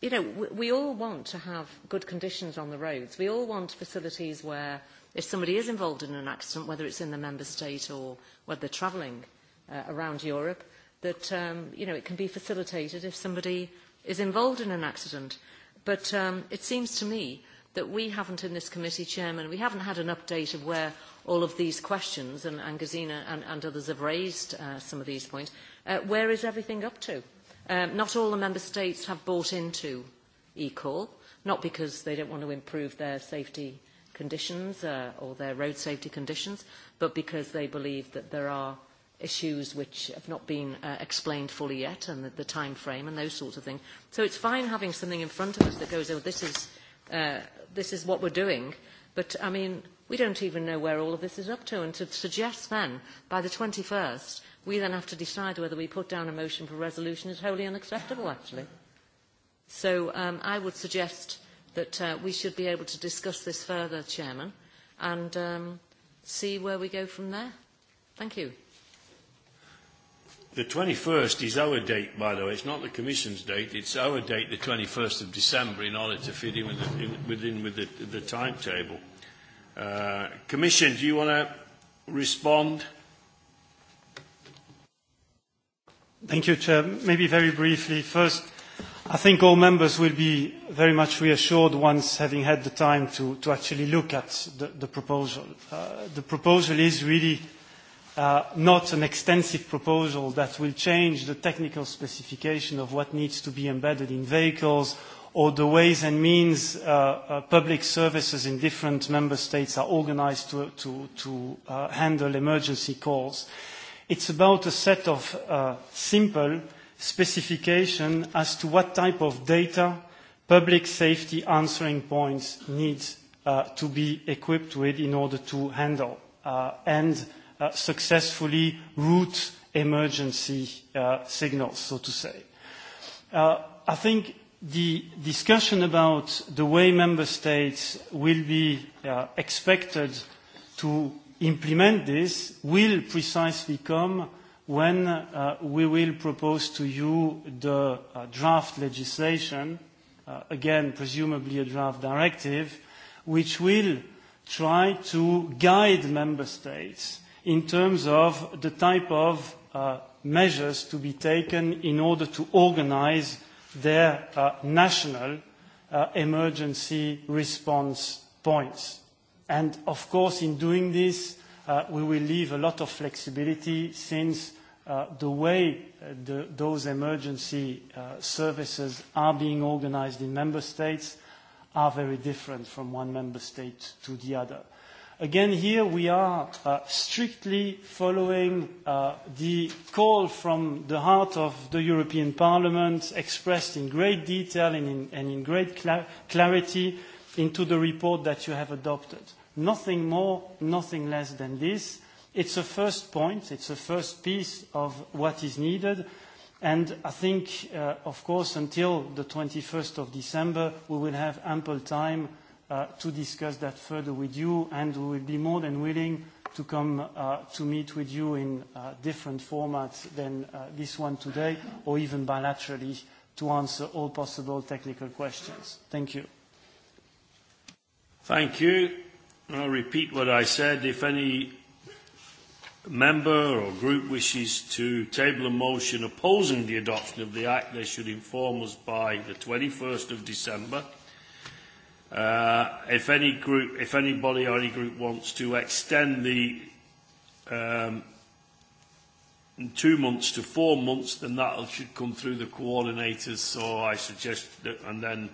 you know, we, we all want to have good conditions on the roads. We all want facilities where if somebody is involved in an accident, whether it's in the member state or whether they're travelling uh, around Europe, that um, you know, it can be facilitated if somebody is involved in an accident. But um, it seems to me that we haven't in this committee, Chairman, we haven't had an update of where all of these questions, and, and Gazina and, and others have raised uh, some of these points, uh, where is everything up to? Um, not all the Member States have bought into eCall, not because they don't want to improve their safety conditions uh, or their road safety conditions, but because they believe that there are issues which have not been uh, explained fully yet and the, the time frame and those sorts of things. So it's fine having something in front of us that goes, oh, this is, uh, this is what we're doing. But, I mean, we don't even know where all of this is up to. And to suggest then, by the 21st, we then have to decide whether we put down a motion for resolution is wholly unacceptable, actually. So um, I would suggest that uh, we should be able to discuss this further, Chairman, and um, see where we go from there. Thank you. The 21st is our date, by the way. It's not the Commission's date. It's our date, the 21st of December, in order to fit in with the, in, within with the, the timetable. Uh, Commission, do you want to respond? Thank you, Chair. Maybe very briefly. First, I think all members will be very much reassured once having had the time to, to actually look at the, the proposal. Uh, the proposal is really Uh, not an extensive proposal that will change the technical specification of what needs to be embedded in vehicles or the ways and means uh, uh, public services in different member states are organized to, to, to uh, handle emergency calls. It's about a set of uh, simple specification as to what type of data public safety answering points need uh, to be equipped with in order to handle. Uh, and Uh, successfully route emergency uh, signals, so to say. Uh, I think the discussion about the way member states will be uh, expected to implement this will precisely come when uh, we will propose to you the uh, draft legislation, uh, again, presumably a draft directive, which will try to guide member states in terms of the type of uh, measures to be taken in order to organize their uh, national uh, emergency response points. And of course, in doing this, uh, we will leave a lot of flexibility since uh, the way uh, the, those emergency uh, services are being organized in member states are very different from one member state to the other. Again, here we are uh, strictly following uh, the call from the heart of the European Parliament, expressed in great detail and in, and in great cl clarity into the report that you have adopted. Nothing more, nothing less than this. It's a first point, it's a first piece of what is needed. And I think, uh, of course, until the 21st of December, we will have ample time Uh, to discuss that further with you, and we will be more than willing to come uh, to meet with you in uh, different formats than this one today, or even bilaterally, to answer all possible technical questions. Thank you. Thank you. I'll repeat what I said. If any member or group wishes to table a motion opposing the adoption of the Act, they should inform us by the 21st of December Uh, if any group, if anybody or any group wants to extend the um, two months to four months, then that should come through the coordinators. So I suggest that, and then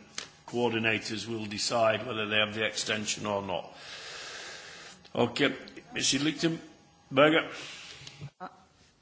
coordinators will decide whether they have the extension or not. Okay, Mr. Lichtenberger. Uh,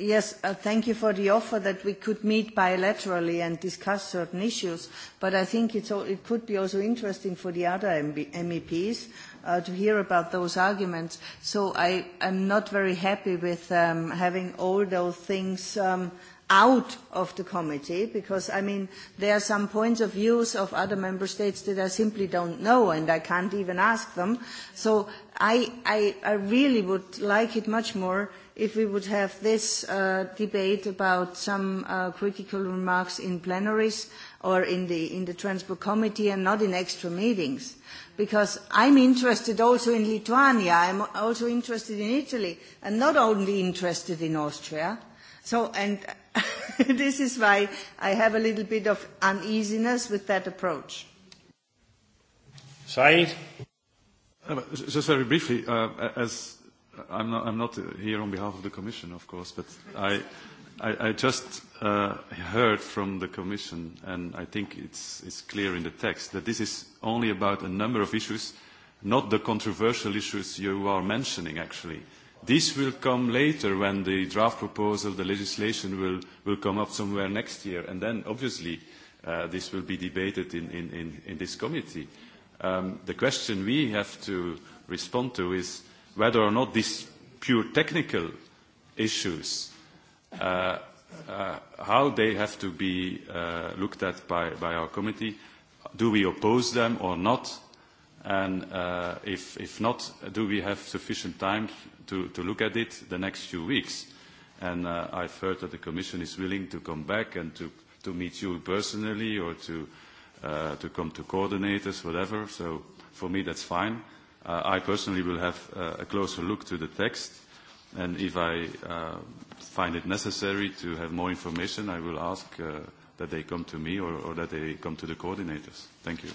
Yes, uh, thank you for the offer that we could meet bilaterally and discuss certain issues. But I think it's all, it could be also interesting for the other MB, MEPs uh, to hear about those arguments. So I am not very happy with um, having all those things um, out of the committee because, I mean, there are some points of views of other member states that I simply don't know and I can't even ask them. So I, I, I really would like it much more if we would have this uh, debate about some uh, critical remarks in plenaries or in the, in the Transport Committee and not in extra meetings. Because I'm interested also in Lithuania, I'm also interested in Italy, and not only interested in Austria. So, and this is why I have a little bit of uneasiness with that approach. Said? Just very briefly, uh, as I'm not, I'm not here on behalf of the Commission, of course, but I, I, I just uh, heard from the Commission, and I think it's, it's clear in the text, that this is only about a number of issues, not the controversial issues you are mentioning, actually. This will come later when the draft proposal, the legislation will, will come up somewhere next year, and then, obviously, uh, this will be debated in, in, in, in this committee. Um, the question we have to respond to is, whether or not these pure technical issues, uh, uh, how they have to be uh, looked at by, by our committee, do we oppose them or not? And uh, if, if not, do we have sufficient time to, to look at it the next few weeks? And uh, I've heard that the Commission is willing to come back and to, to meet you personally or to, uh, to come to coordinators, whatever. So for me, that's fine. Uh, I personally will have uh, a closer look to the text, and if I uh, find it necessary to have more information, I will ask uh, that they come to me or, or that they come to the coordinators. Thank you.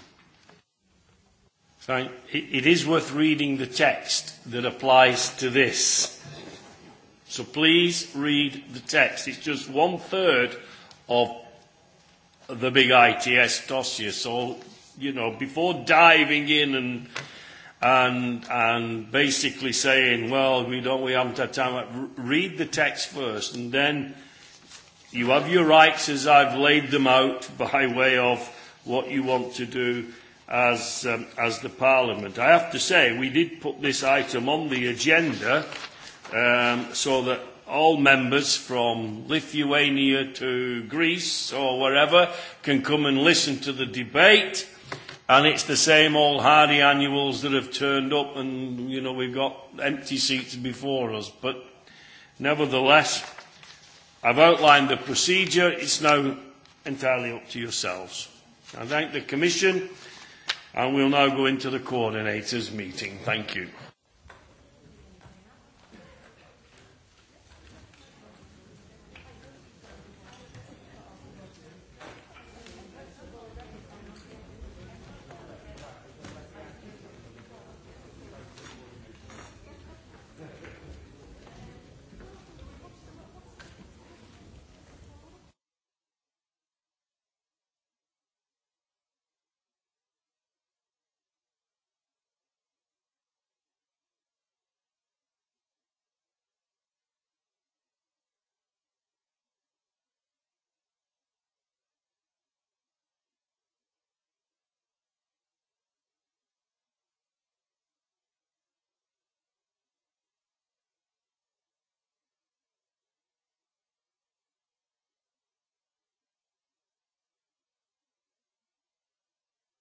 So it is worth reading the text that applies to this. So please read the text. It's just one third of the big ITS dossier. So, you know, before diving in and and and basically saying, well, we don't, we haven't had time. Read the text first, and then you have your rights as I've laid them out by way of what you want to do as um, as the Parliament. I have to say, we did put this item on the agenda um, so that. All members from Lithuania to Greece or wherever can come and listen to the debate. And it's the same old hardy annuals that have turned up, and you know we've got empty seats before us. But nevertheless, I've outlined the procedure. It's now entirely up to yourselves. I thank the Commission, and we'll now go into the coordinators' meeting. Thank you.